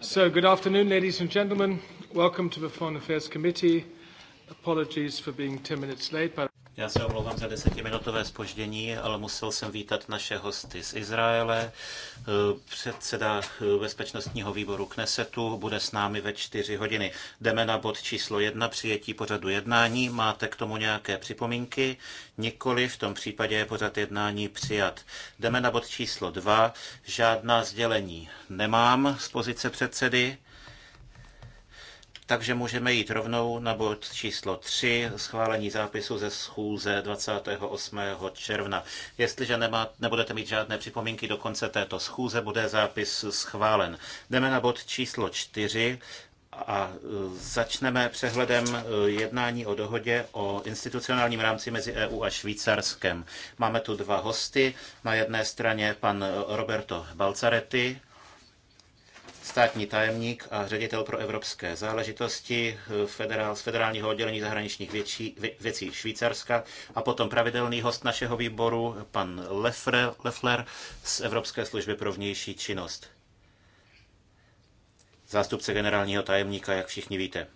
So, good afternoon, ladies and gentlemen. Welcome to the Foreign Affairs Committee. Apologies for being 10 minutes late, but já se omlouvám za desetiminutové spoždění, ale musel jsem vítat naše hosty z Izraele. Předseda bezpečnostního výboru Knesetu bude s námi ve čtyři hodiny. Jdeme na bod číslo jedna, přijetí pořadu jednání. Máte k tomu nějaké připomínky? Nikoli, v tom případě je pořad jednání přijat. Jdeme na bod číslo dva. Žádná sdělení nemám z pozice předsedy. Takže můžeme jít rovnou na bod číslo 3, schválení zápisu ze schůze 28. června. Jestliže nemá, nebudete mít žádné připomínky do konce této schůze, bude zápis schválen. Jdeme na bod číslo 4, a e, začneme přehledem e, jednání o dohodě o institucionálním rámci mezi EU a Švýcarskem. Máme tu dva hosty. Na jedné straně pan e, Roberto Balzaretti státní tajemník a ředitel pro evropské záležitosti eh, federál, z federálního oddělení zahraničních věcí, věcí Švýcarska a potom pravidelný host našeho výboru, pan Leffler, Leffler z Evropské služby pro vnější činnost. Zástupce generálního tajemníka, jak všichni víte.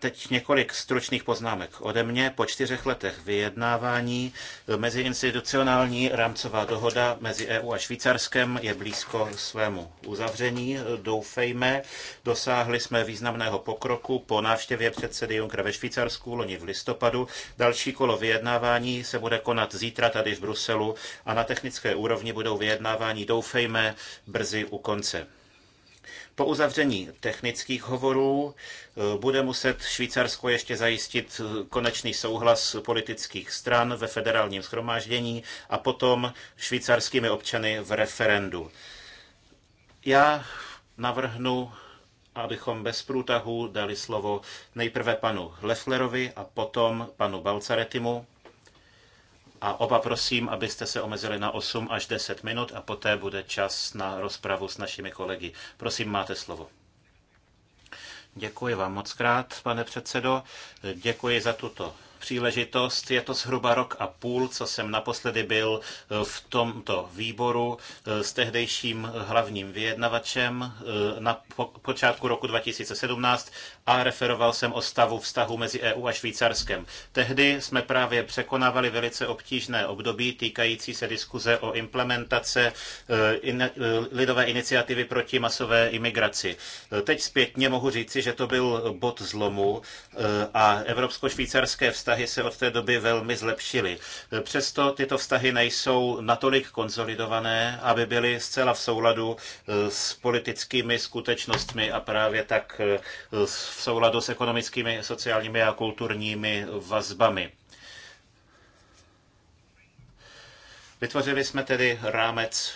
Teď několik stručných poznámek ode mě. Po čtyřech letech vyjednávání meziinstitucionální rámcová dohoda mezi EU a Švýcarskem je blízko svému uzavření. Doufejme, dosáhli jsme významného pokroku po návštěvě předsedy Junckera ve Švýcarsku loni v listopadu. Další kolo vyjednávání se bude konat zítra tady v Bruselu a na technické úrovni budou vyjednávání, doufejme, brzy u konce. Po uzavření technických hovorů eh, bude muset Švýcarsko ještě zajistit eh, konečný souhlas politických stran ve federálním schromáždění a potom švýcarskými občany v referendu. Já navrhnu abychom bez průtahu dali slovo nejprve panu Lefflerovi a potom panu Balcaretimu. A oba prosím, abyste se omezili na 8 až 10 minut a poté bude čas na rozpravu s našimi kolegy. Prosím, máte slovo. Děkuji vám moc krát, pane předsedo. Děkuji za tuto příležitost. Je to zhruba rok a půl, co jsem naposledy byl eh, v tomto výboru eh, s tehdejším eh, hlavním vyjednavačem na počátku roku 2017 a referoval jsem o stavu vztahu mezi EU a Švýcarskem. Tehdy jsme právě překonávali velice obtížné období týkající se diskuze o implementace lidové iniciativy proti masové imigraci. Teď zpětně mohu říci, že to byl bod zlomu a evropsko-švýcarské vztahy vztahy se od té doby velmi zlepšily. Přesto tyto vztahy nejsou natolik konsolidované, aby byly zcela v souladu eh, s politickými skutečnostmi a právě tak eh, v souladu s ekonomickými, sociálními a kulturními vazbami. Vytvořili jsme tedy rámec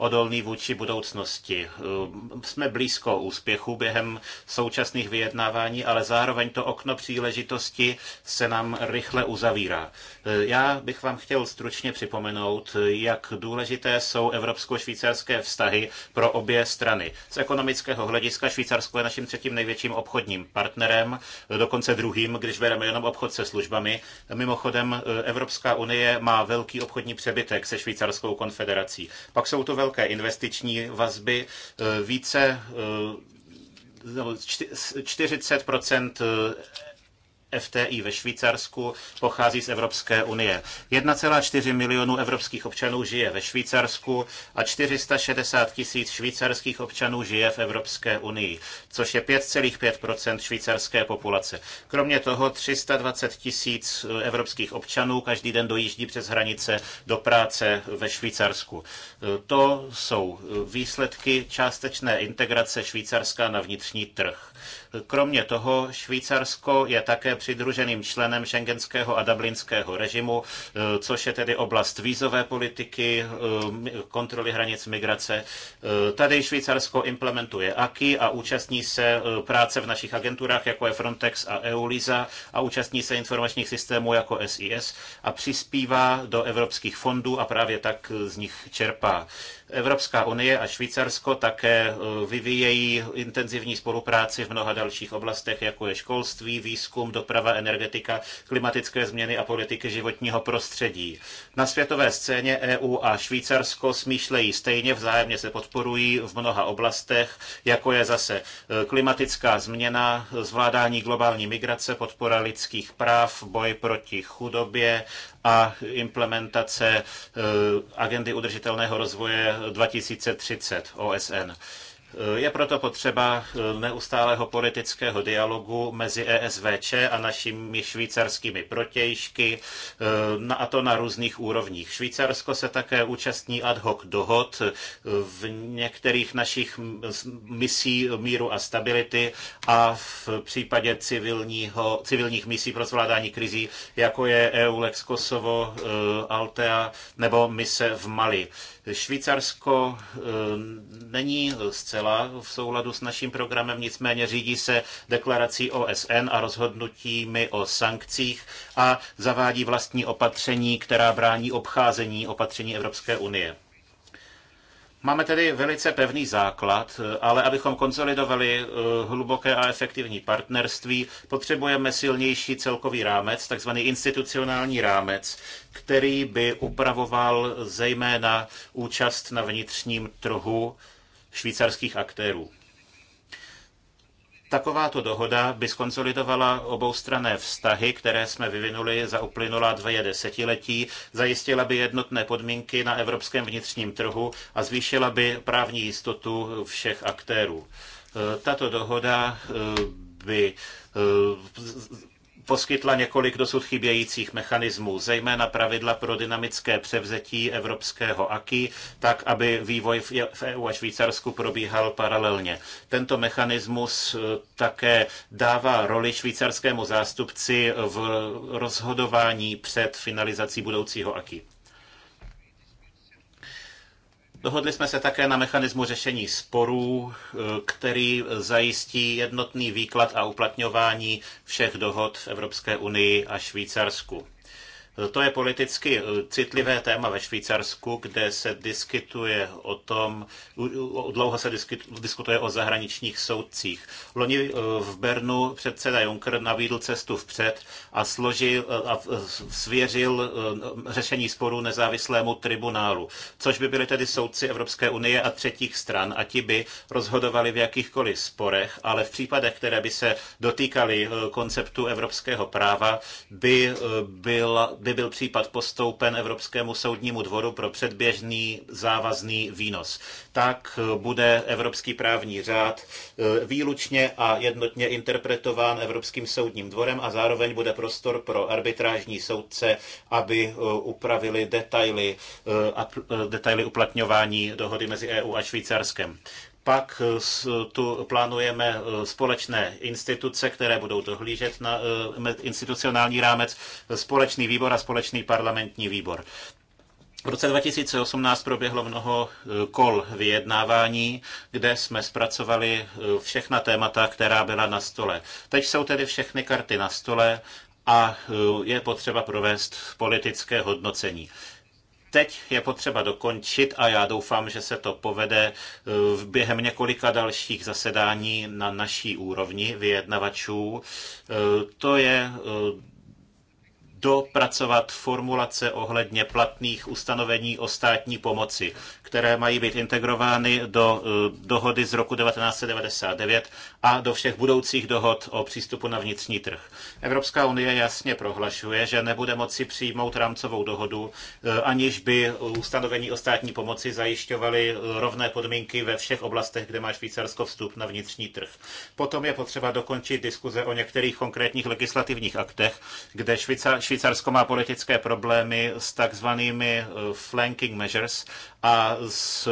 odolný vůči budoucnosti. Ehm, jsme blízko úspěchu během současných vyjednávání, ale zároveň to okno příležitosti se nám rychle uzavírá. Ehm, já bych vám chtěl stručně připomenout, jak důležité jsou evropsko-švýcarské vztahy pro obě strany. Z ekonomického hlediska Švýcarsko je naším třetím největším obchodním partnerem, dokonce druhým, když bereme jenom obchod se službami. Mimochodem, ehm, Evropská unie má velký obchodní přebytek se Švýcarskou konfederací. Pak jsou to velké velké investiční vazby, eh, více 40 eh, FTI ve Švýcarsku pochází z Evropské unie. 1,4 milionu evropských občanů žije ve Švýcarsku a 460 tisíc švýcarských občanů žije v Evropské unii, což je 5,5 švýcarské populace. Kromě toho 320 tisíc evropských občanů každý den dojíždí přes hranice do práce ve Švýcarsku. To jsou výsledky částečné integrace Švýcarska na vnitřní trh. Kromě toho Švýcarsko je také přidruženým členem šengenského a dublinského režimu, eh, což je tedy oblast vízové politiky, eh, kontroly hranic migrace. Eh, tady Švýcarsko implementuje AKI a účastní se práce v našich agenturách, jako je Frontex a EULISA a účastní se informačních systémů jako SIS a přispívá do evropských fondů a právě tak z nich čerpá. Evropská unie a Švýcarsko také e, vyvíjejí intenzivní spolupráci v mnoha dalších oblastech, jako je školství, výzkum, doprava, energetika, klimatické změny a politiky životního prostředí. Na světové scéně EU a Švýcarsko smýšlejí stejně, vzájemně se podporují v mnoha oblastech, jako je zase e, klimatická změna, zvládání globální migrace, podpora lidských práv, boj proti chudobě a implementace eh, agendy udržitelného rozvoje 2030 OSN. Je proto potřeba eh, neustálého politického dialogu mezi ESVČ a našimi švýcarskými protějšky, eh, a to na různých úrovních. Švýcarsko se také účastní ad hoc dohod eh, v některých našich misí míru a stability a v případě civilního, civilních misí pro zvládání krizí, jako je EULEX Kosovo, Altea nebo mise v Mali. Švýcarsko eh, není zcela v souladu s naším programem, nicméně řídí se deklarací OSN a rozhodnutími o sankcích a zavádí vlastní opatření, která brání obcházení opatření Evropské unie. Máme tedy velice pevný základ, eh, ale abychom konsolidovali eh, hluboké a efektivní partnerství, potřebujeme silnější celkový rámec, takzvaný institucionální rámec, který by upravoval zejména účast na vnitřním trhu švýcarských aktérů. Takováto dohoda by skonsolidovala oboustranné vztahy, které jsme vyvinuli za uplynulá dvě desetiletí, zajistila by jednotné podmínky na evropském vnitřním trhu a zvýšila by právní jistotu všech aktérů. E, tato dohoda e, by e, poskytla několik dosud chybějících mechanismů, zejména pravidla pro dynamické převzetí evropského AKI, tak aby vývoj v EU e a Švýcarsku probíhal paralelně. Tento mechanismus eh, také dává roli švýcarskému zástupci v rozhodování před finalizací budoucího AKI. Dohodli jsme se také na mechanismu řešení sporů, eh, který zajistí jednotný výklad a uplatňování všech dohod v Evropské unii a Švýcarsku. To je politicky eh, citlivé téma ve Švýcarsku, kde se diskutuje o tom, dlouho se diskutuje o zahraničních soudcích. Loni eh, v Bernu předseda Juncker nabídl cestu vpřed a, složil, eh, a svěřil řešení sporů nezávislému tribunálu, což by byly tedy soudci Evropské unie a třetích stran a ti by rozhodovali v jakýchkoliv sporech, ale v případech, které by se dotýkaly konceptu evropského práva, by byla, by byl případ postoupen Evropskému soudnímu dvoru pro předběžný závazný výnos. Tak eh, bude evropský právní řád eh, výlučně a jednotně interpretován Evropským soudním dvorem a zároveň bude prostor pro arbitrážní soudce, aby eh, upravili detaily, detaily uplatňování dohody mezi EU a Švýcarskem. Pak eh, tu plánujeme eh, společné instituce, které budou dohlížet na eh, institucionální rámec, společný výbor a společný parlamentní výbor. V roce 2018 proběhlo mnoho kol vyjednávání, kde jsme zpracovali všechna témata, která byla na stole. Teď jsou tedy všechny karty na stole a je potřeba provést politické hodnocení. Teď je potřeba dokončit a já doufám, že se to povede eh, v během několika dalších zasedání na naší úrovni vyjednavačů. Eh, to je eh, dopracovat formulace ohledně platných ustanovení o státní pomoci, které mají být integrovány do eh, dohody z roku 1999 a do všech budoucích dohod o přístupu na vnitřní trh. Evropská unie jasně prohlašuje, že nebude moci přijmout rámcovou dohodu, eh, aniž by ustanovení o státní pomoci zajišťovaly eh, rovné podmínky ve všech oblastech, kde má Švýcarsko vstup na vnitřní trh. Potom je potřeba dokončit diskuze o některých konkrétních legislativních aktech, kde Švýcarsko má politické problémy s takzvanými flanking measures, a s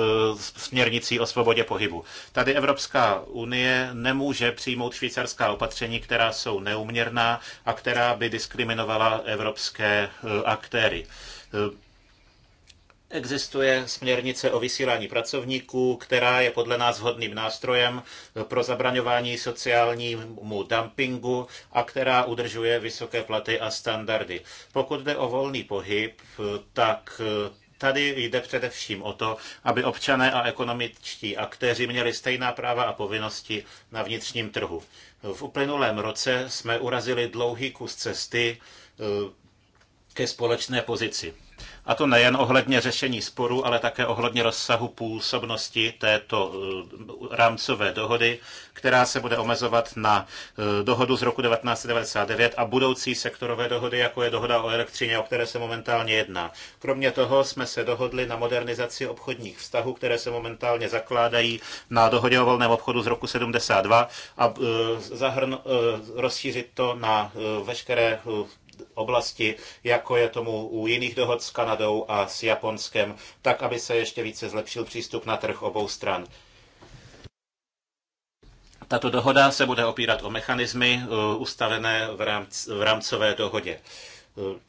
směrnicí o svobodě pohybu. Tady Evropská unie nemůže přijmout švýcarská opatření, která jsou neuměrná a která by diskriminovala evropské eh, aktéry. Eh, existuje směrnice o vysílání pracovníků, která je podle nás vhodným nástrojem eh, pro zabraňování sociálnímu dumpingu a která udržuje vysoké platy a standardy. Pokud jde o volný pohyb, tak Tady jde především o to, aby občané a ekonomičtí aktéři měli stejná práva a povinnosti na vnitřním trhu. V uplynulém roce jsme urazili dlouhý kus cesty eh, ke společné pozici a to nejen ohledně řešení sporu, ale také ohledně rozsahu působnosti této eh, rámcové dohody, která se bude omezovat na eh, dohodu z roku 1999 a budoucí sektorové dohody, jako je dohoda o elektřině, o které se momentálně jedná. Kromě toho jsme se dohodli na modernizaci obchodních vztahů, které se momentálně zakládají na dohodě o volném obchodu z roku 72 a eh, zahrn, rozšířit to na veškeré oblasti, jako je tomu u jiných dohod s Kanadou a s Japonskem, tak aby se ještě více zlepšil přístup na trh obou stran. Tato dohoda se bude opírat o mechanismy eh, ustavené v, rámc, v rámcové dohodě. Eh,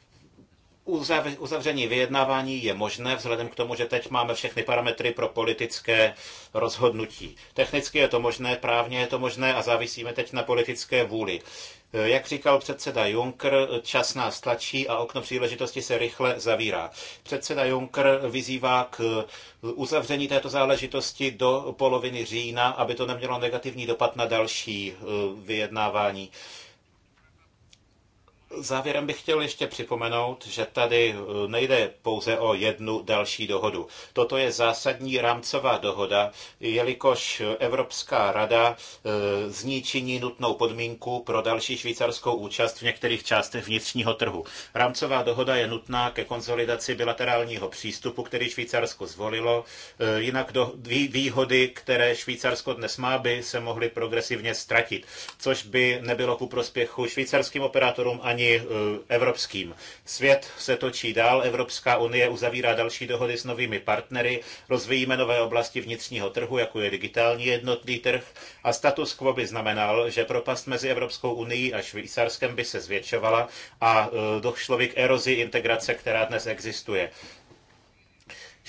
uzavření vyjednávání je možné vzhledem k tomu, že teď máme všechny parametry pro politické rozhodnutí. Technicky je to možné, právně je to možné a závisíme teď na politické vůli. Eh, jak říkal předseda Juncker, čas nás tlačí a okno příležitosti se rychle zavírá. Předseda Juncker vyzývá k eh, uzavření této záležitosti do poloviny října, aby to nemělo negativní dopad na další eh, vyjednávání Závěrem bych chtěl ještě připomenout, že tady eh, nejde pouze o jednu další dohodu. Toto je zásadní rámcová dohoda, jelikož Evropská rada eh, z ní činí nutnou podmínku pro další švýcarskou účast v některých částech vnitřního trhu. Rámcová dohoda je nutná ke konsolidaci bilaterálního přístupu, který Švýcarsko zvolilo. Eh, jinak do, výhody, které Švýcarsko dnes má, by se mohly progresivně ztratit, což by nebylo ku prospěchu švýcarským operátorům ani ani eh, evropským. Svět se točí dál, Evropská unie uzavírá další dohody s novými partnery, rozvíjíme nové oblasti vnitřního trhu, jako je digitální jednotný trh a status quo by znamenal, že propast mezi Evropskou unii a Švýcarskem by se zvětšovala a eh, došlo by k erozi integrace, která dnes existuje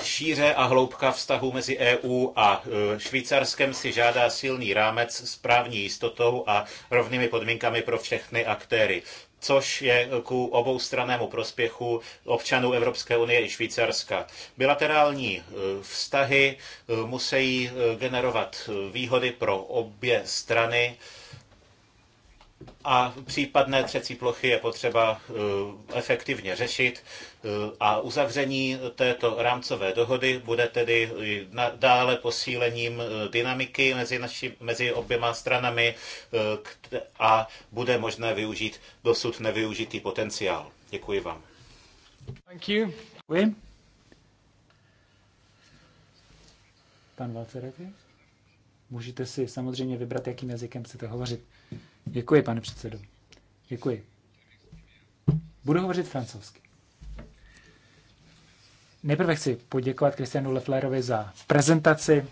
šíře a hloubka vztahu mezi EU a eh, Švýcarskem si žádá silný rámec s právní jistotou a rovnými podmínkami pro všechny aktéry což je ku oboustranému prospěchu občanů Evropské unie i Švýcarska. Bilaterální e, vztahy e, musí e, generovat výhody pro obě strany a případné třecí plochy je potřeba eh, efektivně řešit eh, a uzavření této rámcové dohody bude tedy dále posílením eh, dynamiky mezi, naši, mezi oběma stranami a bude možné využít dosud nevyužitý potenciál. Děkuji vám. Thank you. Děkuji. Pan Valcerati, můžete si samozřejmě vybrat, jakým jazykem chcete hovořit. Děkuji, pane předsedo. Děkuji. Budu hovořit francouzsky. Nejprve chci poděkovat Kristianu Leflerovi za prezentaci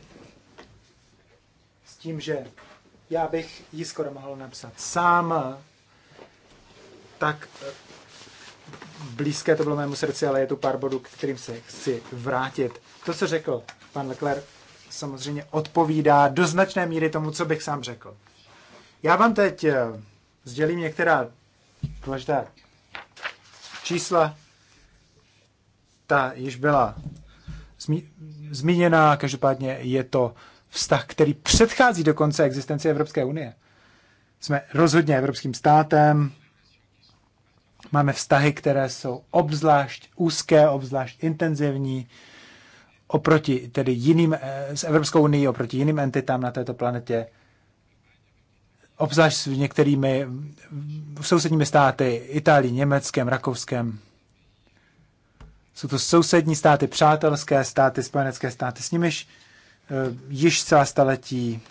s tím, že já bych ji skoro mohl napsat sám. Tak eh, blízké to bylo mému srdci, ale je tu pár bodů, k kterým se chci vrátit. To, co řekl pan Leclerc, samozřejmě odpovídá do značné míry tomu, co bych sám řekl. Já vám teď eh, sdělím některá důležitá čísla. Ta již byla zmí, zmíněná, každopádně je to vztah, který předchází dokonce existenci Evropské unie. Jsme rozhodně evropským státem, máme vztahy, které jsou obzvlášť úzké, obzvlášť intenzivní, oproti tedy jiným, eh, s Evropskou unii, oproti jiným entitám na této planetě obzvlášť s některými sousedními státy, Itálií, Německem, Rakouskem. Jsou to sousední státy, přátelské státy, spojenecké státy, s nimiž eh, již celá staletí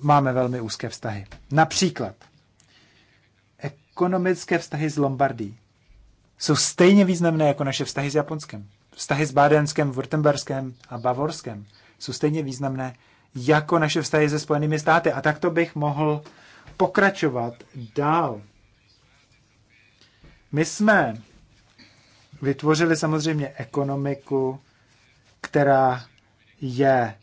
máme velmi úzké vztahy. Například ekonomické vztahy s Lombardí jsou stejně významné jako naše vztahy s Japonskem. Vztahy s Bádenskem, Württemberskem a Bavorskem jsou stejně významné jako naše vztahy se Spojenými státy. A takto bych mohl pokračovat dál. My jsme vytvořili samozřejmě ekonomiku, která je,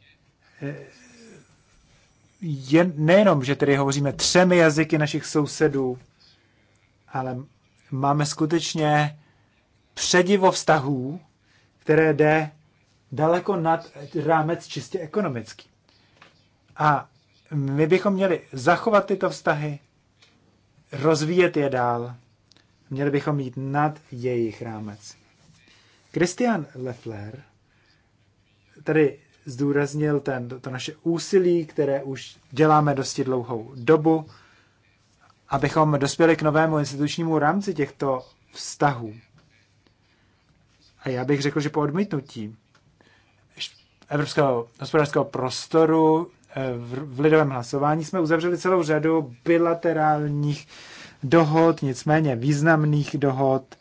je nejenom, že tedy hovoříme třemi jazyky našich sousedů, ale máme skutečně předivo vztahů, které jde daleko nad rámec čistě ekonomický. A my bychom měli zachovat tyto vztahy, rozvíjet je dál. Měli bychom jít nad jejich rámec. Christian Leffler tedy zdůraznil ten, to, to naše úsilí, které už děláme dosti dlouhou dobu, abychom dospěli k novému institučnímu rámci těchto vztahů. A já bych řekl, že po odmítnutí Evropského hospodářského prostoru v lidovém hlasování jsme uzavřeli celou řadu bilaterálních dohod, nicméně významných dohod,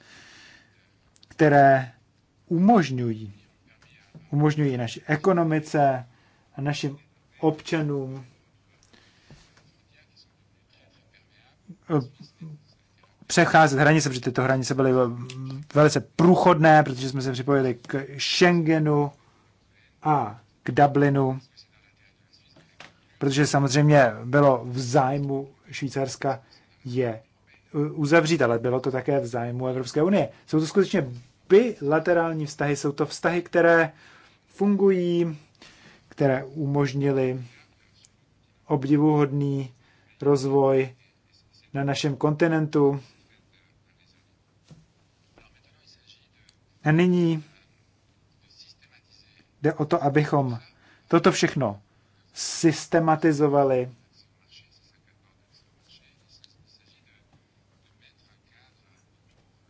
které umožňují, umožňují naší ekonomice a našim občanům eh, přecházet hranice, protože tyto hranice byly velice průchodné, protože jsme se připojili k Schengenu a k Dublinu protože samozřejmě bylo v zájmu Švýcarska je uh, uzavřít, ale bylo to také v zájmu Evropské unie. Jsou to skutečně bilaterální vztahy, jsou to vztahy, které fungují, které umožnily obdivuhodný rozvoj na našem kontinentu. A nyní jde o to, abychom toto všechno systematizovali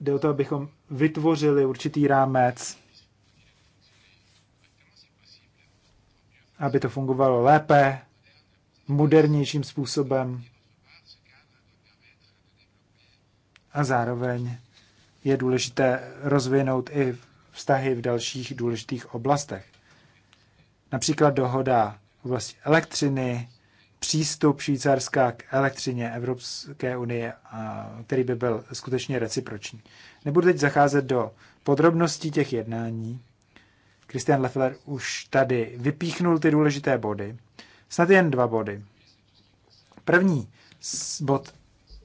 Jde o to, abychom vytvořili určitý rámec, aby to fungovalo lépe, modernějším způsobem a zároveň je důležité rozvinout i vztahy v dalších důležitých oblastech. Například dohoda oblasti elektřiny, přístup Švýcarska k elektřině Evropské unie, který by byl skutečně reciproční. Nebudu teď zacházet do podrobností těch jednání. Christian Leffler už tady vypíchnul ty důležité body. Snad jen dva body. První bod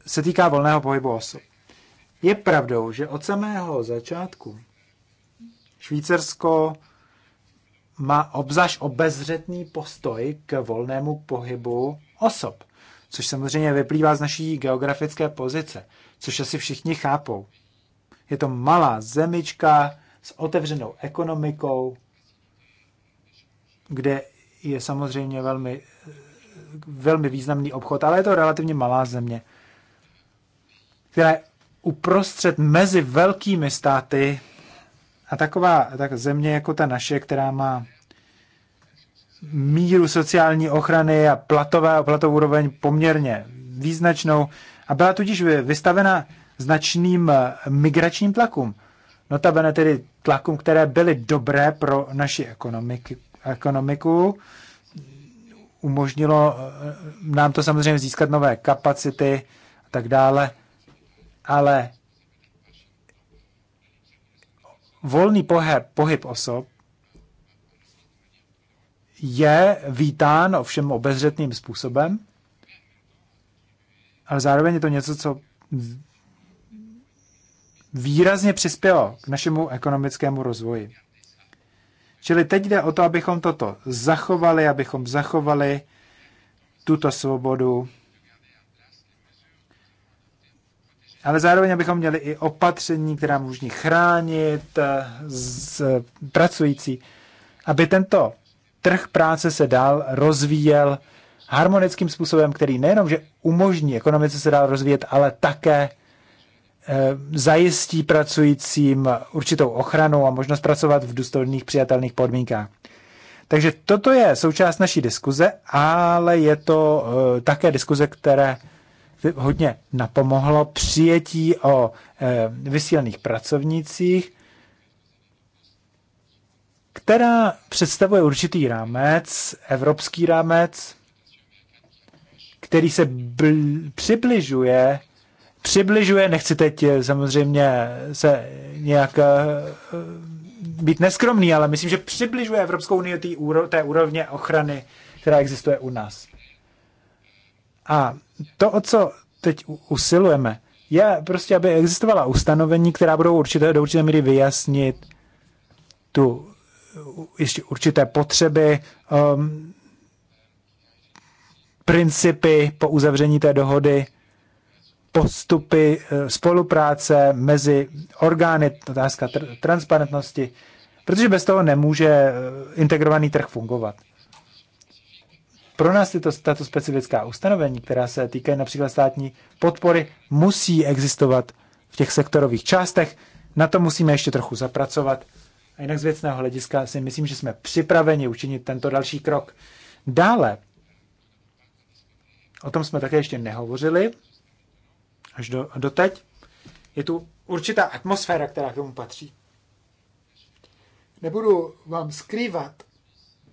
se týká volného pohybu osob. Je pravdou, že od samého začátku Švýcarsko má obzaž obezřetný postoj k volnému pohybu osob, což samozřejmě vyplývá z naší geografické pozice, což asi všichni chápou. Je to malá zemička s otevřenou ekonomikou, kde je samozřejmě velmi, velmi významný obchod, ale je to relativně malá země, která je uprostřed mezi velkými státy a taková tak země jako ta naše, která má míru sociální ochrany a platové, platovou úroveň poměrně význačnou a byla tudíž vystavena značným eh, migračním tlakům. Notabene tedy tlakům, které byly dobré pro naši ekonomiky, ekonomiku. Umožnilo eh, nám to samozřejmě získat nové kapacity a tak dále, ale volný pohyb, pohyb osob je vítán ovšem obezřetným způsobem, ale zároveň je to něco, co výrazně přispělo k našemu ekonomickému rozvoji. Čili teď jde o to, abychom toto zachovali, abychom zachovali tuto svobodu ale zároveň, abychom měli i opatření, která můžou chránit eh, z pracující, aby tento trh práce se dál rozvíjel harmonickým způsobem, který nejenom, že umožní ekonomice se dál rozvíjet, ale také eh, zajistí pracujícím určitou ochranu a možnost pracovat v důstojných přijatelných podmínkách. Takže toto je součást naší diskuze, ale je to eh, také diskuze, které hodně napomohlo přijetí o eh, vysílených pracovnicích, která představuje určitý rámec, evropský rámec, který se přibližuje, přibližuje, nechci teď eh, samozřejmě se nějak eh, být neskromný, ale myslím, že přibližuje Evropskou unii té, úro, té úrovně ochrany, která existuje u nás. A to, o co teď usilujeme, je prostě, aby existovala ustanovení, která budou určité, do určité míry vyjasnit tu ještě určité potřeby, um, principy po uzavření té dohody, postupy eh, spolupráce mezi orgány, otázka tr transparentnosti, protože bez toho nemůže eh, integrovaný trh fungovat. Pro nás tyto, tato specifická ustanovení, která se týkají například státní podpory, musí existovat v těch sektorových částech. Na to musíme ještě trochu zapracovat. A jinak z věcného hlediska si myslím, že jsme připraveni učinit tento další krok. Dále, o tom jsme také ještě nehovořili, až do, doteď, je tu určitá atmosféra, která k tomu patří. Nebudu vám skrývat,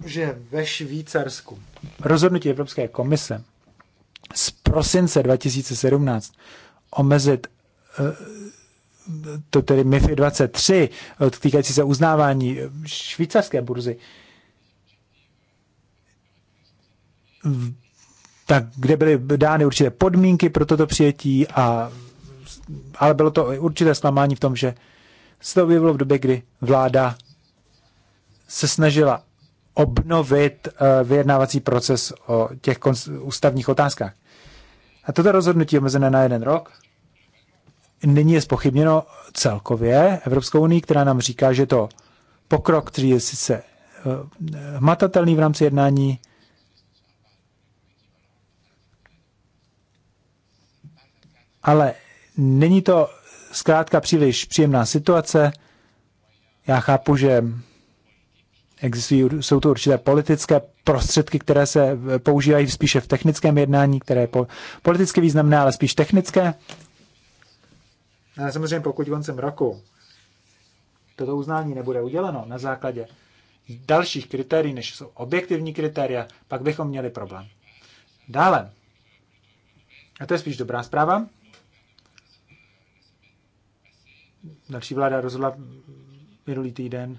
že ve Švýcarsku rozhodnutí Evropské komise z prosince 2017 omezit eh, to tedy MIFI 23, eh, týkající se uznávání eh, švýcarské burzy, tak kde byly dány určité podmínky pro toto přijetí, a, ale bylo to určité zklamání v tom, že se to objevilo v době, kdy vláda se snažila obnovit eh, vyjednávací proces o těch ústavních otázkách. A toto rozhodnutí omezené na jeden rok nyní je spochybněno celkově Evropskou unii, která nám říká, že to pokrok, který je sice eh, hmatatelný v rámci jednání, ale není to zkrátka příliš příjemná situace. Já chápu, že Existují, jsou to určité politické prostředky, které se používají spíše v technickém jednání, které je po, politicky významné, ale spíš technické. No ale samozřejmě pokud koncem roku toto uznání nebude uděleno na základě dalších kritérií, než jsou objektivní kritéria, pak bychom měli problém. Dále, a to je spíš dobrá zpráva, další vláda rozhodla minulý týden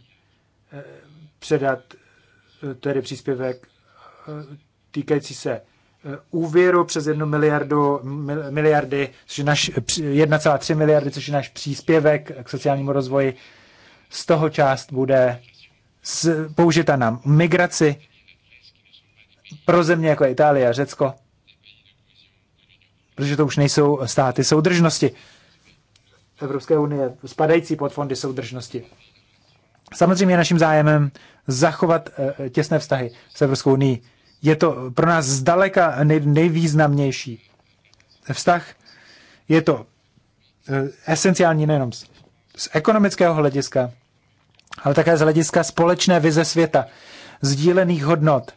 eh, předat eh, tedy příspěvek eh, týkající se eh, úvěru přes 1 miliardu, miliardy, což je naš 1,3 miliardy, což je náš příspěvek k sociálnímu rozvoji. Z toho část bude použita na migraci pro země jako Itálie a Řecko, protože to už nejsou státy soudržnosti. Evropské unie, spadající pod fondy soudržnosti. Samozřejmě je naším zájemem zachovat eh, těsné vztahy s Evropskou unii. Je to pro nás zdaleka nej, nejvýznamnější vztah. Je to eh, esenciální nejenom z, z ekonomického hlediska, ale také z hlediska společné vize světa, sdílených hodnot,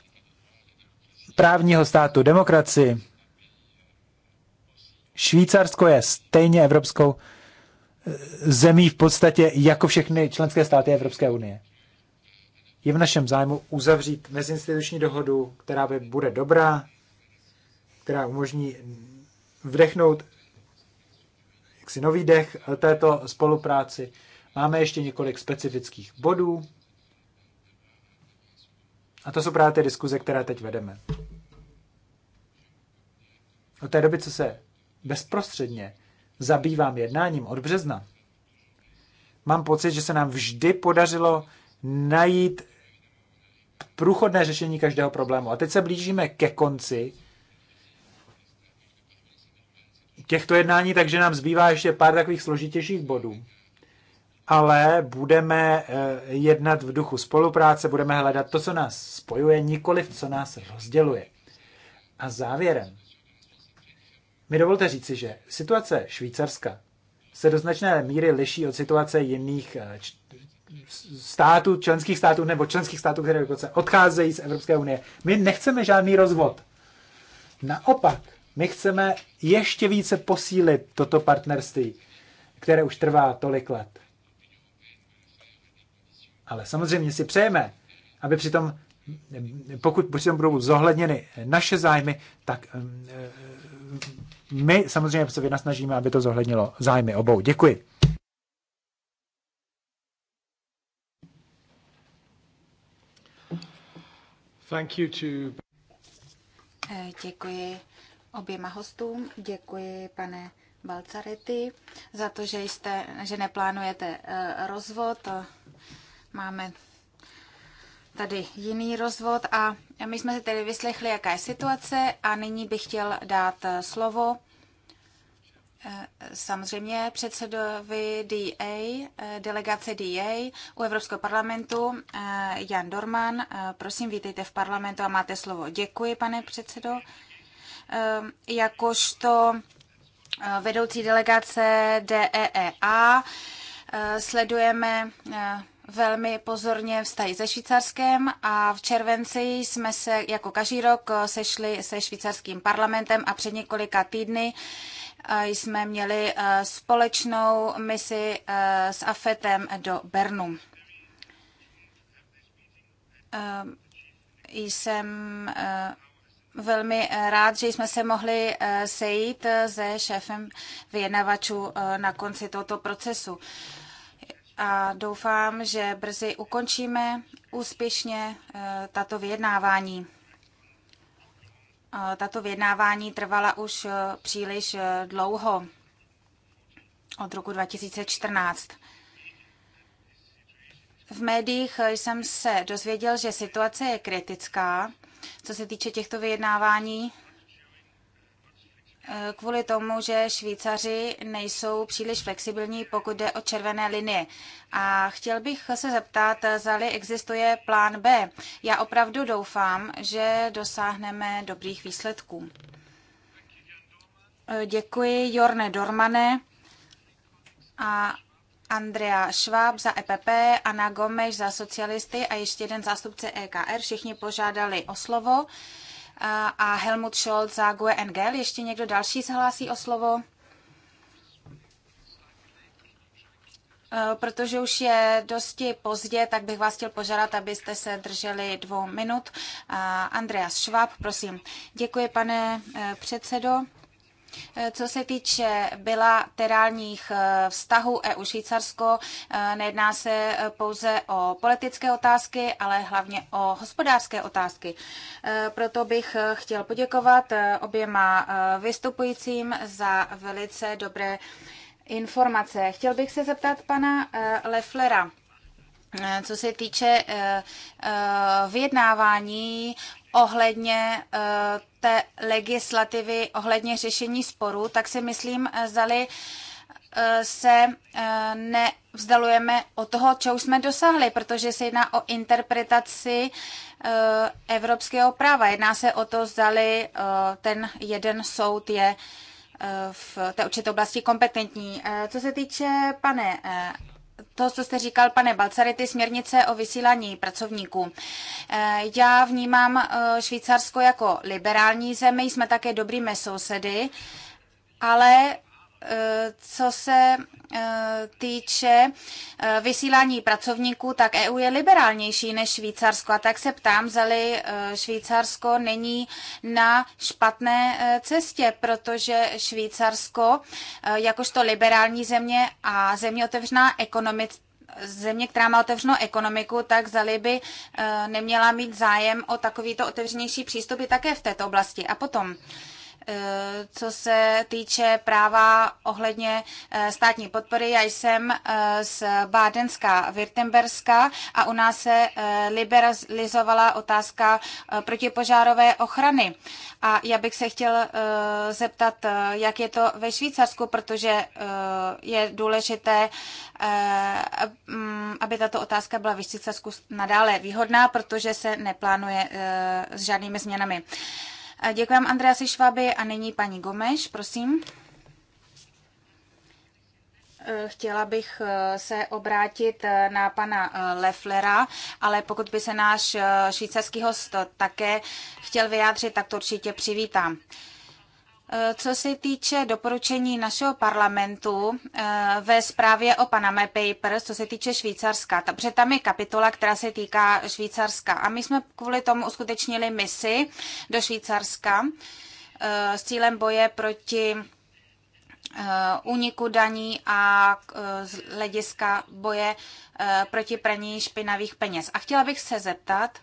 právního státu, demokracii. Švýcarsko je stejně Evropskou zemí v podstatě jako všechny členské státy Evropské unie. Je v našem zájmu uzavřít mezinstituční dohodu, která by bude dobrá, která umožní vdechnout jaksi nový dech této spolupráci. Máme ještě několik specifických bodů. A to jsou právě ty diskuze, které teď vedeme. Od té doby, co se bezprostředně zabývám jednáním od března, mám pocit, že se nám vždy podařilo najít průchodné řešení každého problému. A teď se blížíme ke konci těchto jednání, takže nám zbývá ještě pár takových složitějších bodů. Ale budeme eh, jednat v duchu spolupráce, budeme hledat to, co nás spojuje, nikoli co nás rozděluje. A závěrem mi dovolte říci, že situace Švýcarska se do značné míry liší od situace jiných eh, států, členských států nebo členských států, které dokonce odcházejí z Evropské unie. My nechceme žádný rozvod. Naopak, my chceme ještě více posílit toto partnerství, které už trvá tolik let. Ale samozřejmě si přejeme, aby přitom, pokud přitom budou zohledněny naše zájmy, tak my samozřejmě se vynasnažíme, aby to zohlednilo zájmy obou. Děkuji. Thank you to... Eh, děkuji oběma hostům, děkuji pane Balcarety za to, že, jste, že neplánujete eh, rozvod. Máme tady jiný rozvod a my jsme si tedy vyslechli, jaká je situace a nyní bych chtěl dát eh, slovo eh, samozřejmě předsedovi DA, eh, delegace DA u Evropského parlamentu Jan Dorman. Prosím, vítejte v parlamentu a máte slovo. Děkuji, pane předsedo. Jakožto vedoucí delegace DEEA sledujeme velmi pozorně vztahy se Švýcarskem a v červenci jsme se jako každý rok eh, sešli se švýcarským parlamentem a před několika týdny eh, jsme měli eh, společnou misi s AFETem do Bernu. Jsem velmi rád, že jsme se mohli sejít se šéfem vyjednavačů na konci tohoto procesu a doufám, že brzy ukončíme úspěšně eh, tato vyjednávání. Eh, tato vyjednávání trvala už eh, příliš dlouho, od roku 2014. V médiích jsem se dozvěděl, že situace je kritická, co se týče těchto vyjednávání Eh, kvůli tomu, že Švýcaři nejsou příliš flexibilní, pokud jde o červené linie. A chtěl bych se zeptat, zali existuje plán B. Já opravdu doufám, že dosáhneme dobrých výsledků. Eh, děkuji Jorne Dormane a Andrea Schwab za EPP, Anna Gomeš za socialisty a ještě jeden zástupce EKR. Všichni požádali o slovo a Helmut Scholz za GUE NGL. Ještě někdo další se hlásí o slovo? Eh, protože už je dosti pozdě, tak bych vás chtěl požádat, abyste se drželi dvou minut. Andreas Schwab, prosím. Děkuji, pane eh, předsedo. Eh, co se týče bilaterálních eh, vztahů EU-Švýcarsko, eh, nejedná se pouze o politické otázky, ale hlavně o hospodářské otázky. Proto bych chtěl poděkovat oběma vystupujícím za velice dobré informace. Chtěl bych se zeptat pana Lefflera. Eh, co se týče eh, eh, vyjednávání ohledně té legislativy, ohledně řešení sporů, tak si myslím, zdali se nevzdalujeme od toho, čeho jsme dosáhli, protože se jedná o interpretaci evropského práva. Jedná se o to, zdali ten jeden soud je v té určité oblasti kompetentní. Co se týče, pane to, co jste říkal, pane Balcary, ty směrnice o vysílání pracovníků. Eh, já vnímám eh, Švýcarsko jako liberální zemi, jsme také dobrými sousedy, ale co se eh, týče eh, vysílání pracovníků, tak EU je liberálnější než Švýcarsko. A tak se ptám, zali eh, Švýcarsko není na špatné cestě, protože Švýcarsko, jakožto liberální země a země otevřená ekonomicky, země, která má otevřenou ekonomiku, tak zali by neměla mít zájem o takovýto otevřenější přístupy také v této oblasti. A potom Eh, co se týče práva ohledně eh, státní podpory, já jsem eh, z Bádenska, Württemberska a u nás se liberalizovala otázka protipožárové ochrany. A já bych se chtěl zeptat, jak je to ve Švýcarsku, protože je důležité, mm, aby tato otázka byla ve Švýcarsku nadále výhodná, protože se neplánuje s žádnými změnami. Děkuji vám, Andreasi Šváby a nyní paní Gomeš, prosím. Eh, chtěla bych eh, se obrátit eh, na pana Lefflera, ale pokud by se náš švýcarský host také chtěl vyjádřit, tak to určitě přivítám. Eh, co se týče doporučení našeho parlamentu eh, ve zprávě o Panama Papers, co se týče Švýcarska, protože tam je kapitola, která se týká Švýcarska. A my jsme kvůli tomu uskutečnili misi do Švýcarska eh, s cílem boje proti úniku daní a z hlediska boje proti praní špinavých peněz. A chtěla bych se zeptat,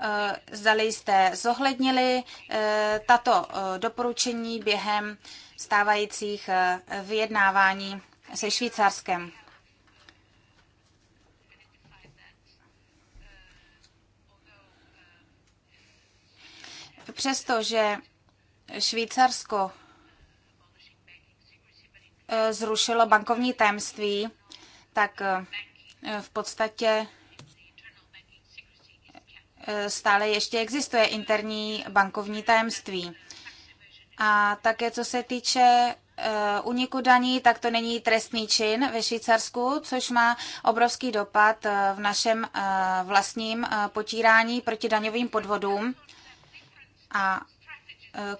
Eh, zdali jste zohlednili eh, tato eh, doporučení během stávajících vyjednávání se Švýcarskem. Přestože Švýcarsko zrušilo bankovní tajemství, tak v podstatě stále ještě existuje interní bankovní tajemství. A také co se týče uniku eh, daní, tak to není trestný čin ve Švýcarsku, což má obrovský dopad eh, v našem eh, vlastním potírání proti daňovým podvodům. A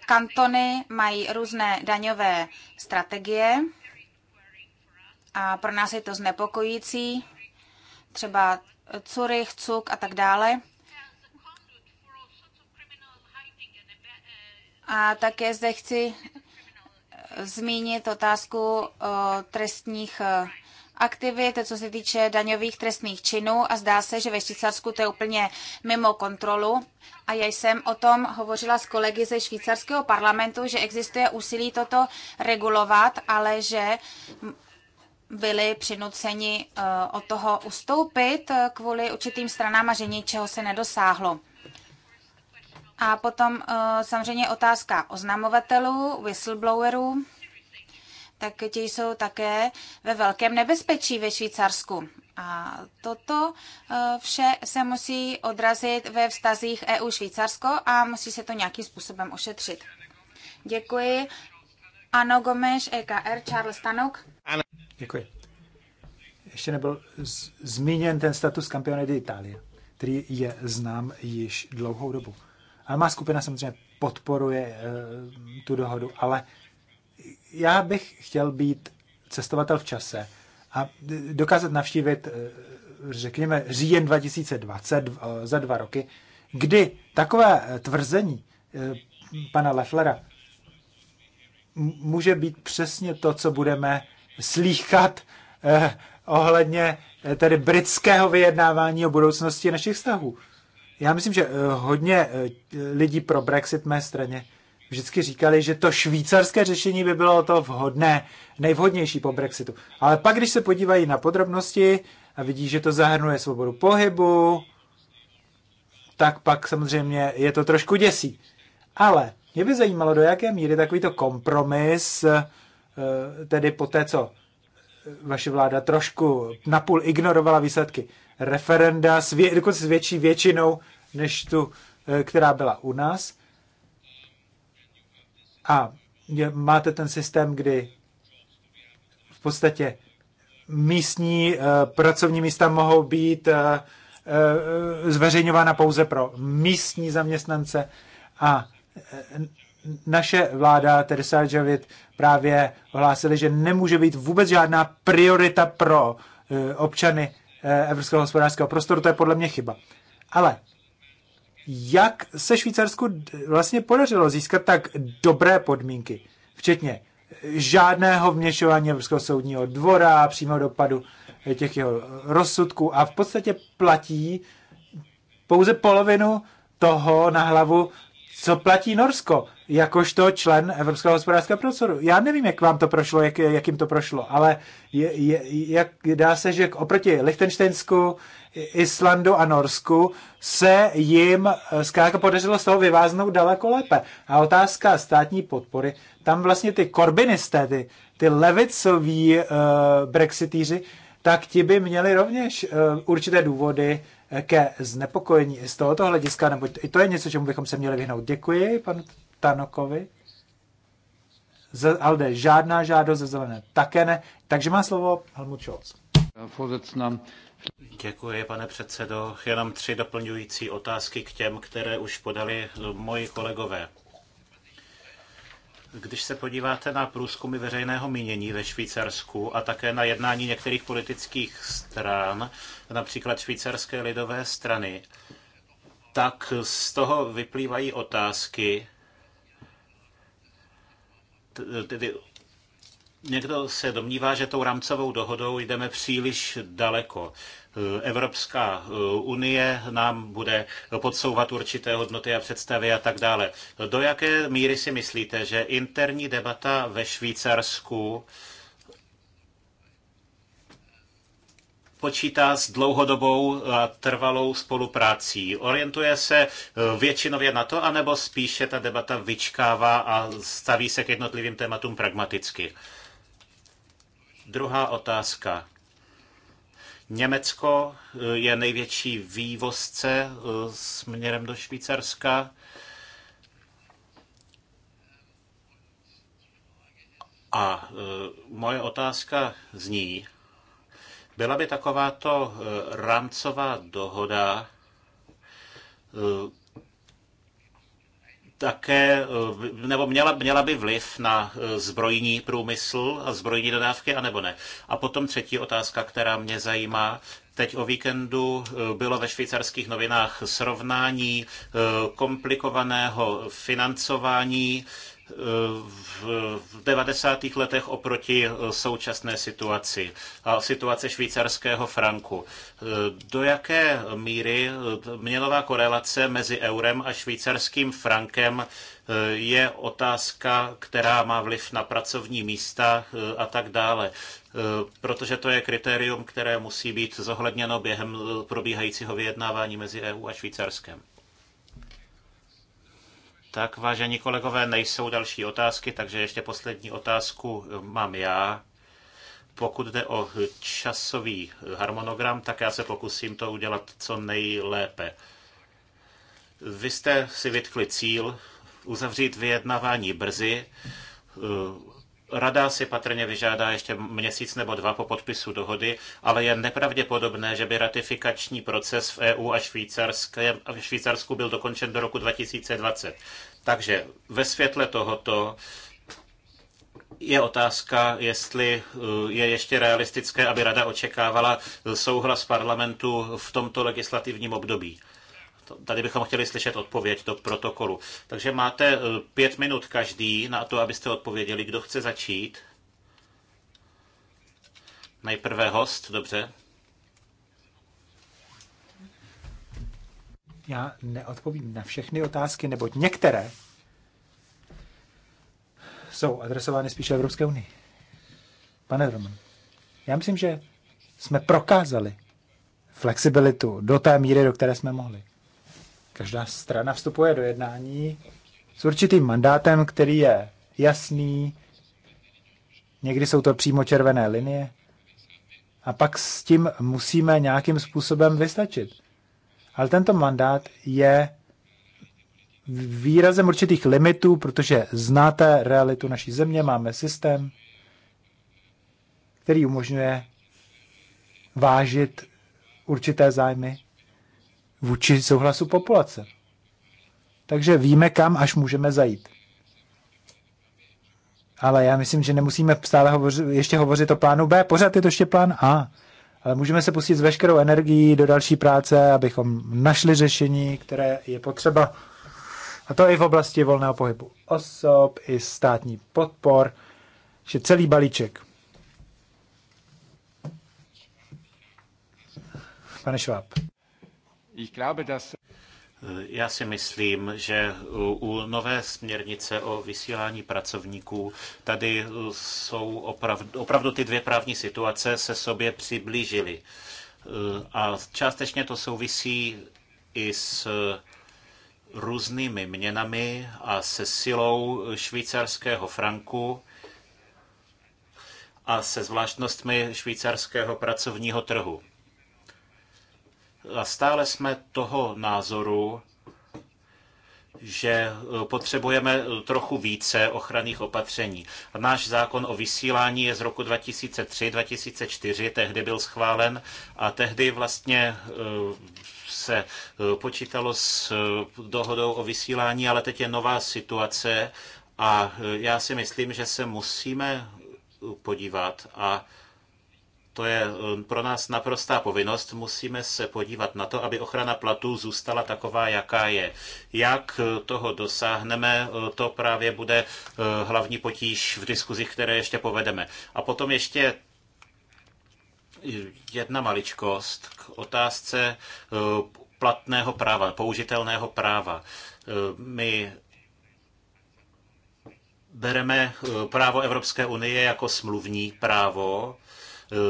kantony mají různé daňové strategie a pro nás je to znepokojící, třeba Curych, Cuk a tak dále. A také zde chci eh, zmínit otázku eh, trestních eh, aktivit, co se týče daňových trestných činů a zdá se, že ve Švýcarsku to je úplně mimo kontrolu. A já jsem o tom hovořila s kolegy ze švýcarského parlamentu, že existuje úsilí toto regulovat, ale že byli přinuceni od toho ustoupit kvůli určitým stranám a že ničeho se nedosáhlo. A potom eh, samozřejmě otázka oznamovatelů, whistleblowerů, tak ti jsou také ve velkém nebezpečí ve Švýcarsku. A toto eh, vše se musí odrazit ve vztazích EU-Švýcarsko a musí se to nějakým způsobem ošetřit. Děkuji. Ano Gomeš, EKR, Charles Tanok. Děkuji. Ještě nebyl zmíněn ten status kampionety Itálie, který je znám již dlouhou dobu. A má skupina samozřejmě podporuje eh, tu dohodu, ale já bych chtěl být cestovatel v čase a dokázat navštívit, eh, řekněme, říjen 2020 eh, za dva roky, kdy takové tvrzení pana Lefflera může být přesně to, co budeme slýchat ohledně tedy britského vyjednávání o budoucnosti našich vztahů. Já myslím, že eh, hodně eh, lidí pro Brexit mé straně vždycky říkali, že to švýcarské řešení by bylo to vhodné, nejvhodnější po Brexitu. Ale pak, když se podívají na podrobnosti a vidí, že to zahrnuje svobodu pohybu, tak pak samozřejmě je to trošku děsí. Ale mě by zajímalo, do jaké míry takovýto kompromis, eh, tedy po té, co vaše vláda trošku napůl ignorovala výsledky, referenda, s vě, dokonce s větší většinou, než tu, eh, která byla u nás. A máte ten systém, kdy v podstatě místní eh, pracovní místa mohou být eh, zveřejňována pouze pro místní zaměstnance a naše vláda, tedy Javit, právě ohlásili, že nemůže být vůbec žádná priorita pro občany Eh, evropského hospodářského prostoru, to je podle mě chyba. Ale jak se Švýcarsku vlastně podařilo získat tak dobré podmínky, včetně žádného vměšování Evropského soudního dvora, přímého dopadu eh, těch jeho rozsudků a v podstatě platí pouze polovinu toho na hlavu, co platí Norsko jakožto člen Evropského hospodářského prostoru. Já nevím, jak vám to prošlo, jak, jak jim to prošlo, ale je, je, jak dá se, že oproti Lichtensteinsku, Islandu a Norsku se jim eh, zkrátka podařilo z toho vyváznout daleko lépe. A otázka státní podpory, tam vlastně ty korbinisté, ty, ty levicoví uh, brexitíři, tak ti by měli rovněž uh, určité důvody ke znepokojení z tohoto hlediska, nebo i to je něco, čemu bychom se měli vyhnout. Děkuji pan Tanokovi. Z Alde žádná žádost, ze Zelené také ne. Takže má slovo Helmut Scholz. Děkuji, pane předsedo. Jenom tři doplňující otázky k těm, které už podali eh, moji kolegové. Když se podíváte na průzkumy veřejného mínění ve Švýcarsku a také na jednání některých politických stran, například švýcarské lidové strany, tak z toho vyplývají otázky, tedy někdo se domnívá, že tou rámcovou dohodou jdeme příliš daleko. Evropská eh, unie nám bude podsouvat určité hodnoty a představy a tak dále. Do jaké míry si myslíte, že interní debata ve Švýcarsku počítá s dlouhodobou a trvalou spoluprácí. Orientuje se e, většinově na to, anebo spíše ta debata vyčkává a staví se k jednotlivým tématům pragmaticky? Druhá otázka. Německo e, je největší vývozce e, směrem do Švýcarska. A moje otázka zní, byla by takováto eh, rámcová dohoda eh, také, eh, nebo měla, měla by vliv na zbrojní průmysl a zbrojní dodávky, anebo ne. A potom třetí otázka, která mě zajímá. Teď o víkendu bylo ve švýcarských novinách srovnání komplikovaného financování v 90. letech oproti eh, současné situaci a situace švýcarského franku. Eh, do jaké míry eh, měnová korelace mezi eurem a švýcarským frankem je otázka, která má vliv na pracovní místa a tak dále. Protože to je kritérium, které musí být zohledněno během probíhajícího vyjednávání mezi EU a Švýcarskem. Tak, vážení kolegové, nejsou další otázky, takže ještě poslední otázku eh, mám já. Pokud jde o časový eh, harmonogram, tak já se pokusím to udělat co nejlépe. Vy jste si vytkli cíl uzavřít vyjednávání brzy. Eh, Rada si patrně vyžádá ještě měsíc nebo dva po podpisu dohody, ale je nepravděpodobné, že by ratifikační proces v EU a Švýcarsku byl dokončen do roku 2020. Takže ve světle tohoto je otázka, jestli eh, je ještě realistické, aby rada očekávala eh, souhlas parlamentu v tomto legislativním období. Tady bychom chtěli slyšet odpověď do protokolu. Takže máte eh, pět minut každý na to, abyste odpověděli, kdo chce začít. Nejprve host, dobře. Já neodpovím na všechny otázky, neboť některé jsou adresovány spíše Evropské unii. Pane Roman, já myslím, že jsme prokázali flexibilitu do té míry, do které jsme mohli. Každá strana vstupuje do jednání s určitým mandátem, který je jasný, někdy jsou to přímo červené linie, a pak s tím musíme nějakým způsobem vystačit ale tento mandát je výrazem určitých limitů, protože znáte realitu naší země, máme systém, který umožňuje vážit určité zájmy vůči souhlasu populace. Takže víme, kam až můžeme zajít. Ale já myslím, že nemusíme stále hovořit, ještě hovořit o plánu B. Pořád je to ještě plán A. Ale Můžeme se pustit s veškerou energií do další práce, abychom našli řešení, které je potřeba. A to i v oblasti volného pohybu osob, i státní podpor, že celý balíček. Pane dass já si myslím, že u nové směrnice o vysílání pracovníků tady jsou opravdu, opravdu ty dvě právní situace se sobě přiblížily. A částečně to souvisí i s různými měnami a se silou švýcarského franku a se zvláštnostmi švýcarského pracovního trhu. A stále jsme toho názoru, že eh, potřebujeme eh, trochu více ochranných opatření. Náš zákon o vysílání je z roku 2003-2004, tehdy byl schválen a tehdy vlastně eh, se počítalo s dohodou o vysílání, ale teď je nová situace a já si myslím, že se musíme podívat a to je eh, pro nás naprostá povinnost. Musíme se podívat na to, aby ochrana platů zůstala taková, jaká je. Jak eh, toho dosáhneme, eh, to právě bude hlavní potíž v diskuzích, které ještě povedeme. A potom ještě jedna maličkost k otázce platného práva, použitelného práva. My bereme právo Evropské unie jako smluvní právo,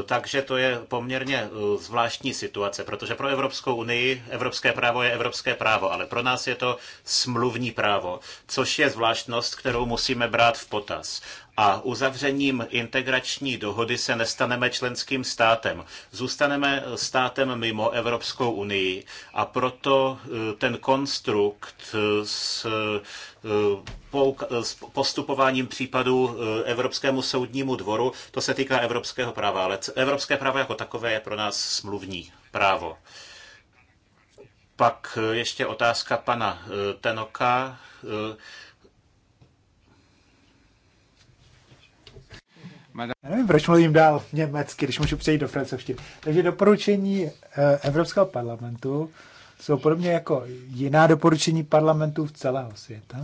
takže to je poměrně e, zvláštní situace, protože pro Evropskou unii evropské právo je evropské právo, ale pro nás je to smluvní právo, což je zvláštnost, kterou musíme brát v potaz a uzavřením integrační dohody se nestaneme členským státem. Zůstaneme státem mimo Evropskou unii a proto eh, ten konstrukt eh, s eh, s postupováním případů Evropskému soudnímu dvoru, to se týká evropského práva, ale evropské právo jako takové je pro nás smluvní právo. Pak ještě otázka pana Tenoka Já nevím, proč mluvím dál v německy, když můžu přejít do francouzštiny. Takže doporučení eh, Evropského parlamentu jsou podobně jako jiná doporučení parlamentů v celého světa.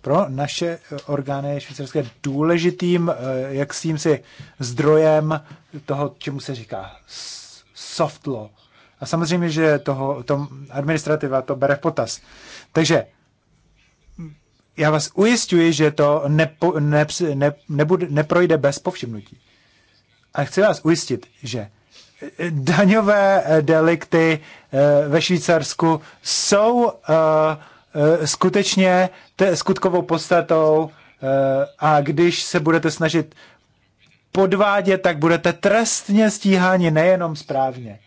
Pro naše eh, orgány švýcarské důležitým, eh, jak s tím si zdrojem toho, čemu se říká soft law. A samozřejmě, že toho, tom administrativa to bere v potaz. Takže já vás ujistuji, že to nepo, ne, ne, nebude, neprojde bez povšimnutí. A chci vás ujistit, že eh, daňové eh, delikty eh, ve Švýcarsku jsou skutečně skutkovou podstatou a když se budete snažit podvádět, tak budete trestně stíháni nejenom správně.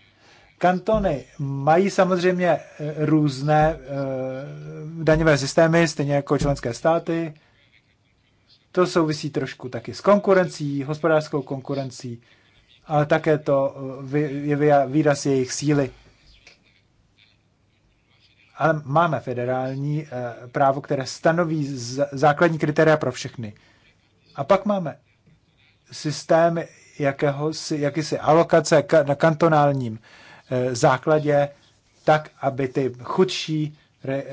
Kantony mají samozřejmě eh, různé eh, daňové systémy, stejně jako členské státy. To souvisí trošku taky s konkurencí, hospodářskou konkurencí, ale také to eh, je výraz jejich síly. Ale máme federální právo, které stanoví základní kritéria pro všechny. A pak máme systém jakéhosi, jakýsi alokace na kantonálním Eh, základě, tak, aby ty chudší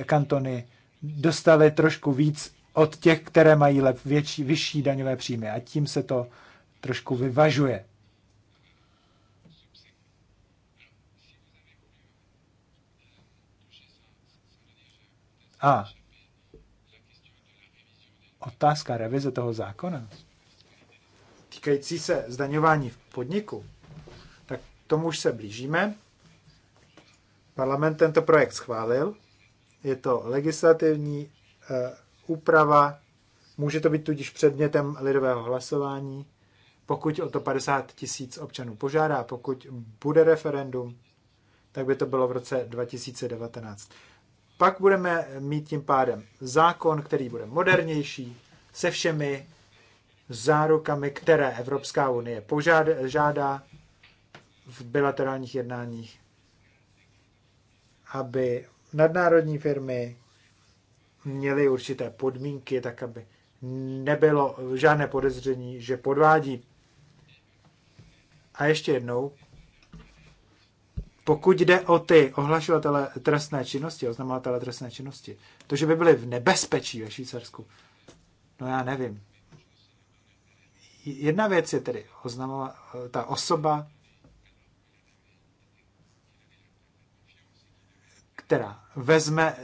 kantony dostaly trošku víc od těch, které mají lep, větší, vyšší daňové příjmy. A tím se to trošku vyvažuje. A otázka revize toho zákona týkající se zdaňování v podniku, tak tomu už se blížíme. Parlament tento projekt schválil. Je to legislativní eh, úprava, může to být tudíž předmětem lidového hlasování, pokud o to 50 tisíc občanů požádá, pokud bude referendum, tak by to bylo v roce 2019. Pak budeme mít tím pádem zákon, který bude modernější, se všemi zárukami, které Evropská unie požádá, v bilaterálních jednáních aby nadnárodní firmy měly určité podmínky, tak aby nebylo žádné podezření, že podvádí. A ještě jednou, pokud jde o ty ohlašovatele trestné činnosti, oznamovatele trestné činnosti, to, že by byli v nebezpečí ve Švýcarsku, no já nevím. Jedna věc je tedy oznamovat, ta osoba, která vezme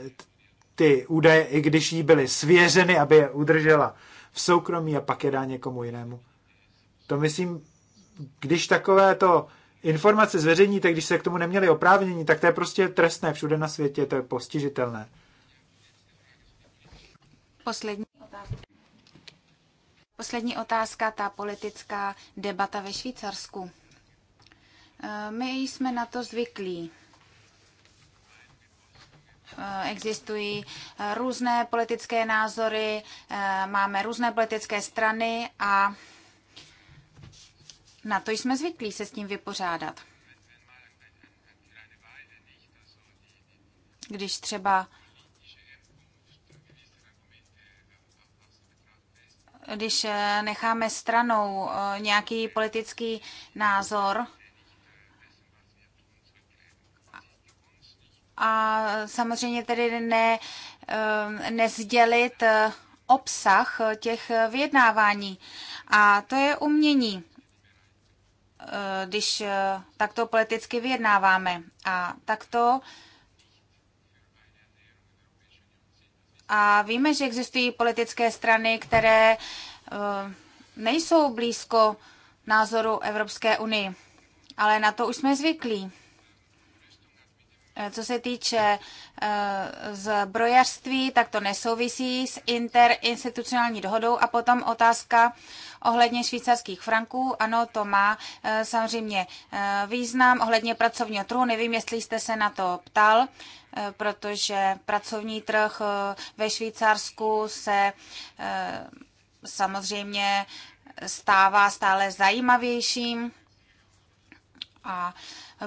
ty údaje, i když jí byly svěřeny, aby je udržela v soukromí a pak je dá někomu jinému. To myslím, když takovéto informace zveřejní, tak když se k tomu neměli oprávnění, tak to je prostě trestné všude na světě, to je postižitelné. Poslední otázka. Poslední otázka, ta politická debata ve Švýcarsku. E, my jsme na to zvyklí. Eh, existují eh, různé politické názory, eh, máme různé politické strany a na to jsme zvyklí se s tím vypořádat. Když třeba když necháme stranou nějaký politický názor, a samozřejmě tedy ne, eh, nezdělit eh, obsah eh, těch vyjednávání. A to je umění, když takto politicky vyjednáváme. A takto a víme, že existují politické strany, které nejsou blízko názoru Evropské unii. Ale na to už jsme zvyklí. Eh, co se týče eh, zbrojařství, tak to nesouvisí s interinstitucionální dohodou. A potom otázka ohledně švýcarských franků. Ano, to má eh, samozřejmě význam. Ohledně pracovního trhu, nevím, jestli jste se na to ptal, protože pracovní trh ve Švýcarsku se samozřejmě stává stále zajímavějším a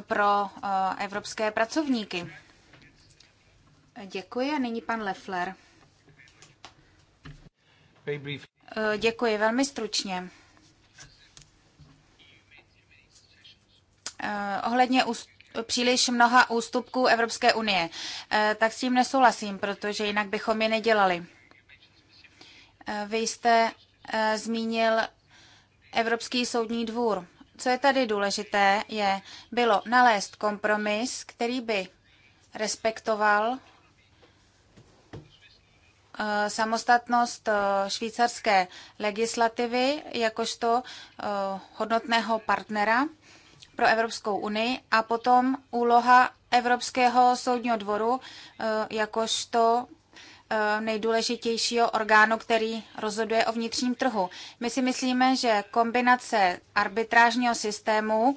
pro eh, evropské pracovníky. Děkuji a nyní pan Leffler. Eh, děkuji, velmi stručně. Eh, ohledně úst příliš mnoha ústupků Evropské unie. Tak s tím nesouhlasím, protože jinak bychom je nedělali. Vy jste zmínil Evropský soudní dvůr co je tady důležité, je bylo nalézt kompromis, který by respektoval eh, samostatnost eh, švýcarské legislativy jakožto eh, hodnotného partnera pro Evropskou unii a potom úloha Evropského soudního dvoru jakožto Eh, nejdůležitějšího orgánu, který rozhoduje o vnitřním trhu. My si myslíme, že kombinace arbitrážního systému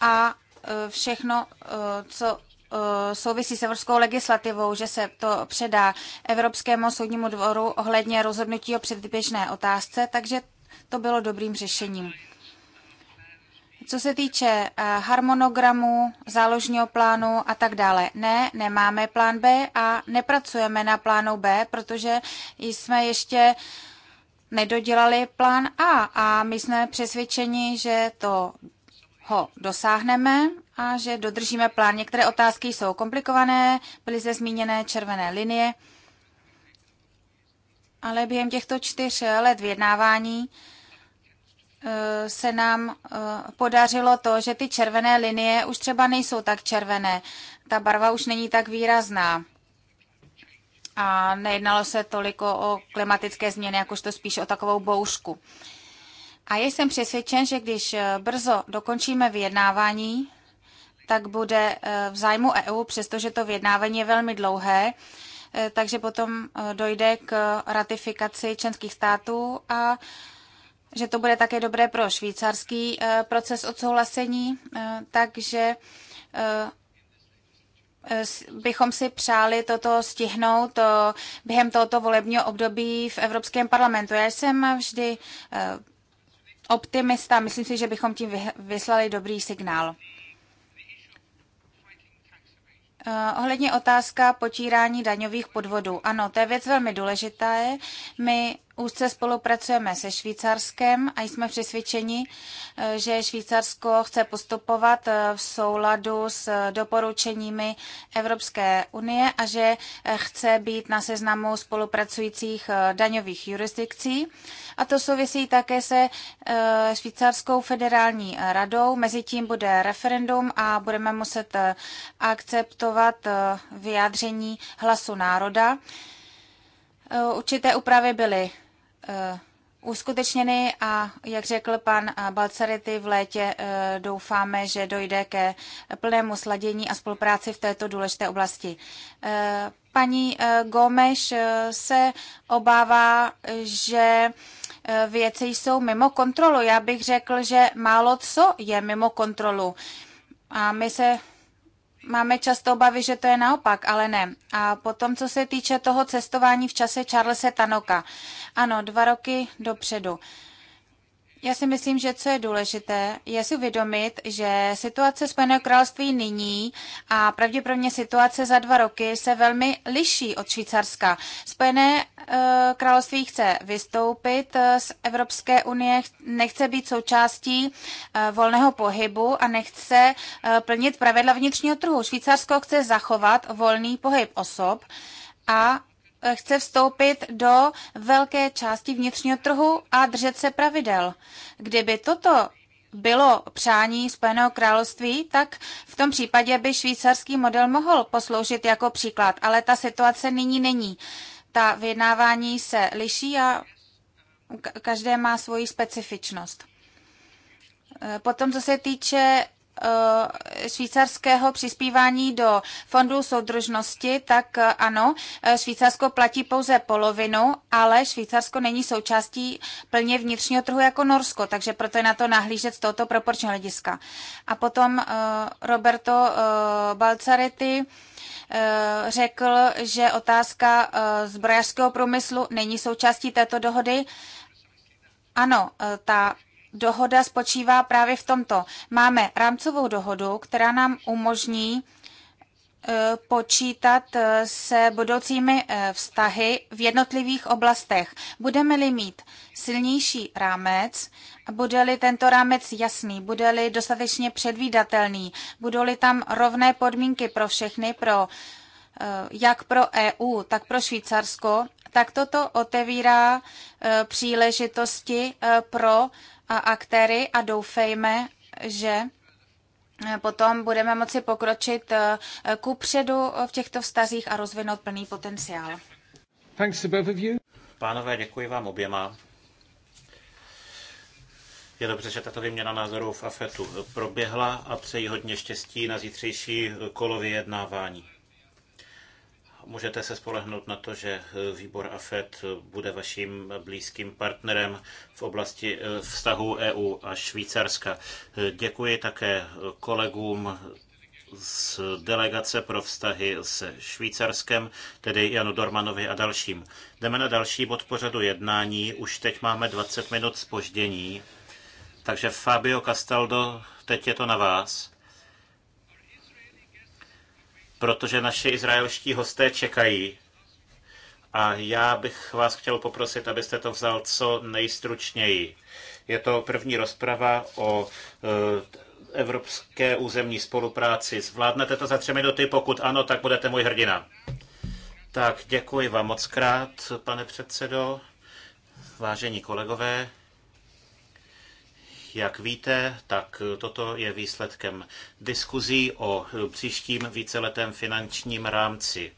a eh, všechno, eh, co souvisí s evropskou legislativou, že se to předá Evropskému soudnímu dvoru ohledně rozhodnutí o předběžné otázce, takže to bylo dobrým řešením. Co se týče eh, harmonogramu, záložního plánu a tak dále, ne, nemáme plán B a nepracujeme na plánu B, protože jsme ještě nedodělali plán A a my jsme přesvědčeni, že to ho dosáhneme a že dodržíme plán. Některé otázky jsou komplikované, byly zde zmíněné červené linie, ale během těchto čtyř let vyjednávání Eh, se nám eh, podařilo to, že ty červené linie už třeba nejsou tak červené. Ta barva už není tak výrazná. A nejednalo se toliko o klimatické změny, to spíš o takovou boušku. A jsem přesvědčen, že když eh, brzo dokončíme vyjednávání, tak bude v zájmu EU, přestože to vyjednávání je velmi dlouhé, takže potom dojde k ratifikaci členských států a že to bude také dobré pro švýcarský eh, proces odsouhlasení, eh, takže eh, bychom si přáli toto stihnout to během tohoto volebního období v Evropském parlamentu. Já jsem vždy optimista, myslím si, že bychom tím vyslali dobrý signál. Ohledně otázka potírání daňových podvodů. Ano, to je věc velmi důležitá. My Úzce spolupracujeme se Švýcarskem a jsme přesvědčeni, eh, že Švýcarsko chce postupovat eh, v souladu s doporučeními Evropské unie a že eh, chce být na seznamu spolupracujících daňových jurisdikcí. A to souvisí také se Švýcarskou federální radou. Mezitím bude referendum a budeme muset akceptovat vyjádření hlasu národa. Určité úpravy byly Eh, uskutečněny a jak řekl pan eh, Balcarity v létě, eh, doufáme, že dojde ke plnému sladění a spolupráci v této důležité oblasti. Paní Gomeš se obává, že věci jsou mimo kontrolu. Já bych řekl, že málo co je mimo kontrolu. A my se máme často obavy, že to je naopak, ale ne. A potom, co se týče toho cestování v čase Charlesa Tanoka. Ano, dva roky dopředu. Já si myslím, že co je důležité, je si uvědomit, že situace Spojeného království nyní a pravděpodobně situace za dva roky se velmi liší od Švýcarska. Spojené eh, království chce vystoupit eh, z Evropské unie, nechce být součástí eh, volného pohybu a nechce plnit pravidla vnitřního trhu. Švýcarsko chce zachovat volný pohyb osob a Eh, chce vstoupit do velké části vnitřního trhu a držet se pravidel. Kdyby toto bylo přání Spojeného království, tak v tom případě by švýcarský model mohl posloužit jako příklad, ale ta situace nyní není. Ta vyjednávání se liší a každé má svoji specifičnost. Eh, potom, co se týče Eh, švýcarského přispívání do fondu soudržnosti, tak eh, ano, eh, Švýcarsko platí pouze polovinu, ale Švýcarsko není součástí plně vnitřního trhu jako Norsko, takže proto je na to nahlížet z tohoto proporčního hlediska. A potom Roberto Balcaretti řekl, že otázka zbrojařského průmyslu není součástí této dohody. Ano, ta dohoda spočívá právě v tomto. Máme rámcovou dohodu, která nám umožní e, počítat e, se budoucími e, vztahy v jednotlivých oblastech. Budeme-li mít silnější rámec, bude-li tento rámec jasný, bude-li dostatečně předvídatelný, budou-li tam rovné podmínky pro všechny, pro, jak pro EU, tak pro Švýcarsko, tak toto otevírá příležitosti pro aktéry a doufejme, že potom budeme moci pokročit eh, ku předu v těchto vztazích a rozvinout plný potenciál. Thanks to both of you. Pánové, děkuji vám oběma. Je dobře, že tato výměna názorů v AFETu proběhla a přeji hodně štěstí na zítřejší kolo vyjednávání můžete se spolehnout na to, že výbor AFED bude vaším blízkým partnerem v oblasti eh, vztahu EU a Švýcarska. Děkuji také kolegům z delegace pro vztahy se Švýcarskem, tedy Janu Dormanovi a dalším. Jdeme na další bod pořadu jednání. Už teď máme 20 minut spoždění. Takže Fabio Castaldo, teď je to na vás protože naši izraelští hosté čekají. A já bych vás chtěl poprosit, abyste to vzal co nejstručněji. Je to první rozprava o eh, evropské územní spolupráci. Zvládnete to za tři minuty? Pokud ano, tak budete můj hrdina. Tak děkuji vám moc krát, pane předsedo, vážení kolegové. Jak víte, tak toto je výsledkem diskuzí o příštím víceletém finančním rámci.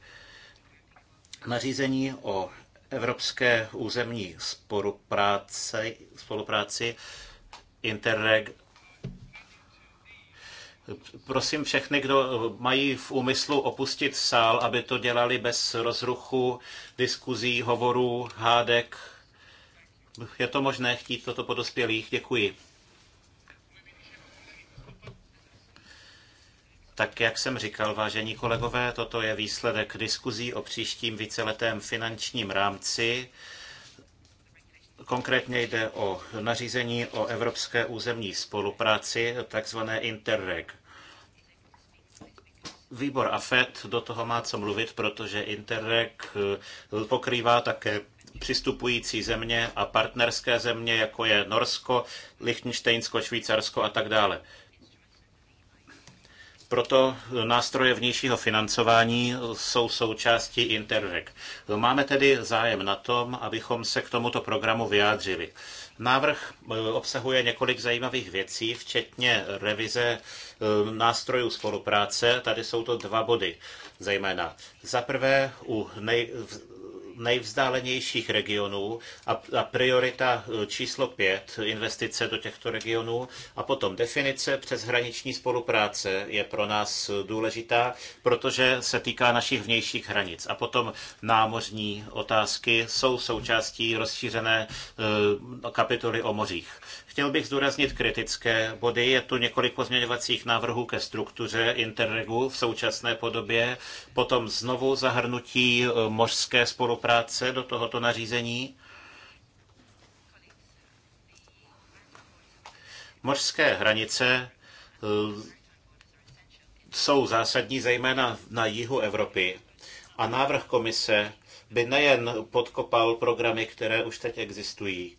Nařízení o evropské územní spolupráci, spolupráci Interreg Prosím všechny, kdo mají v úmyslu opustit sál, aby to dělali bez rozruchu, diskuzí, hovorů, hádek. Je to možné chtít toto po dospělých? Děkuji. Tak jak jsem říkal, vážení kolegové, toto je výsledek diskuzí o příštím víceletém finančním rámci. Konkrétně jde o nařízení o evropské územní spolupráci, takzvané Interreg. Výbor AFET do toho má co mluvit, protože Interreg eh, pokrývá také přistupující země a partnerské země, jako je Norsko, Lichtenštejnsko, Švýcarsko a tak dále. Proto nástroje vnějšího financování jsou součástí Interreg. Máme tedy zájem na tom, abychom se k tomuto programu vyjádřili. Návrh eh, obsahuje několik zajímavých věcí, včetně revize eh, nástrojů spolupráce. Tady jsou to dva body zejména. Za prvé, u nej, nejvzdálenějších regionů a, a priorita eh, číslo pět investice do těchto regionů a potom definice přeshraniční spolupráce je pro nás eh, důležitá, protože se týká našich vnějších hranic. A potom námořní otázky jsou součástí rozšířené eh, kapitoly o mořích. Chtěl bych zdůraznit kritické body. Je tu několik pozměňovacích návrhů ke struktuře Interregu v současné podobě, potom znovu zahrnutí eh, mořské spolupráce do tohoto nařízení. Mořské hranice eh, jsou zásadní zejména na jihu Evropy. A návrh komise by nejen podkopal programy, které už teď existují,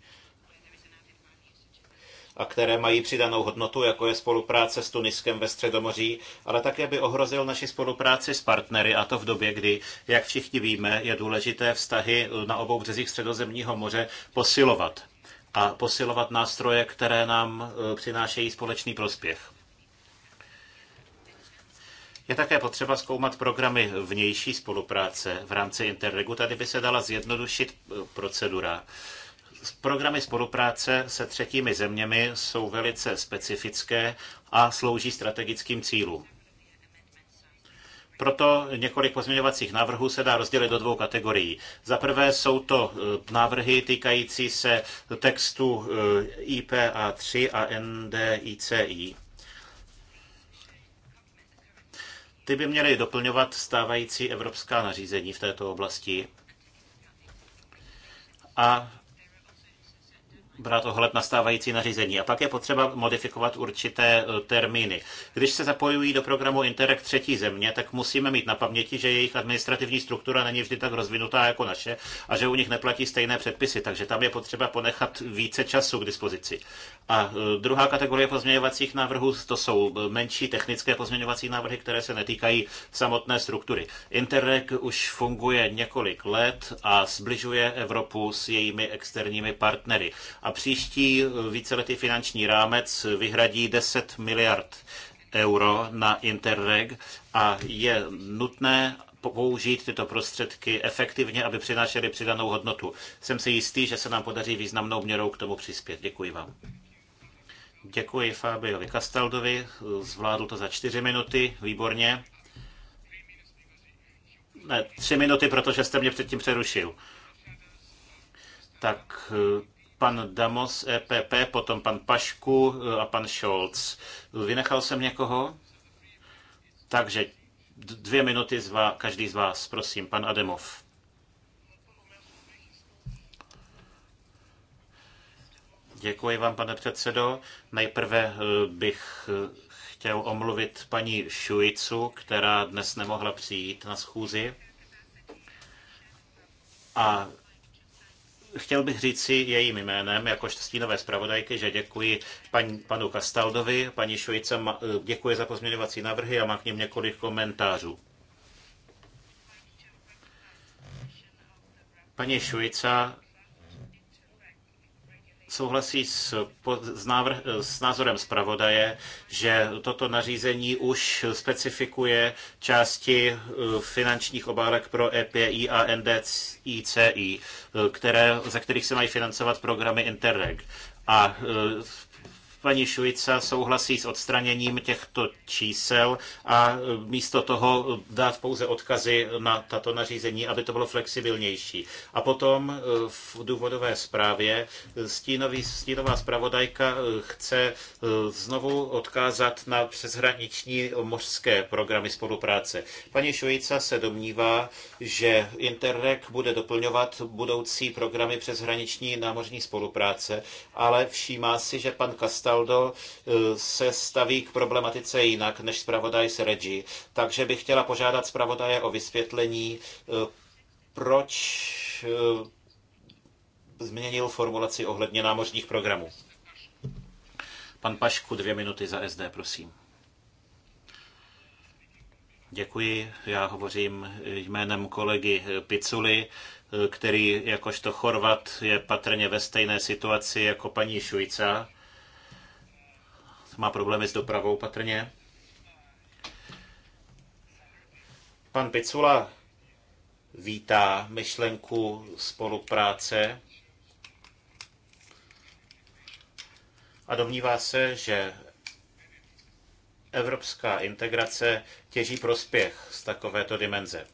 a které mají přidanou hodnotu, jako je spolupráce s Tuniskem ve Středomoří, ale také by ohrozil naši spolupráci s partnery a to v době, kdy, jak všichni víme, je důležité vztahy na obou březích Středozemního moře posilovat a posilovat nástroje, které nám e, přinášejí společný prospěch. Je také potřeba zkoumat programy vnější spolupráce v rámci Interregu. Tady by se dala zjednodušit e, procedura Programy spolupráce se třetími zeměmi jsou velice specifické a slouží strategickým cílům. Proto několik pozměňovacích návrhů se dá rozdělit do dvou kategorií. Za prvé jsou to e, návrhy týkající se textu e, IPA3 a NDICI. Ty by měly doplňovat stávající evropská nařízení v této oblasti a brát ohled na stávající nařízení. A pak je potřeba modifikovat určité eh, termíny. Když se zapojují do programu Interreg třetí země, tak musíme mít na paměti, že jejich administrativní struktura není vždy tak rozvinutá jako naše a že u nich neplatí stejné předpisy, takže tam je potřeba ponechat více času k dispozici. A e, druhá kategorie pozměňovacích návrhů to jsou e, menší technické pozměňovací návrhy, které se netýkají samotné struktury. Interreg už funguje několik let a zbližuje Evropu s jejími externími partnery. A příští e, víceletý finanční rámec vyhradí 10 miliard euro na Interreg a je nutné použít tyto prostředky efektivně, aby přinášely přidanou hodnotu. Jsem si jistý, že se nám podaří významnou měrou k tomu přispět. Děkuji vám. Děkuji Fabiovi Castaldovi, zvládl to za čtyři minuty, výborně. Ne, tři minuty, protože jste mě předtím přerušil. Tak eh, pan Damos EPP, potom pan Pašku eh, a pan Scholz. Vynechal jsem někoho? Takže dvě minuty z vás, každý z vás, prosím, pan Ademov. Děkuji vám, pane předsedo. Nejprve eh, bych eh, chtěl omluvit paní Šujicu, která dnes nemohla přijít na schůzi. A chtěl bych říci jejím jménem, jako stínové zpravodajky, že děkuji paní, panu Kastaldovi, paní Šujice, eh, děkuji za pozměňovací návrhy a má k ním několik komentářů. Paní Šujica souhlasí s, s, návrh, s názorem zpravodaje, že toto nařízení už specifikuje části eh, finančních obálek pro EPI a NDICI, eh, které, ze kterých se mají financovat programy Interreg. A eh, paní Šujica souhlasí s odstraněním těchto čísel a e, místo toho dát pouze odkazy na tato nařízení, aby to bylo flexibilnější. A potom e, v důvodové zprávě stínový, stínová zpravodajka e, chce znovu odkázat na přeshraniční mořské programy spolupráce. Paní Šujica se domnívá, že Interreg bude doplňovat budoucí programy přeshraniční námořní spolupráce, ale všímá si, že pan Kasta Castaldo eh, se staví k problematice jinak než zpravodaj s Regi, takže bych chtěla požádat zpravodaje o vysvětlení, eh, proč eh, změnil formulaci ohledně námořních programů. Pan Pašku, dvě minuty za SD, prosím. Děkuji. Já hovořím jménem kolegy Piculi, který jakožto Chorvat je patrně ve stejné situaci jako paní Švýca má problémy s dopravou patrně. Pan Picula vítá myšlenku spolupráce a domnívá se, že evropská integrace těží prospěch z takovéto dimenze.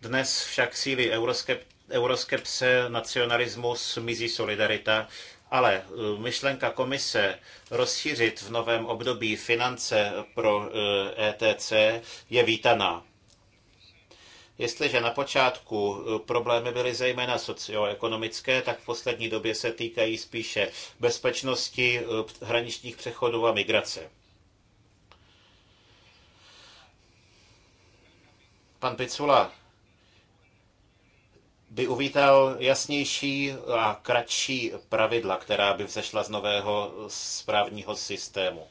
Dnes však síly euroskeptiky euroskepse, nacionalismus, mizí solidarita. Ale eh, myšlenka komise rozšířit v novém období finance pro ETC eh, e je vítaná. Jestliže na počátku eh, problémy byly zejména socioekonomické, tak v poslední době se týkají spíše bezpečnosti hraničních přechodů a migrace. Pan Picula by uvítal jasnější a kratší pravidla, která by vzešla z nového správního systému.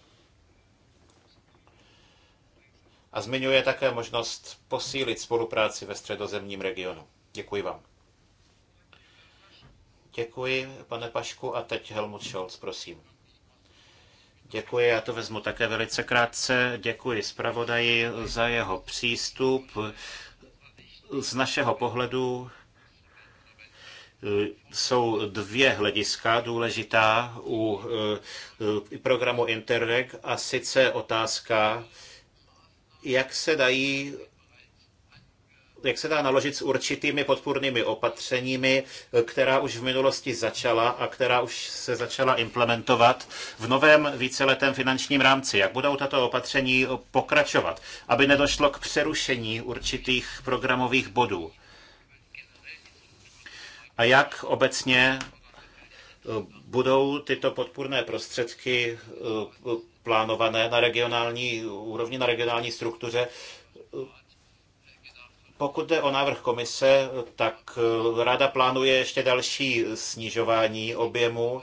A zmiňuje také možnost posílit spolupráci ve středozemním regionu. Děkuji vám. Děkuji, pane Pašku, a teď Helmut Scholz, prosím. Děkuji, já to vezmu také velice krátce. Děkuji zpravodaji za jeho přístup. Z našeho pohledu jsou dvě hlediska důležitá eh, u programu Interreg a sice otázka, jak se dají jak se dá naložit s určitými podpůrnými opatřeními, která už v minulosti začala a která už se začala implementovat v novém víceletém finančním rámci. Jak budou tato opatření pokračovat, aby nedošlo k přerušení určitých programových bodů? A jak obecně eh, budou tyto podpůrné prostředky eh, plánované na regionální úrovni, na regionální struktuře. Eh, pokud jde o návrh komise, tak ráda plánuje ještě další snižování objemu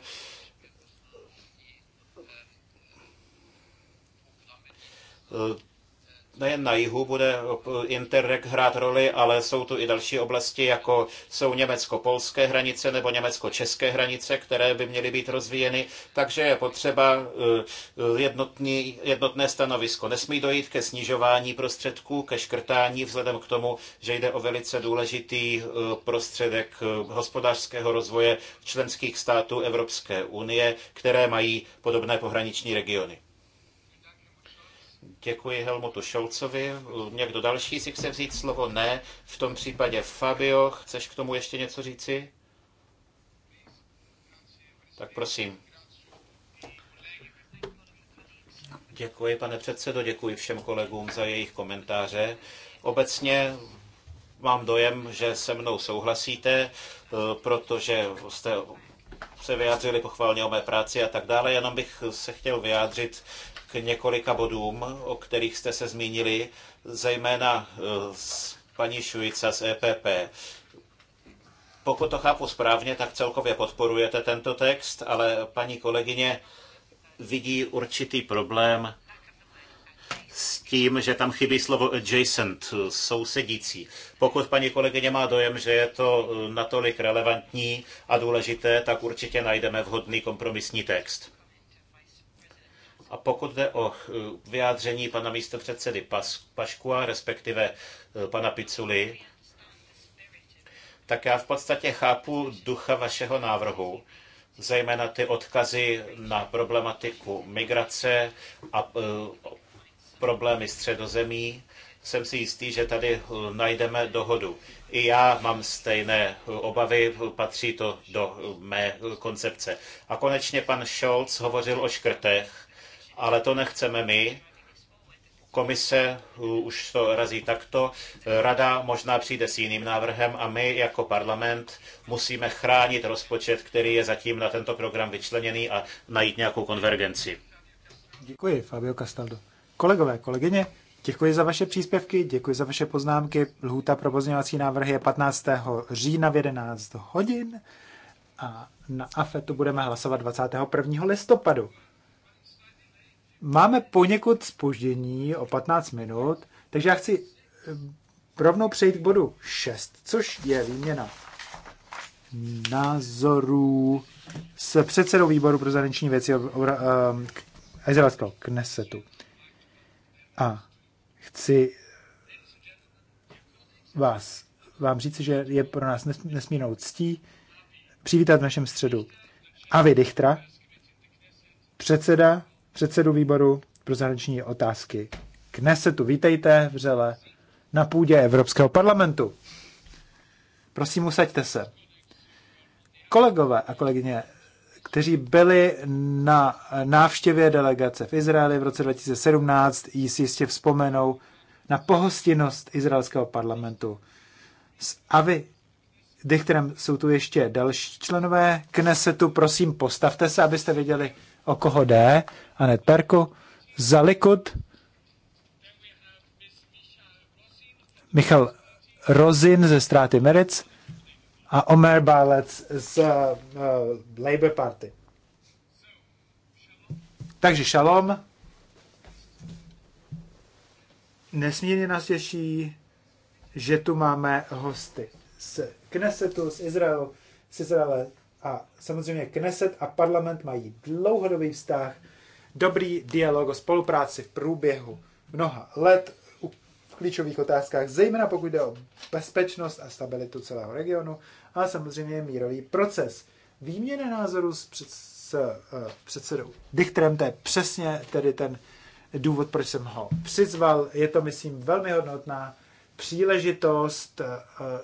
nejen na jihu bude Interreg hrát roli, ale jsou tu i další oblasti, jako jsou německo-polské hranice nebo německo-české hranice, které by měly být rozvíjeny, takže je potřeba eh, jednotný, jednotné stanovisko. Nesmí dojít ke snižování prostředků, ke škrtání, vzhledem k tomu, že jde o velice důležitý eh, prostředek eh, hospodářského rozvoje členských států Evropské unie, které mají podobné pohraniční regiony. Děkuji Helmutu Šolcovi. Někdo další si chce vzít slovo? Ne. V tom případě Fabio, chceš k tomu ještě něco říci? Tak prosím. Děkuji, pane předsedo, děkuji všem kolegům za jejich komentáře. Obecně mám dojem, že se mnou souhlasíte, protože jste se vyjádřili pochválně o mé práci a tak dále. Jenom bych se chtěl vyjádřit k několika bodům, o kterých jste se zmínili, zejména e, s paní Šujica z EPP. Pokud to chápu správně, tak celkově podporujete tento text, ale paní kolegyně vidí určitý problém s tím, že tam chybí slovo adjacent, sousedící. Pokud paní kolegyně má dojem, že je to e, natolik relevantní a důležité, tak určitě najdeme vhodný kompromisní text. A pokud jde o eh, vyjádření pana místopředsedy Pašku a respektive eh, pana Piculi, tak já v podstatě chápu ducha vašeho návrhu, zejména ty odkazy na problematiku migrace a eh, problémy středozemí. Jsem si jistý, že tady najdeme dohodu. I já mám stejné obavy, patří to do mé koncepce. A konečně pan Scholz hovořil o škrtech ale to nechceme my. Komise eh, už to razí takto, rada možná přijde s jiným návrhem a my jako parlament musíme chránit rozpočet, který je zatím na tento program vyčleněný a najít nějakou konvergenci. Děkuji, Fabio Castaldo. Kolegové, kolegyně, děkuji za vaše příspěvky, děkuji za vaše poznámky. Lhůta pro pozměňovací návrhy je 15. října v 11 hodin a na AFETu budeme hlasovat 21. listopadu. Máme poněkud spoždění o 15 minut, takže já chci eh, rovnou přejít k bodu 6, což je výměna názorů s předsedou výboru pro zahraniční věci ehm, izraelského knesetu. A chci eh, vás, vám říct, že je pro nás nesmírnou ctí přivítat v našem středu Avi Dichtra, předseda předsedu výboru pro zahraniční otázky Knesetu. Vítejte vřele na půdě Evropského parlamentu. Prosím, usaďte se. Kolegové a kolegyně, kteří byli na návštěvě delegace v Izraeli v roce 2017, si jistě vzpomenou na pohostinnost izraelského parlamentu. S Avi Dichterem jsou tu ještě další členové Knesetu. Prosím, postavte se, abyste věděli, o koho jde, Anet Perku, za Likud, Michal Rozin ze Stráty Meric a Omer Bálec z uh, Labour Party. Takže šalom. Nesmírně nás těší, že tu máme hosty z Knesetu, z Izraelu, z Izraele, a samozřejmě Kneset a parlament mají dlouhodobý vztah, dobrý dialog o spolupráci v průběhu mnoha let v klíčových otázkách, zejména pokud jde o bezpečnost a stabilitu celého regionu a samozřejmě mírový proces. Výměna názorů s, před, s uh, předsedou Dichterem, to je přesně tedy ten důvod, proč jsem ho přizval. Je to, myslím, velmi hodnotná příležitost uh,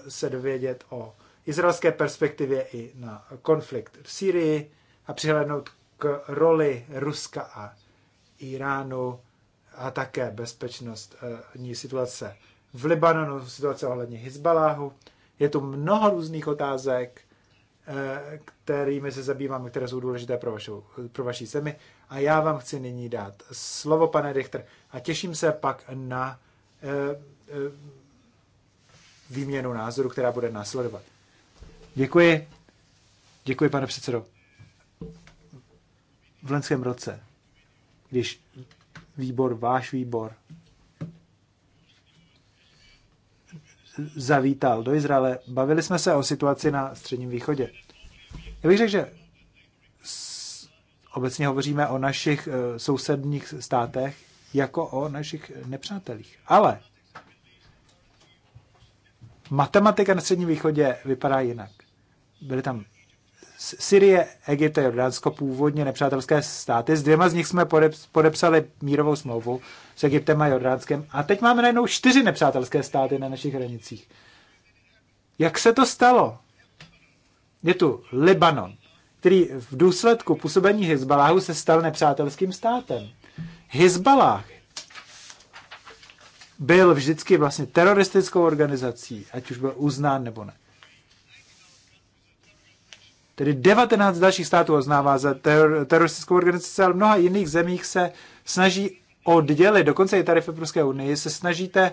se dovědět o izraelské perspektivě i na konflikt v Syrii a přihlednout k roli Ruska a Iránu a také bezpečnostní eh, situace v Libanonu, situace ohledně Hezbaláhu. Je tu mnoho různých otázek, eh, kterými se zabýváme, které jsou důležité pro, vašu, pro vaší zemi. A já vám chci nyní dát slovo, pane Richter, a těším se pak na eh, výměnu názoru, která bude následovat. Děkuji. Děkuji, pane předsedo. V lenském roce, když výbor, váš výbor, zavítal do Izraele, bavili jsme se o situaci na Středním východě. Já bych řekl, že obecně hovoříme o našich eh, sousedních státech jako o našich nepřátelích. Ale matematika na Středním východě vypadá jinak byly tam Syrie, Egypt a Jordánsko původně nepřátelské státy. S dvěma z nich jsme podepsali mírovou smlouvu s Egyptem a Jordánskem. A teď máme najednou čtyři nepřátelské státy na našich hranicích. Jak se to stalo? Je tu Libanon, který v důsledku působení Hezbaláhu se stal nepřátelským státem. Hezbalách byl vždycky vlastně teroristickou organizací, ať už byl uznán nebo ne. Tedy 19 dalších států oznává za teror, teroristickou organizaci, ale v mnoha jiných zemích se snaží oddělit, dokonce i tady v Evropské unii, se snažíte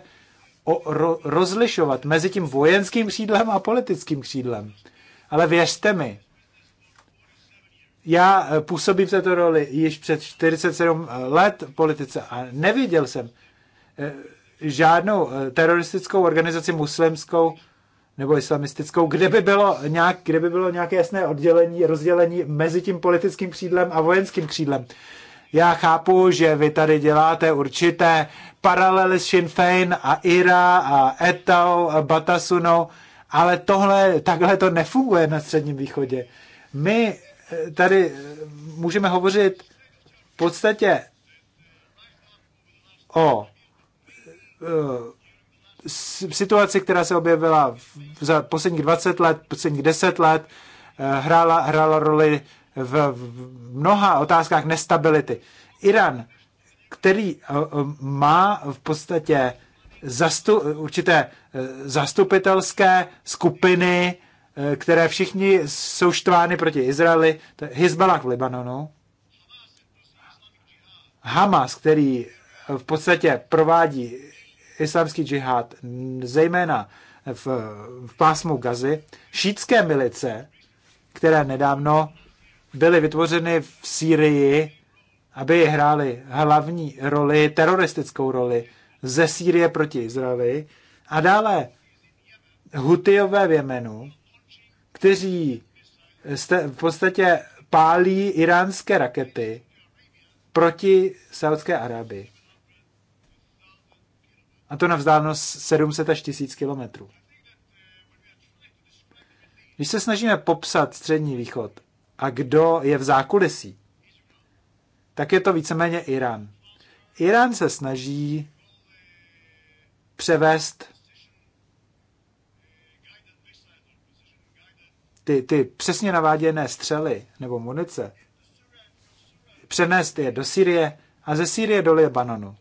o, ro, rozlišovat mezi tím vojenským křídlem a politickým křídlem. Ale věřte mi, já eh, působím v této roli již před 47 eh, let v politice a neviděl jsem eh, žádnou teroristickou organizaci muslimskou, nebo islamistickou, kde by bylo, nějak, kde by bylo nějaké jasné oddělení, rozdělení mezi tím politickým křídlem a vojenským křídlem. Já chápu, že vy tady děláte určité paralely s Sinn Féin a Ira a Etau a ale tohle, takhle to nefunguje na Středním východě. My eh, tady eh, můžeme hovořit v podstatě o eh, situaci, která se objevila za posledních 20 let, posledních 10 let, eh, hrála, hrála roli v mnoha otázkách nestability. Irán, který eh, eh, má v podstatě zastu, určité zastupitelské skupiny, které všichni jsou štvány proti Izraeli, to je Hezbollah v Libanonu, Hamas, který v podstatě provádí islámský džihad, zejména v, v pásmu Gazy, šítské milice, které nedávno byly vytvořeny v Sýrii, aby je hrály hlavní roli, teroristickou roli ze Sýrie proti Izraeli. A dále Hutijové v Jemenu, kteří v podstatě pálí iránské rakety proti Saudské Arabii. A to na vzdálenost 700 až 1000 kilometrů. Když se snažíme popsat Střední východ a kdo je v zákulisí, tak je to víceméně Irán. Irán se snaží převést ty, ty přesně naváděné střely nebo munice, přenést je do Syrie a ze Syrie do Libanonu.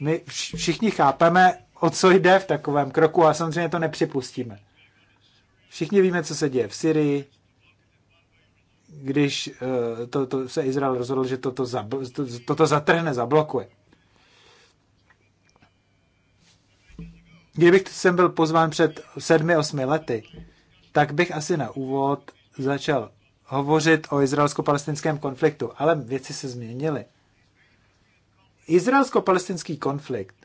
My všichni chápeme, o co jde v takovém kroku, ale samozřejmě to nepřipustíme. Všichni víme, co se děje v Syrii, když eh, to, to se Izrael rozhodl, že toto, zabl, to, toto zatrhne, zablokuje. Kdybych jsem byl pozván před sedmi, osmi lety, tak bych asi na úvod začal hovořit o izraelsko-palestinském konfliktu, ale věci se změnily. Izraelsko-palestinský konflikt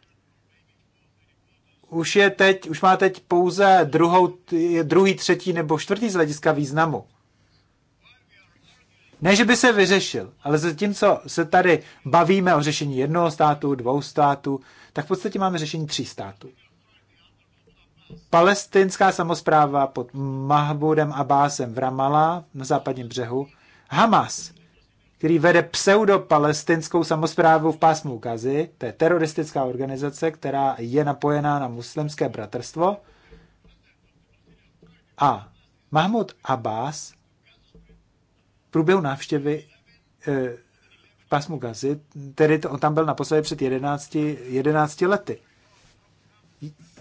už je teď, už má teď pouze druhou, druhý, třetí nebo čtvrtý z hlediska významu. Ne, že by se vyřešil, ale zatímco se tady bavíme o řešení jednoho státu, dvou států, tak v podstatě máme řešení tří států. Palestinská samozpráva pod Mahmudem Abásem v Ramala na západním břehu, Hamas který vede pseudopalestinskou samozprávu v pásmu Gazy, to je teroristická organizace, která je napojená na muslimské bratrstvo. A Mahmud Abbas v průběhu návštěvy e, v pásmu Gazy, tedy to, on tam byl naposledy před 11, 11 lety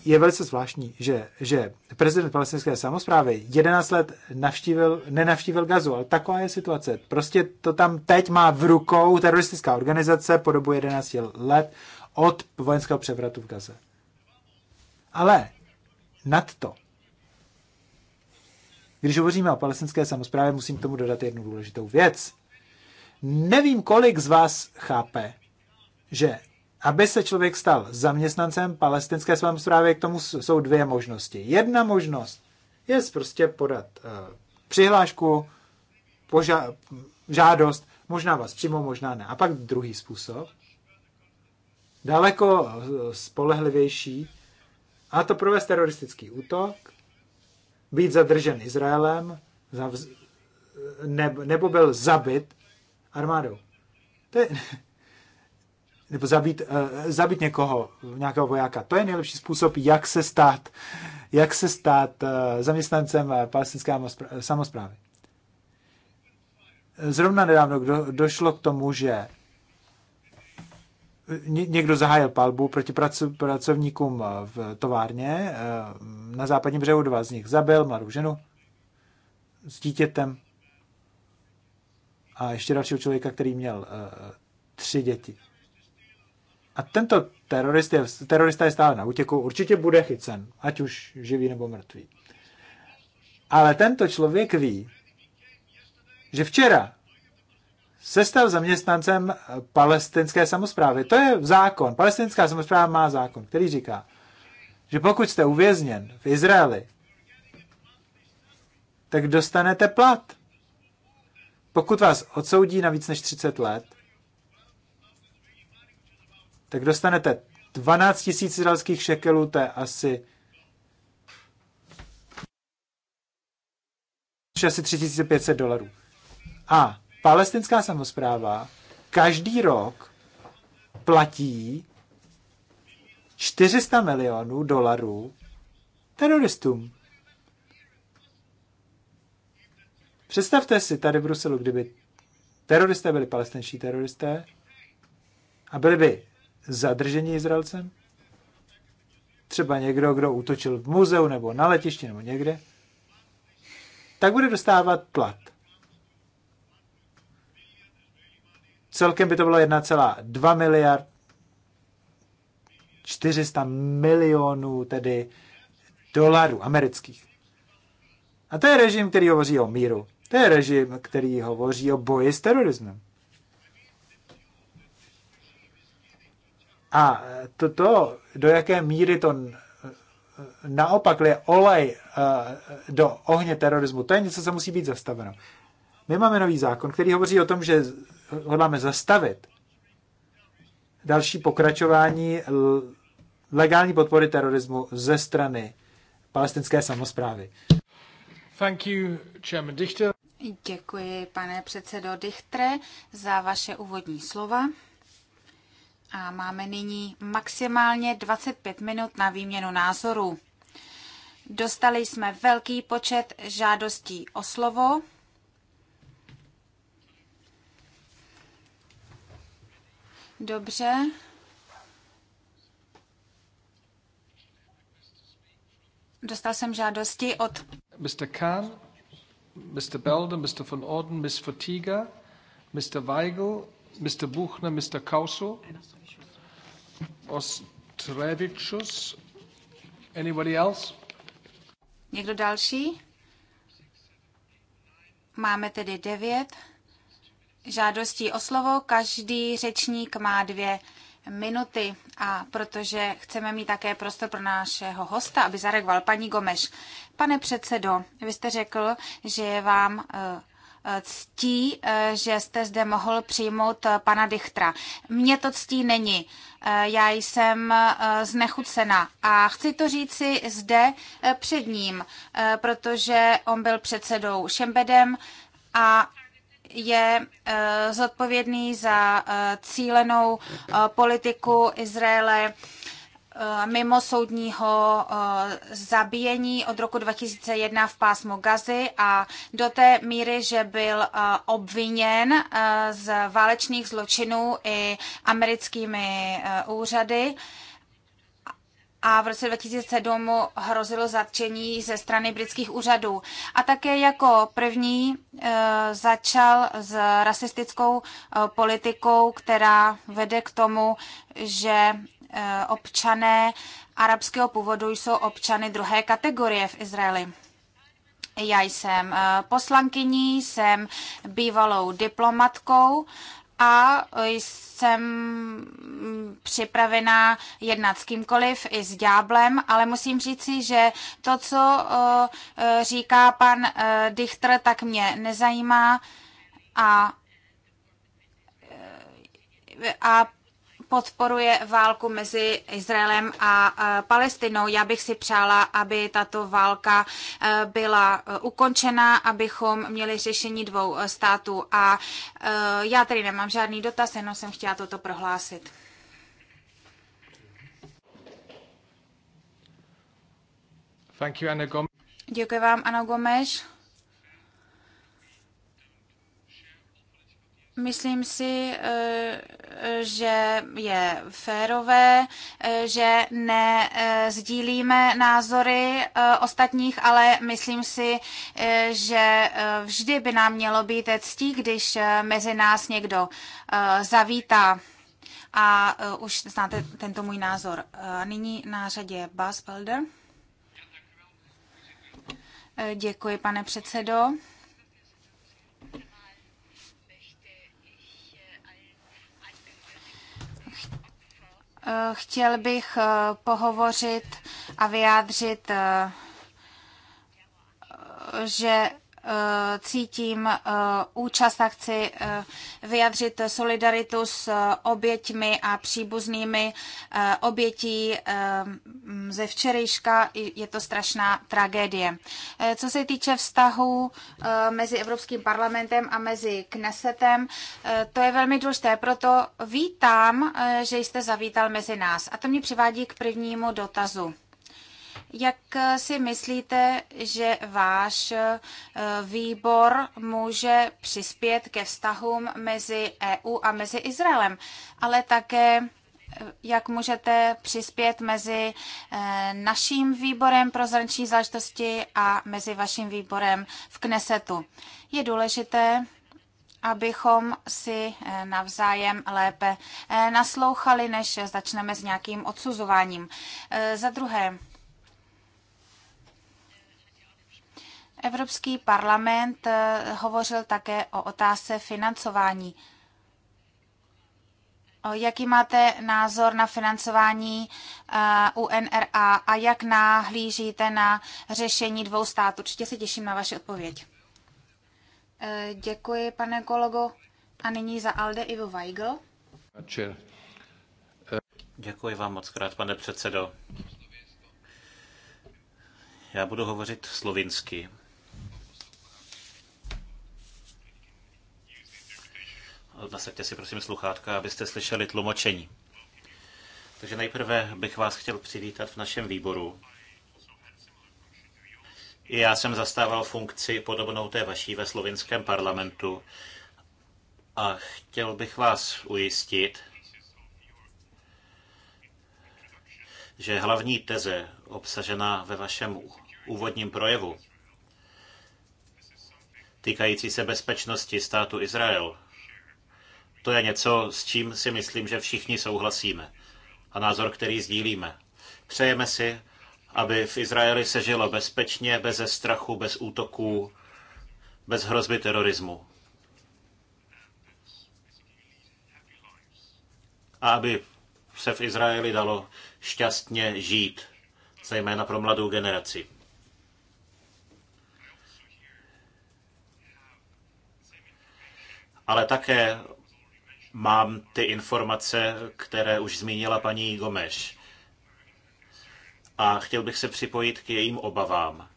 je velice zvláštní, že, že prezident palestinské samozprávy 11 let navštívil, nenavštívil Gazu, ale taková je situace. Prostě to tam teď má v rukou teroristická organizace po dobu 11 let od vojenského převratu v Gaze. Ale nad to, když hovoříme o palestinské samozprávě, musím k tomu dodat jednu důležitou věc. Nevím, kolik z vás chápe, že aby se člověk stal zaměstnancem palestinské samozprávy, k tomu jsou dvě možnosti. Jedna možnost je prostě podat uh, přihlášku, poža- žádost, možná vás přímo, možná ne. A pak druhý způsob, daleko eh, spolehlivější, a to provést teroristický útok, být zadržen Izraelem, eh, ne- nebo byl zabit armádou. To je, nebo zabít, eh, zabít někoho, nějakého vojáka. To je nejlepší způsob, jak se stát, jak se stát eh, zaměstnancem eh, palestinské samozprávy. Zrovna nedávno do, došlo k tomu, že někdo zahájil palbu proti pracovníkům v továrně na západním břehu. Dva z nich zabil mladou ženu s dítětem a ještě dalšího člověka, který měl tři děti. A tento terorist je, terorista je stále na útěku, určitě bude chycen, ať už živý nebo mrtvý. Ale tento člověk ví, že včera se stal zaměstnancem palestinské samozprávy. To je zákon. Palestinská samozpráva má zákon, který říká, že pokud jste uvězněn v Izraeli, tak dostanete plat. Pokud vás odsoudí na víc než 30 let, tak dostanete 12 000 izraelských šekelů, to je asi asi 3500 dolarů. A palestinská samozpráva každý rok platí 400 milionů dolarů teroristům. Představte si tady v Bruselu, kdyby teroristé byli palestinští teroristé a byli by zadrženi Izraelcem? Třeba někdo, kdo útočil v muzeu nebo na letišti nebo někde, tak bude dostávat plat. Celkem by to bylo 1,2 miliard 400 milionů tedy dolarů amerických. A to je režim, který hovoří o míru. To je režim, který hovoří o boji s terorismem. A to, to do jaké míry to naopak je olej eh, do ohně terorismu, to je něco, co musí být zastaveno. My máme nový zákon, který hovoří o tom, že hodláme zastavit další pokračování legální podpory terorismu ze strany palestinské samozprávy. Thank you, Chairman Dichter. Děkuji, pane předsedo Dichtre, za vaše úvodní slova a máme nyní maximálně 25 minut na výměnu názorů. Dostali jsme velký počet žádostí o slovo. Dobře. Dostal jsem žádosti od Mr. Kahn, Mr. Belden, Mr. von Orden, Ms. Fatiga, Mr. Weigel, Mr. Buchner, Mr. Kauso, Ostrevičus. Anybody else? Někdo další? Máme tedy devět žádostí o slovo. Každý řečník má dvě minuty a protože chceme mít také prostor pro našeho hosta, aby zareagoval paní Gomeš. Pane předsedo, vy jste řekl, že je vám eh, ctí, eh, že jste zde mohl přijmout eh, pana Dichtra. Mně to ctí není. Eh, já jsem znechucena a chci to říci zde před ním, protože on byl předsedou Šembedem a je zodpovědný za cílenou politiku Izraele Eh, mimo soudního eh, zabíjení od roku 2001 v pásmu Gazy a do té míry, že byl eh, obviněn z válečných zločinů i americkými úřady. A v roce 2007 hrozilo zatčení ze strany britských úřadů. A také jako první začal s rasistickou politikou, která vede k tomu, že Eh, občané arabského původu jsou občany druhé kategorie v Izraeli. Já jsem eh, poslankyní, jsem bývalou diplomatkou a jsem mm, připravená jednat s kýmkoliv, i s dňáblem, ale musím říci, že to, co eh, říká pan Dichter, tak mě nezajímá a a podporuje válku mezi Izraelem a Palestinou. Já bych si přála, aby tato válka e, byla e, ukončena, abychom měli řešení dvou e, států. A já tady nemám žádný dotaz, jenom jsem chtěla toto prohlásit. Thank you, Anna Gomes. Děkuji vám, Ana Gomes. Myslím si, eh, že je férové, eh, že nezdílíme eh, názory ostatních, ale myslím si, že vždy by nám mělo být ctí, když mezi nás někdo zavítá. A už znáte tento můj názor. Nyní na řadě je Buzz Builder. Děkuji, pane předsedo. Eh, chtěl bych eh, pohovořit a vyjádřit, eh, že Eh, cítím eh, účast a chci eh, vyjadřit solidaritu s oběťmi a příbuznými obětí ze včerejška. Je to strašná tragédie. Co se týče vztahu mezi Evropským parlamentem a mezi Knesetem, to je velmi důležité, proto vítám, že jste zavítal mezi nás. A to mě přivádí k prvnímu dotazu. Jak eh, si myslíte, že váš eh, výbor může přispět ke vztahům mezi EU a mezi Izraelem, ale také eh, jak můžete přispět mezi naším výborem pro zranční záležitosti a mezi vaším výborem v Knesetu. Je důležité, abychom si navzájem lépe naslouchali, než začneme s nějakým odsuzováním. Za druhé, Evropský parlament eh, hovořil také o otázce financování. Jaký máte názor na financování eh, UNRA a jak nahlížíte na řešení dvou států? Určitě se těším na vaši odpověď. Eh, děkuji, pane kolego. A nyní za Alde Ivo Weigl. Děkuji vám moc krát, pane předsedo. Já budu hovořit slovinsky. Nasaďte si prosím sluchátka, abyste slyšeli tlumočení. Takže nejprve bych vás chtěl přivítat v našem výboru. I já jsem zastával funkci podobnou té vaší ve slovinském parlamentu a chtěl bych vás ujistit, že hlavní teze obsažená ve vašem úvodním projevu týkající se bezpečnosti státu Izrael to je něco, s čím si myslím, že všichni souhlasíme a názor, který sdílíme. Přejeme si, aby v Izraeli se žilo bezpečně, bez strachu, bez útoků, bez hrozby terorismu. A aby se v Izraeli dalo šťastně žít, zejména pro mladou generaci. Ale také mám ty informace, které už zmínila paní Gomeš. A chtěl bych se připojit k jejím obavám.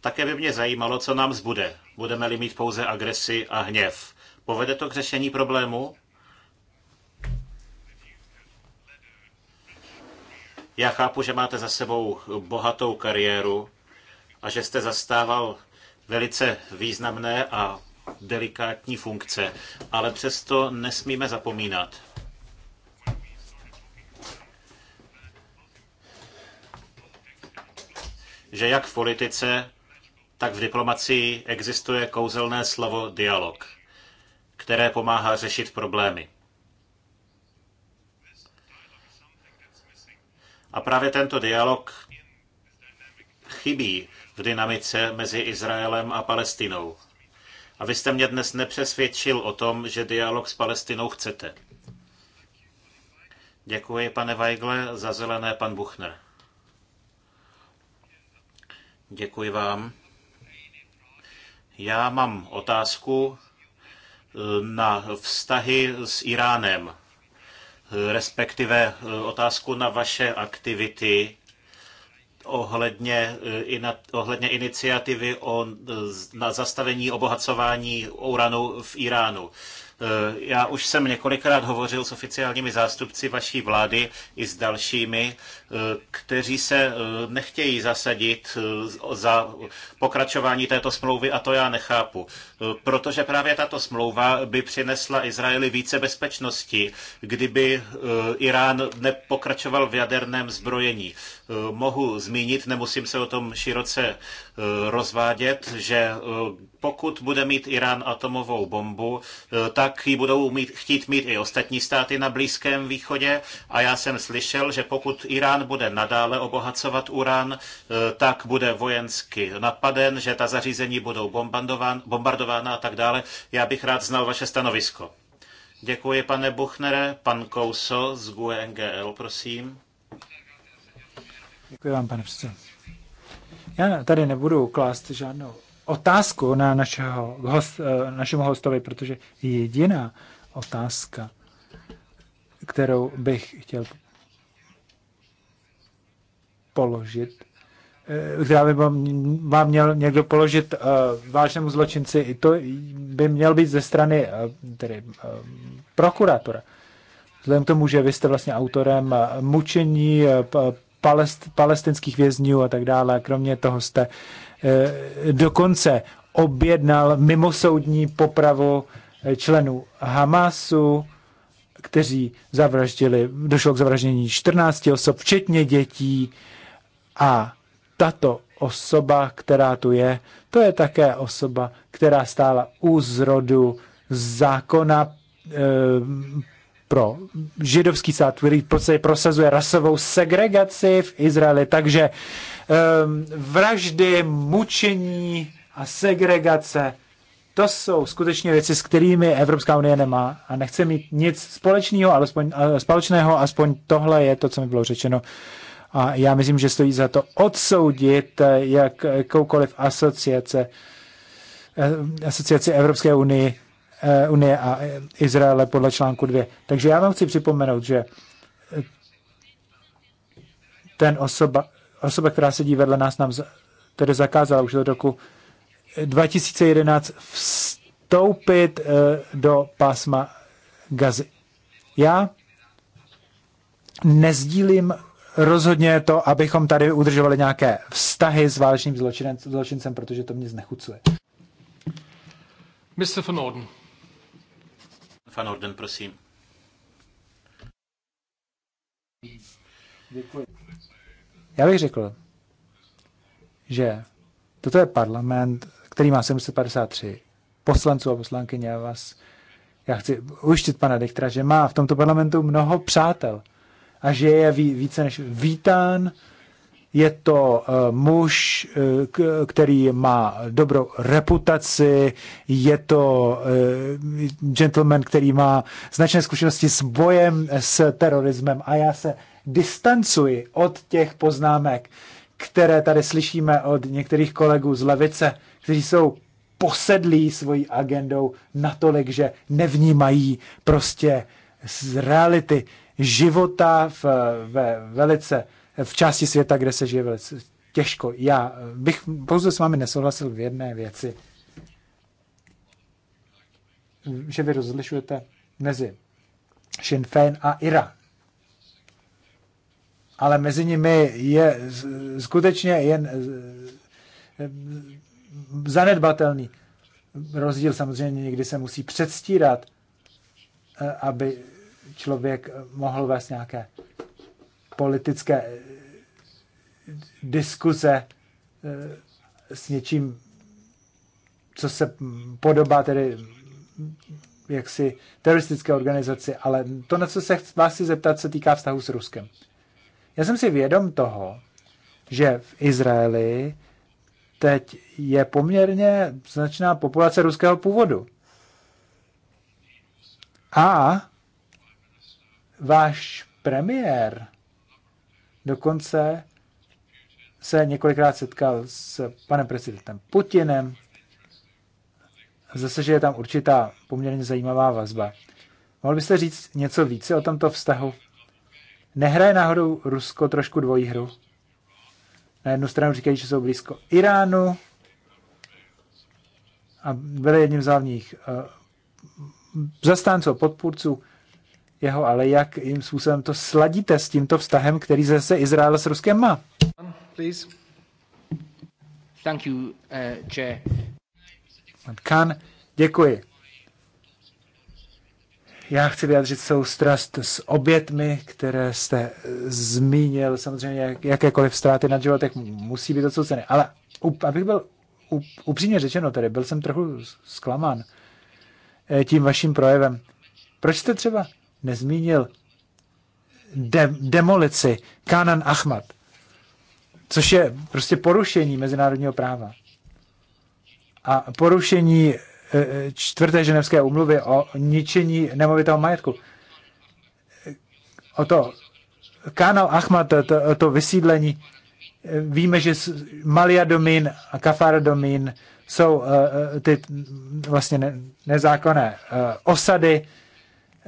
Také by mě zajímalo, co nám zbude. Budeme-li mít pouze agresi a hněv. Povede to k řešení problému? Já chápu, že máte za sebou bohatou kariéru a že jste zastával velice významné a delikátní funkce, ale přesto nesmíme zapomínat, že jak v politice, tak v diplomacii existuje kouzelné slovo dialog, které pomáhá řešit problémy. A právě tento dialog chybí v dynamice mezi Izraelem a Palestinou. A vy jste mě dnes nepřesvědčil o tom, že dialog s Palestinou chcete. Děkuji, pane Weigle, za zelené pan Buchner. Děkuji vám. Já mám otázku eh, na vztahy s Iránem, eh, respektive eh, otázku na vaše aktivity ohledně, eh, ohledně iniciativy o, eh, na zastavení obohacování uranu v Iránu. Eh, já už jsem několikrát hovořil s oficiálními zástupci vaší vlády i s dalšími, eh, kteří se eh, nechtějí zasadit za pokračování této smlouvy a to já nechápu. Protože právě tato smlouva by přinesla Izraeli více bezpečnosti, kdyby Irán nepokračoval v jaderném zbrojení. Mohu zmínit, nemusím se o tom široce Eh, rozvádět, že eh, pokud bude mít Irán atomovou bombu, eh, tak ji budou mít, chtít mít i ostatní státy na Blízkém východě. A já jsem slyšel, že pokud Irán bude nadále obohacovat uran, tak bude vojensky napaden, že ta zařízení budou bombardována a tak dále. Já bych rád znal vaše stanovisko. Děkuji, pane Buchnere. Pan Kouso z GUE NGL, prosím. Děkuji vám, pane předsedo. Já tady nebudu klást žádnou otázku na našeho host, eh, našemu hostovi, protože jediná otázka, kterou bych chtěl položit, eh, která by vám měl někdo položit uh, vážnému zločinci, i to by měl být ze strany uh, tedy, uh, prokurátora. Vzhledem k tomu, že vy jste vlastně autorem mučení, palest, palestinských vězňů a tak dále. Kromě toho jste e, dokonce objednal mimosoudní popravu eh, členů Hamasu, kteří zavraždili, došlo k zavraždění 14 osob, včetně dětí a tato osoba, která tu je, to je také osoba, která stála u zrodu zákona e, pro židovský stát, který prosazuje rasovou segregaci v Izraeli. Takže um, vraždy, mučení a segregace, to jsou skutečně věci, s kterými Evropská unie nemá a nechce mít nic společného, alespoň, společného, aspoň tohle je to, co mi bylo řečeno. A já myslím, že stojí za to odsoudit eh, jakoukoliv asociace, eh, asociaci Evropské unii Eh, unie a Izraele podle článku 2. Takže já vám chci připomenout, že eh, ten osoba, osoba, která sedí vedle nás, nám tedy zakázala už do roku 2011 vstoupit eh, do pásma Gazy. Já nezdílím rozhodně to, abychom tady udržovali nějaké vztahy s válečným zločincem, protože to mě znechucuje. Mr. Van Orden. Van Orden, prosím. Děkuji. Já bych řekl, že toto je parlament, který má 753 poslanců a poslankyně. a vás, já chci ujištit pana Dektra, že má v tomto parlamentu mnoho přátel a že je více než vítán je to eh, muž, eh, který má dobrou reputaci, je to eh, gentleman, který má značné zkušenosti s bojem s terorismem a já se distancuji od těch poznámek, které tady slyšíme od některých kolegů z levice, kteří jsou posedlí svojí agendou natolik, že nevnímají prostě z reality života v, ve velice v části světa, kde se žije velice těžko. Já eh, bych pouze s vámi nesouhlasil v jedné věci, že vy rozlišujete mezi Sinn Féin a Ira. Ale mezi nimi je skutečně jen eh, eh, zanedbatelný rozdíl. Samozřejmě někdy se musí předstírat, aby člověk mohl vést nějaké politické diskuze eh, s něčím, co se podobá tedy jaksi teroristické organizaci, ale to, na co se vás chci zeptat, se týká vztahu s Ruskem. Já jsem si vědom toho, že v Izraeli teď je poměrně značná populace ruského původu. A váš premiér Dokonce se několikrát setkal s panem prezidentem Putinem. Zase, že je tam určitá poměrně zajímavá vazba. Mohl byste říct něco více o tomto vztahu? Nehraje náhodou Rusko trošku dvojí hru? Na jednu stranu říkají, že jsou blízko Iránu a byli jedním z hlavních eh, zastánců a podpůrců jeho, ale jakým způsobem to sladíte s tímto vztahem, který zase Izrael s Ruskem má? Thank you, uh, Chair. Kan, děkuji. Já chci vyjádřit strast s obětmi, které jste eh, zmínil. Samozřejmě jak, jakékoliv ztráty na životech musí být odsouceny. Ale abych byl upřímně řečeno, tedy byl jsem trochu zklamán eh, tím vaším projevem. Proč jste třeba nezmínil de- demolici Kanan Ahmad, což je prostě porušení mezinárodního práva a porušení e, čtvrté ženevské umluvy o ničení nemovitého majetku. O to Kanal Ahmad, to, to vysídlení, víme, že Malia Domin a Kafar Domin jsou uh, ty vlastně ne, nezákonné uh, osady,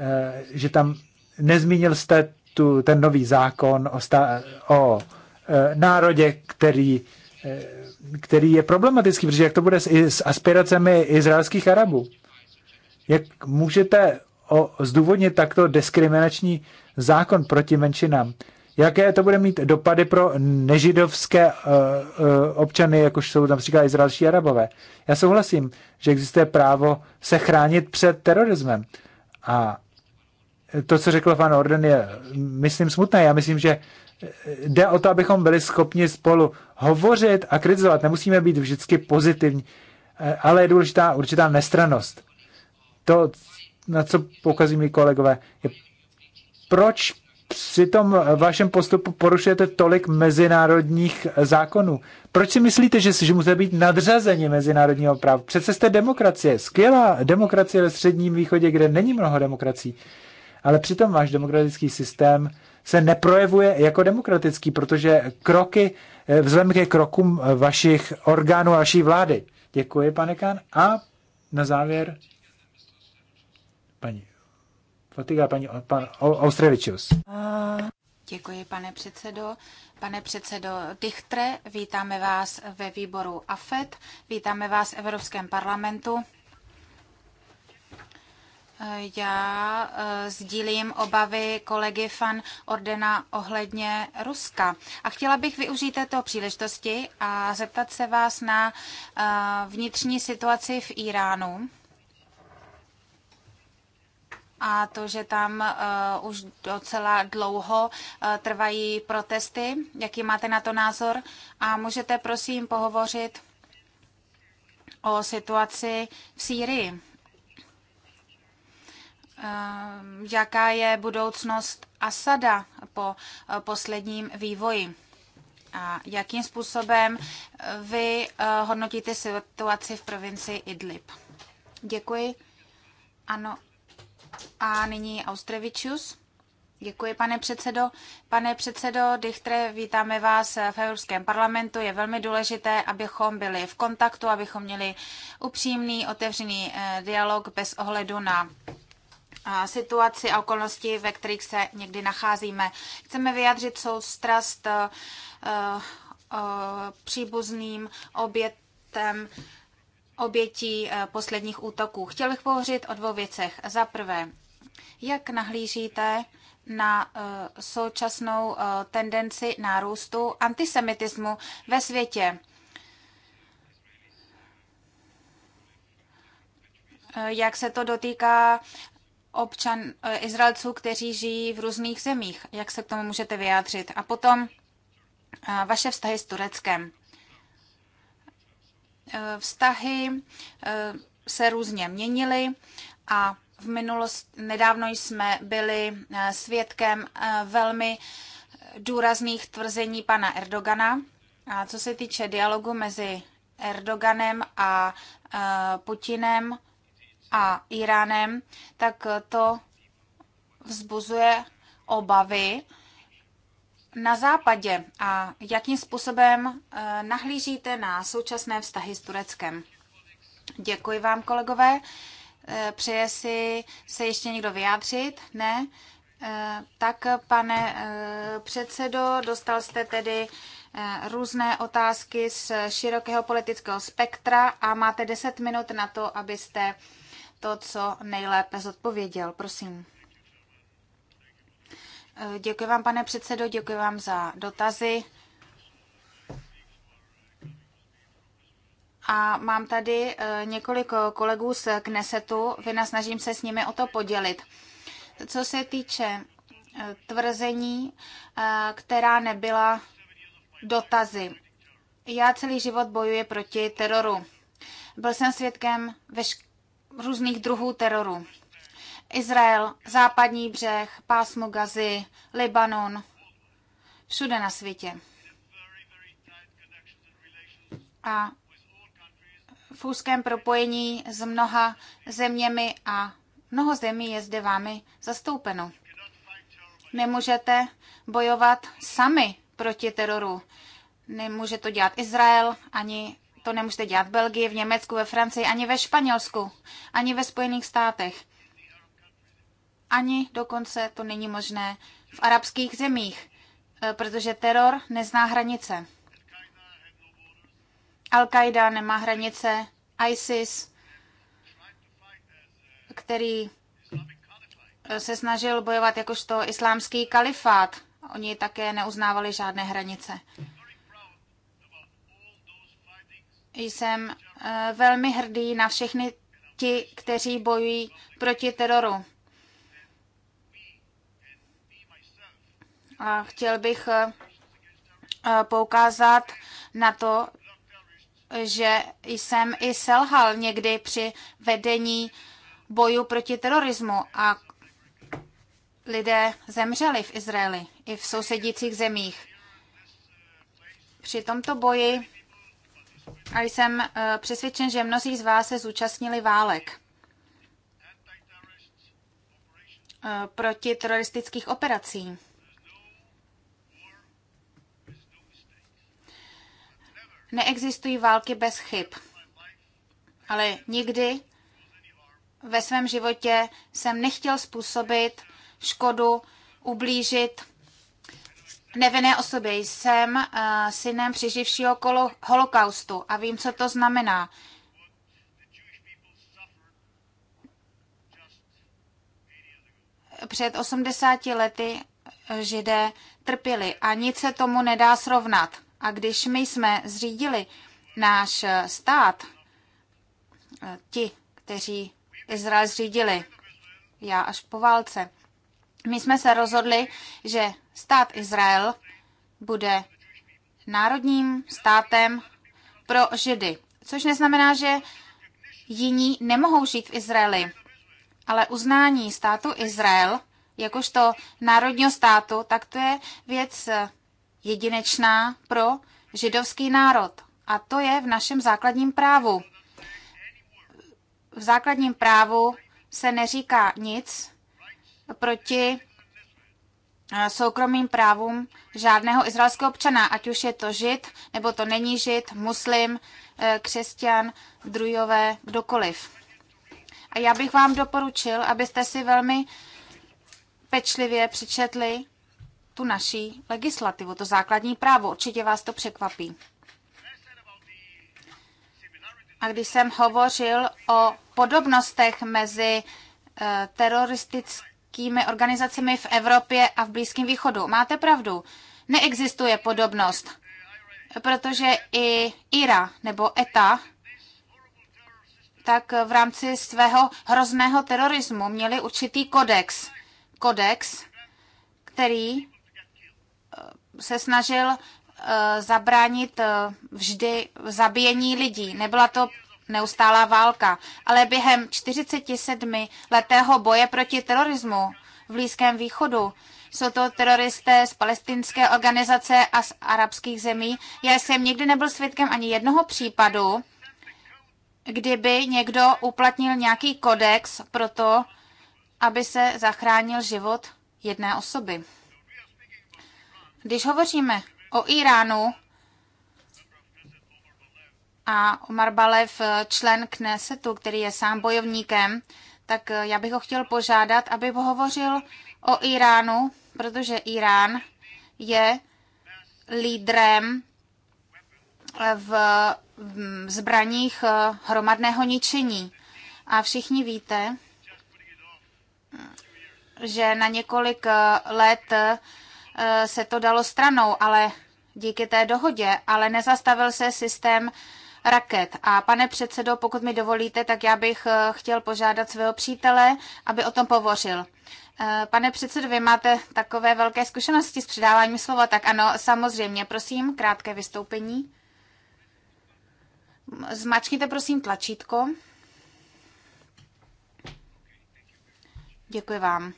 Eh, že tam nezmínil jste tu, ten nový zákon o, sta, o eh, národě, který, eh, který je problematický, protože jak to bude s, s aspiracemi izraelských Arabů? Jak můžete o, zdůvodnit takto diskriminační zákon proti menšinám? Jaké to bude mít dopady pro nežidovské uh, uh, občany, jakož jsou například izraelští arabové? Já souhlasím, že existuje právo se chránit před terorismem. A to, co řekl pan Orden, je, myslím, smutné. Já myslím, že jde o to, abychom byli schopni spolu hovořit a kritizovat. Nemusíme být vždycky pozitivní, ale je důležitá určitá nestranost. To, na co poukazují mi kolegové, je proč při tom vašem postupu porušujete tolik mezinárodních zákonů? Proč si myslíte, že, že musíte být nadřazeni mezinárodního práva? Přece jste demokracie, skvělá demokracie ve středním východě, kde není mnoho demokracií ale přitom váš demokratický systém se neprojevuje jako demokratický, protože kroky, eh, vzhledem ke krokům vašich orgánů a vaší vlády. Děkuji, pane Kán. A na závěr paní Fatiga, paní pan Austrevičius. Děkuji, pane předsedo. Pane předsedo Dichtre, vítáme vás ve výboru AFET, vítáme vás v Evropském parlamentu já eh, sdílím obavy kolegy Van Ordena ohledně Ruska. A chtěla bych využít této příležitosti a zeptat se vás na eh, vnitřní situaci v Iránu. A to, že tam eh, už docela dlouho trvají protesty. Jaký máte na to názor? A můžete prosím pohovořit o situaci v Sýrii? Ehm, jaká je budoucnost Asada po eh, posledním vývoji. A jakým způsobem eh, vy eh, hodnotíte situaci v provincii Idlib? Děkuji. Ano. A nyní Austrevičius. Děkuji, pane předsedo. Pane předsedo Dichtre, vítáme vás v Evropském parlamentu. Je velmi důležité, abychom byli v kontaktu, abychom měli upřímný, otevřený dialog bez ohledu na situaci a okolnosti, ve kterých se někdy nacházíme. Chceme vyjádřit soustrast eh, eh, příbuzným obětem obětí eh, posledních útoků. Chtěl bych pohořit o dvou věcech. Za prvé, jak nahlížíte na současnou tendenci nárůstu antisemitismu ve světě? jak se to dotýká občan eh, Izraelců, kteří žijí v různých zemích. Jak se k tomu můžete vyjádřit? A potom eh, vaše vztahy s Tureckem. Eh, vztahy se různě měnily a v minulost, nedávno jsme byli svědkem velmi důrazných tvrzení pana Erdogana. A co se týče dialogu mezi Erdoganem a Putinem, a Iránem, tak to vzbuzuje obavy na západě a jakým způsobem eh, nahlížíte na současné vztahy s Tureckem. Děkuji vám, kolegové. Eh, přeje si se ještě někdo vyjádřit? Ne? Eh, tak, pane předsedo, dostal jste tedy různé otázky z širokého politického spektra a máte 10 minut na to, abyste to, co nejlépe zodpověděl. Prosím. E, děkuji vám, pane předsedo, děkuji vám za dotazy. A mám tady e, několik kolegů z Knesetu, snažím se s nimi o to podělit. Co se týče e, tvrzení, která nebyla dotazy. Já celý život bojuji proti teroru. Byl jsem svědkem různých druhů teroru. Izrael, západní břeh, pásmo Gazy, Libanon, všude na světě. A v úzkém propojení s mnoha zeměmi a mnoho zemí je zde vámi zastoupeno. Nemůžete bojovat sami proti teroru. Nemůže to dělat Izrael ani to nemůžete dělat v Belgii, v Německu, ve Francii, ani ve Španělsku, ani ve Spojených státech. Ani dokonce to není možné v arabských zemích, e, protože teror nezná hranice. Al-Qaida nemá hranice, ISIS, který e, se snažil bojovat jakožto islámský kalifát. Oni také neuznávali žádné hranice. Jsem eh, velmi hrdý na všechny ti, kteří bojují proti teroru. A chtěl bych eh, eh, poukázat na to, že jsem i selhal někdy při vedení boju proti terorismu a lidé zemřeli v Izraeli i v sousedících zemích. Při tomto boji a jsem eh, přesvědčen, že mnozí z vás se zúčastnili válek eh, proti teroristických operací. Neexistují války bez chyb, ale nikdy ve svém životě jsem nechtěl způsobit škodu, ublížit nevinné osoby. Jsem uh, synem přeživšího kolo- holokaustu a vím, co to znamená. Před 80 lety eh, židé trpěli a nic se tomu nedá srovnat. A když my jsme zřídili náš eh, stát, ti, kteří Izrael zřídili, já až po válce, my jsme se rozhodli, že stát Izrael bude národním státem pro Židy, což neznamená, že jiní nemohou žít v Izraeli, ale uznání státu Izrael jakožto národního státu, tak to je věc jedinečná pro židovský národ. A to je v našem základním právu. V základním právu se neříká nic, proti eh, soukromým právům žádného izraelského občana, ať už je to žid, nebo to není žid, muslim, eh, křesťan, drujové, kdokoliv. A já bych vám doporučil, abyste si velmi pečlivě přečetli tu naší legislativu, to základní právo. Určitě vás to překvapí. A když jsem hovořil o podobnostech mezi eh, teroristickým velkými organizacemi v Evropě a v Blízkém východu. Máte pravdu, neexistuje podobnost, protože i IRA nebo ETA tak v rámci svého hrozného terorismu měli určitý kodex. Kodex, který eh, se snažil eh, zabránit eh, vždy zabíjení lidí. Nebyla to neustálá válka, ale během 47 letého boje proti terorismu v Blízkém východu jsou to teroristé z palestinské organizace a z arabských zemí. Já jsem nikdy nebyl svědkem ani jednoho případu, kdyby někdo uplatnil nějaký kodex pro to, aby se zachránil život jedné osoby. Když hovoříme o Iránu, a Omar Balev, člen Knesetu, který je sám bojovníkem, tak eh, já bych ho chtěl požádat, aby pohovořil o Iránu, protože Irán je lídrem eh, v zbraních eh, hromadného ničení. A všichni víte, že na několik let se to dalo stranou, ale díky té dohodě, ale nezastavil se systém raket. A pane předsedo, pokud mi dovolíte, tak já bych eh, chtěl požádat svého přítele, aby o tom povořil. Eh, pane předsedo, vy máte takové velké zkušenosti s předáváním slova, tak ano, samozřejmě, prosím, krátké vystoupení. Zmačkněte prosím tlačítko. Děkuji vám.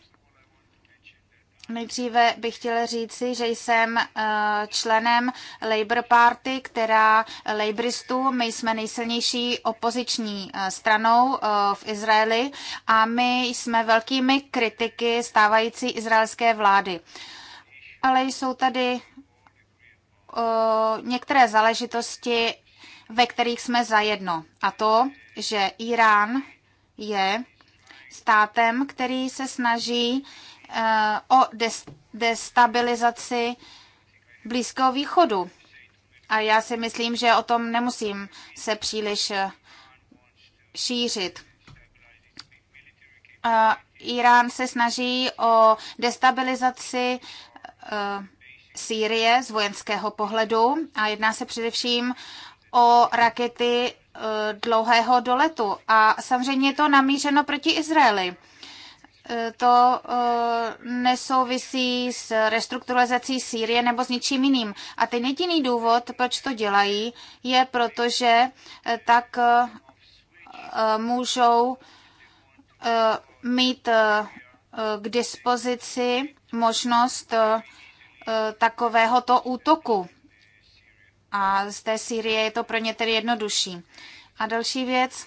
Nejdříve bych chtěla říci, že jsem eh, členem Labour Party, která Labouristů, my jsme nejsilnější opoziční eh, stranou eh, v Izraeli a my jsme velkými kritiky stávající izraelské vlády. Ale jsou tady některé záležitosti, ve kterých jsme zajedno. A to, že Irán je státem, který se snaží uh, o destabilizaci Blízkého východu. A já si myslím, že o tom nemusím se příliš eh, šířit. Irán se snaží o destabilizaci eh, Sýrie z vojenského pohledu a jedná se především o rakety eh, dlouhého doletu. A samozřejmě je to namířeno proti Izraeli to e, nesouvisí s restrukturalizací Sýrie nebo s ničím jiným. A ten jediný důvod, proč to dělají, je proto, že e, tak e, můžou mít k dispozici možnost takovéhoto útoku. A z té Sýrie je to pro ně tedy jednodušší. A další věc,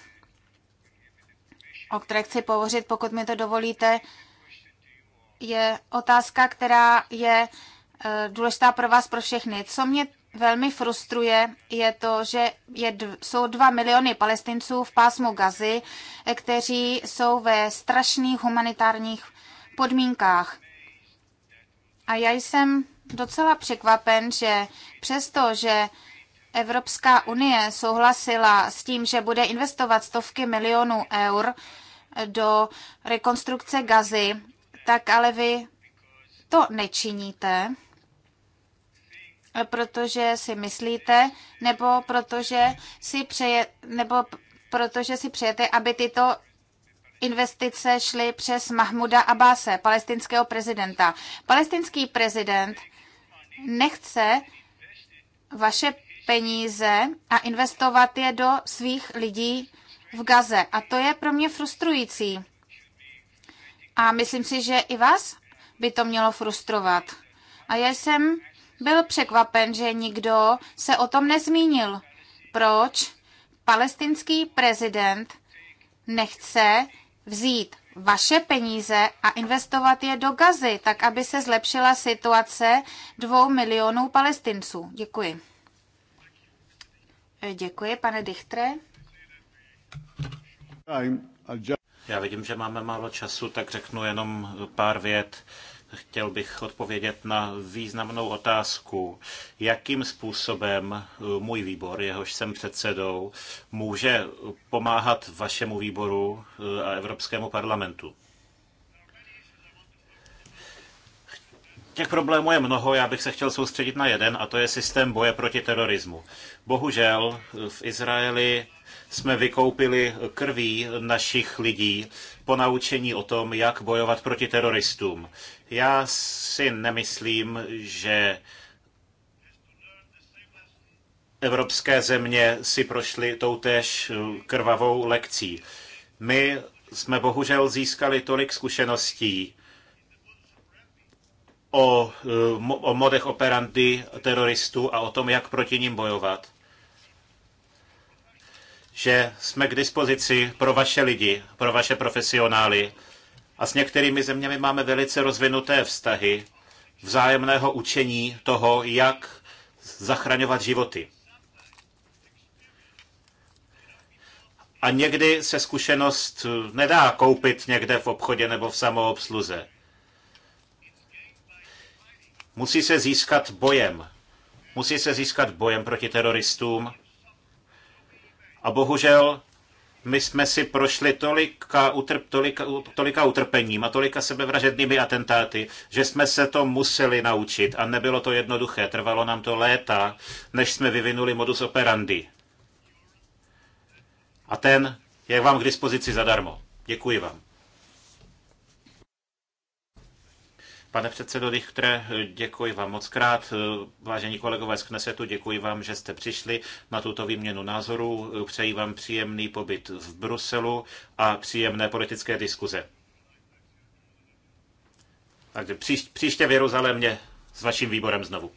o které chci pohořit, pokud mi to dovolíte, je otázka, která je eh, důležitá pro vás, pro všechny. Co mě velmi frustruje, je to, že je, jsou dva miliony palestinců v pásmu Gazy, eh, kteří jsou ve strašných humanitárních podmínkách. A já jsem docela překvapen, že přesto, že Evropská unie souhlasila s tím, že bude investovat stovky milionů eur do rekonstrukce gazy, tak ale vy to nečiníte, protože si myslíte, nebo protože si přeje, nebo protože si přejete, aby tyto investice šly přes Mahmuda Abase, palestinského prezidenta. Palestinský prezident nechce vaše peníze a investovat je do svých lidí v Gaze. A to je pro mě frustrující. A myslím si, že i vás by to mělo frustrovat. A já jsem byl překvapen, že nikdo se o tom nezmínil. Proč palestinský prezident nechce vzít vaše peníze a investovat je do gazy, tak aby se zlepšila situace dvou milionů palestinců? Děkuji. Děkuji, pane Dichtre. Já vidím, že máme málo času, tak řeknu jenom pár vět. Chtěl bych odpovědět na významnou otázku, jakým způsobem eh, můj výbor, jehož jsem předsedou, může pomáhat vašemu výboru eh, a Evropskému parlamentu. Těch problémů je mnoho, já bych se chtěl soustředit na jeden, a to je systém boje proti terorismu. Bohužel v Izraeli jsme vykoupili krví našich lidí po naučení o tom, jak bojovat proti teroristům. Já si nemyslím, že evropské země si prošly toutéž krvavou lekcí. My jsme bohužel získali tolik zkušeností o, o modech operandy teroristů a o tom, jak proti ním bojovat, že jsme k dispozici pro vaše lidi, pro vaše profesionály. A s některými zeměmi máme velice rozvinuté vztahy vzájemného učení toho, jak zachraňovat životy. A někdy se zkušenost nedá koupit někde v obchodě nebo v samoobsluze. Musí se získat bojem. Musí se získat bojem proti teroristům, a bohužel my jsme si prošli tolika, utrp, tolika, tolika utrpením a tolika sebevražednými atentáty, že jsme se to museli naučit a nebylo to jednoduché. Trvalo nám to léta, než jsme vyvinuli modus operandi. A ten je vám k dispozici zadarmo. Děkuji vám. Pane předsedo Richtre, děkuji vám moc krát. Vážení kolegové z Knesetu, děkuji vám, že jste přišli na tuto výměnu názorů. Přeji vám příjemný pobyt v Bruselu a příjemné politické diskuze. Takže příš, příště v Jeruzalémě s vaším výborem znovu.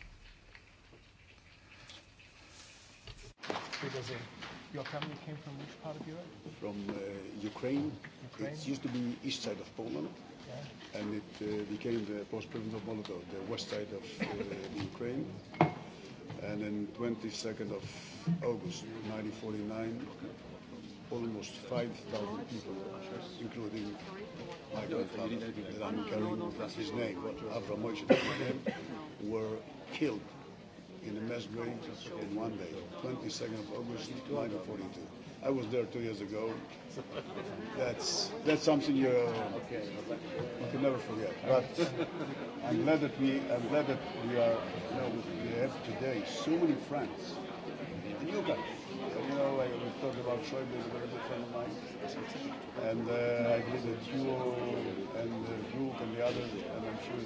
Děkuji. Your family came from which part of Europe? From uh, Ukraine. Ukraine. It used to be east side of Poland, yeah. and it uh, became the post-province of Molotov, the west side of uh, Ukraine. And then 22nd of August 1949, almost 5,000 people, including my grandfather, that I'm carrying his name, Avram were killed in the mass graves in one day, 22nd of August, 1942. I was there two years ago. That's that's something you uh, you can never forget. But I'm glad that we I'm glad that we are you know, we have today so many friends in Ukraine talk about Schäuble is a very good friend of mine. And uh, I believe that you and uh, Duke and the others, and I'm sure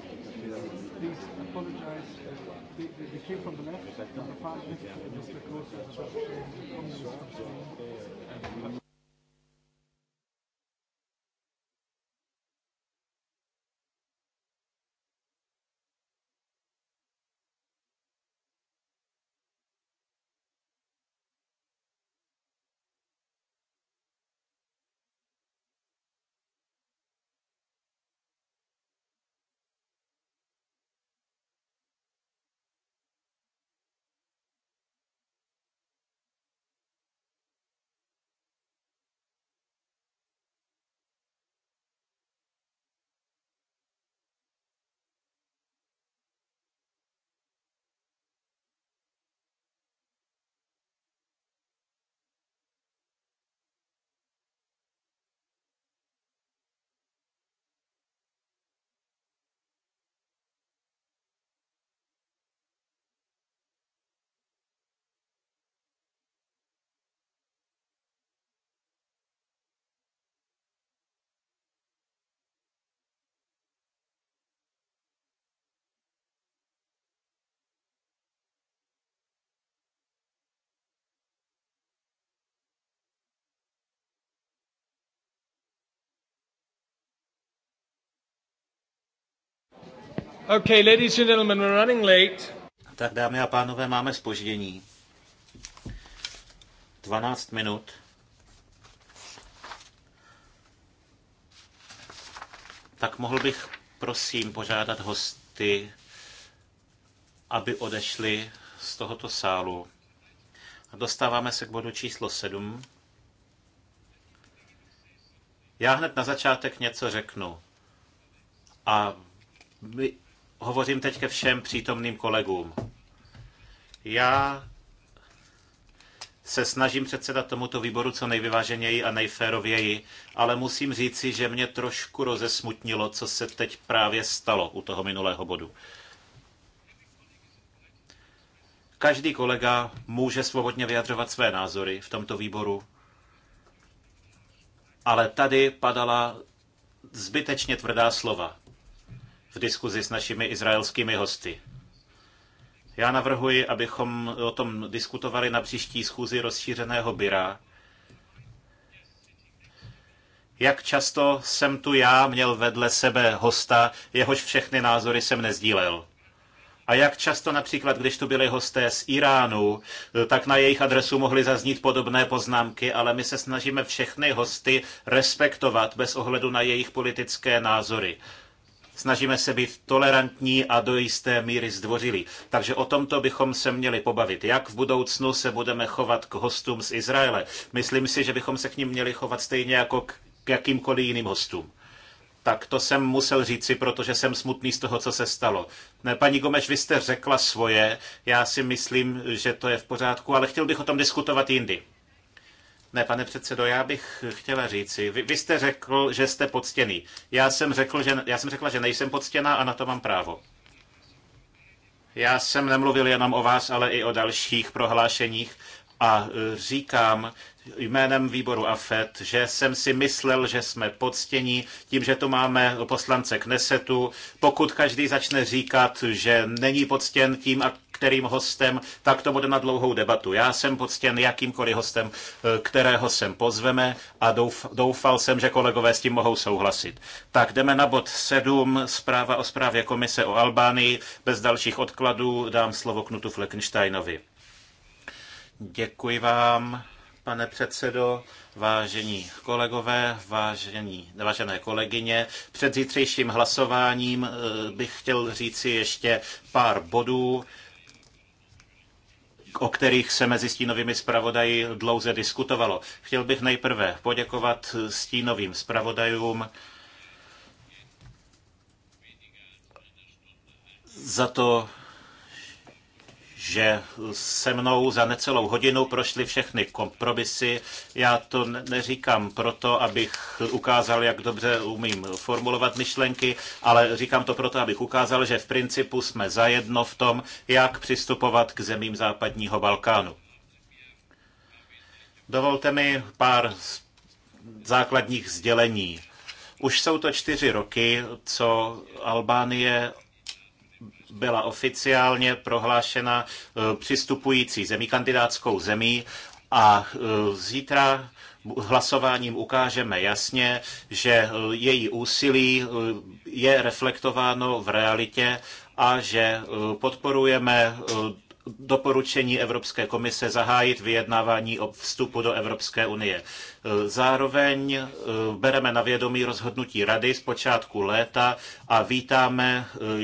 Please apologize. Uh, they, they came from the left, from the far left, and Mr. Klose is a from Sweden. Okay, ladies and gentlemen, we're running late. Tak dámy a pánové, máme spoždění. 12 minut. Tak mohl bych prosím požádat hosty, aby odešli z tohoto sálu. A dostáváme se k bodu číslo 7. Já hned na začátek něco řeknu. A my, Hovořím teď ke všem přítomným kolegům. Já se snažím předsedat tomuto výboru co nejvyváženěji a nejférověji, ale musím říci, že mě trošku rozesmutnilo, co se teď právě stalo u toho minulého bodu. Každý kolega může svobodně vyjadřovat své názory v tomto výboru, ale tady padala zbytečně tvrdá slova v diskuzi s našimi izraelskými hosty. Já navrhuji, abychom o tom diskutovali na příští schůzi rozšířeného byra. Jak často jsem tu já měl vedle sebe hosta, jehož všechny názory jsem nezdílel. A jak často například, když tu byli hosté z Iránu, tak na jejich adresu mohly zaznít podobné poznámky, ale my se snažíme všechny hosty respektovat bez ohledu na jejich politické názory snažíme se být tolerantní a do jisté míry zdvořilí. Takže o tomto bychom se měli pobavit. Jak v budoucnu se budeme chovat k hostům z Izraele? Myslím si, že bychom se k ním měli chovat stejně jako k jakýmkoliv jiným hostům. Tak to jsem musel říci, protože jsem smutný z toho, co se stalo. Ne, paní Gomeš, vy jste řekla svoje, já si myslím, že to je v pořádku, ale chtěl bych o tom diskutovat jindy. Ne, pane předsedo, já bych chtěla říci, vy, vy jste řekl, že jste poctěný. Já jsem, řekl, že, já jsem řekla, že nejsem poctěná a na to mám právo. Já jsem nemluvil jenom o vás, ale i o dalších prohlášeních a e, říkám, jménem výboru AFET, že jsem si myslel, že jsme podstění tím, že tu máme poslance Knesetu. Pokud každý začne říkat, že není poctěn tím a kterým hostem, tak to bude na dlouhou debatu. Já jsem poctěn jakýmkoliv hostem, kterého sem pozveme a doufal jsem, že kolegové s tím mohou souhlasit. Tak jdeme na bod 7, zpráva o zprávě komise o Albánii. Bez dalších odkladů dám slovo Knutu Fleckensteinovi. Děkuji vám. Pane předsedo, vážení kolegové, vážení, vážené kolegyně, před zítřejším hlasováním eh, bych chtěl říci ještě pár bodů, o kterých se mezi stínovými zpravodaji dlouze diskutovalo. Chtěl bych nejprve poděkovat stínovým zpravodajům, za to, že se mnou za necelou hodinu prošly všechny kompromisy. Já to neříkám proto, abych ukázal, jak dobře umím formulovat myšlenky, ale říkám to proto, abych ukázal, že v principu jsme zajedno v tom, jak přistupovat k zemím západního Balkánu. Dovolte mi pár základních sdělení. Už jsou to čtyři roky, co Albánie byla oficiálně prohlášena e, přistupující zemí, kandidátskou zemí a e, zítra hlasováním ukážeme jasně, že její úsilí e, je reflektováno v realitě a že podporujeme doporučení Evropské komise zahájit vyjednávání o vstupu do Evropské unie. Zároveň eh, bereme na vědomí rozhodnutí Rady z počátku léta a vítáme eh,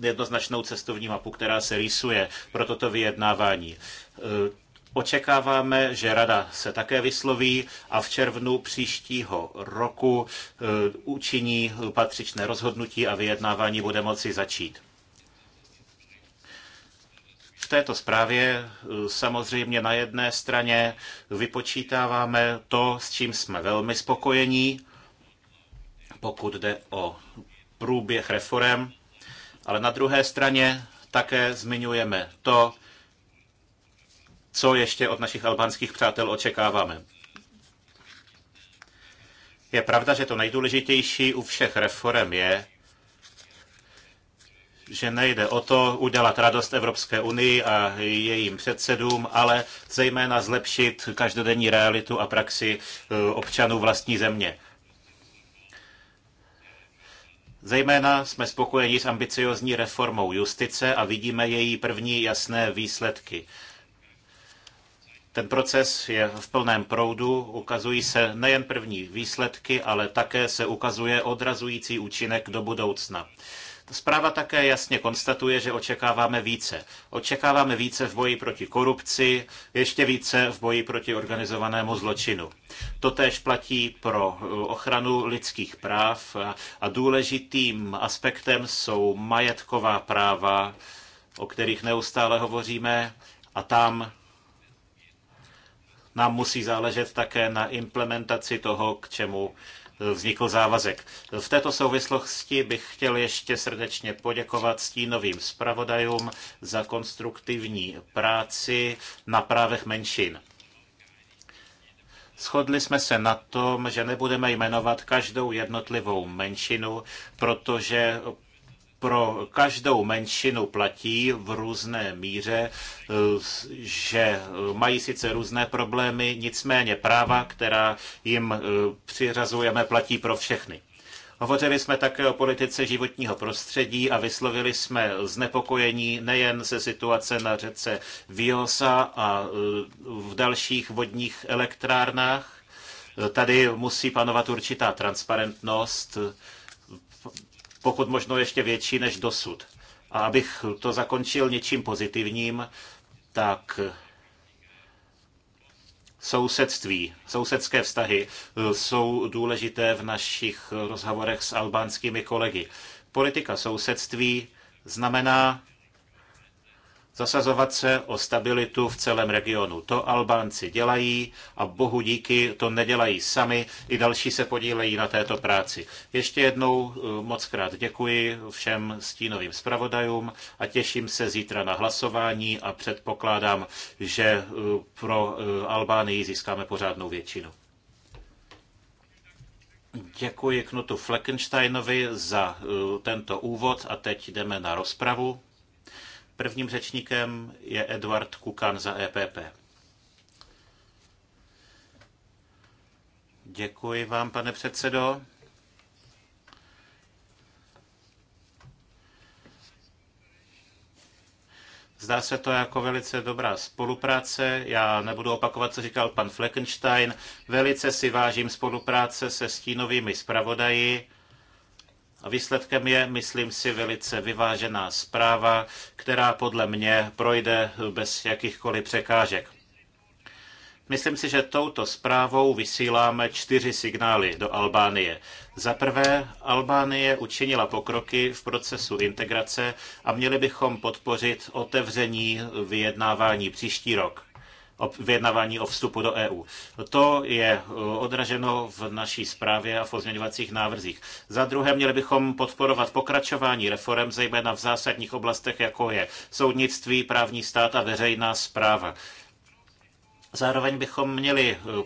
jednoznačnou cestovní mapu, která se rýsuje pro toto vyjednávání. Eh, očekáváme, že rada se také vysloví a v červnu příštího roku učiní patřičné rozhodnutí a vyjednávání bude moci začít této zprávě eh, samozřejmě na jedné straně vypočítáváme to, s čím jsme velmi spokojení, pokud jde o průběh reform, ale na druhé straně také zmiňujeme to, co ještě od našich albánských přátel očekáváme. Je pravda, že to nejdůležitější u všech reform je, že nejde o to udělat radost Evropské unii a jejím předsedům, ale zejména zlepšit každodenní realitu a praxi e, občanů vlastní země. Zejména jsme spokojeni s ambiciozní reformou justice a vidíme její první jasné výsledky. Ten proces je v plném proudu, ukazují se nejen první výsledky, ale také se ukazuje odrazující účinek do budoucna. Zpráva také jasně konstatuje, že očekáváme více. Očekáváme více v boji proti korupci, ještě více v boji proti organizovanému zločinu. Totéž platí pro eh, ochranu lidských práv a důležitým aspektem jsou majetková práva, o kterých neustále hovoříme, a tam nám musí záležet také na implementaci toho, k čemu vznikl závazek. V této souvislosti bych chtěl ještě srdečně poděkovat stínovým zpravodajům za konstruktivní práci na právech menšin. Shodli jsme se na tom, že nebudeme jmenovat každou jednotlivou menšinu, protože pro každou menšinu platí v různé míře, eh, že mají sice různé problémy, nicméně práva, která jim eh, přiřazujeme, platí pro všechny. Hovořili jsme také o politice životního prostředí a vyslovili jsme znepokojení nejen ze situace na řece Viosa a eh, v dalších vodních elektrárnách. Tady musí panovat určitá transparentnost, pokud možno ještě větší než dosud. A abych to zakončil něčím pozitivním, tak sousedství, sousedské vztahy eh, jsou důležité v našich rozhovorech s albánskými kolegy. Politika sousedství znamená zasazovat se o stabilitu v celém regionu. To Albánci dělají a bohu díky to nedělají sami, i další se podílejí na této práci. Ještě jednou eh, moc krát děkuji všem stínovým zpravodajům a těším se zítra na hlasování a předpokládám, že eh, pro eh, Albánii získáme pořádnou většinu. Děkuji Knutu Fleckensteinovi za tento úvod a teď jdeme na rozpravu. Prvním řečníkem je Eduard Kukan za EPP. Děkuji vám, pane předsedo. Zdá se to jako velice dobrá spolupráce. Já nebudu opakovat, co říkal pan Fleckenstein. Velice si vážím spolupráce se stínovými zpravodaji a Výsledkem je, myslím si, velice vyvážená zpráva, která podle mě projde bez jakýchkoliv překážek. Myslím si, že touto zprávou vysíláme čtyři signály do Albánie. Za prvé, Albánie učinila pokroky v procesu integrace a měli bychom podpořit otevření vyjednávání příští rok o vyjednávání o vstupu do EU. To je eh, odraženo v naší zprávě a v pozměňovacích návrzích. Za druhé, měli bychom podporovat pokračování reform, zejména v zásadních oblastech, jako je soudnictví, právní stát a veřejná zpráva. Zároveň bychom měli eh,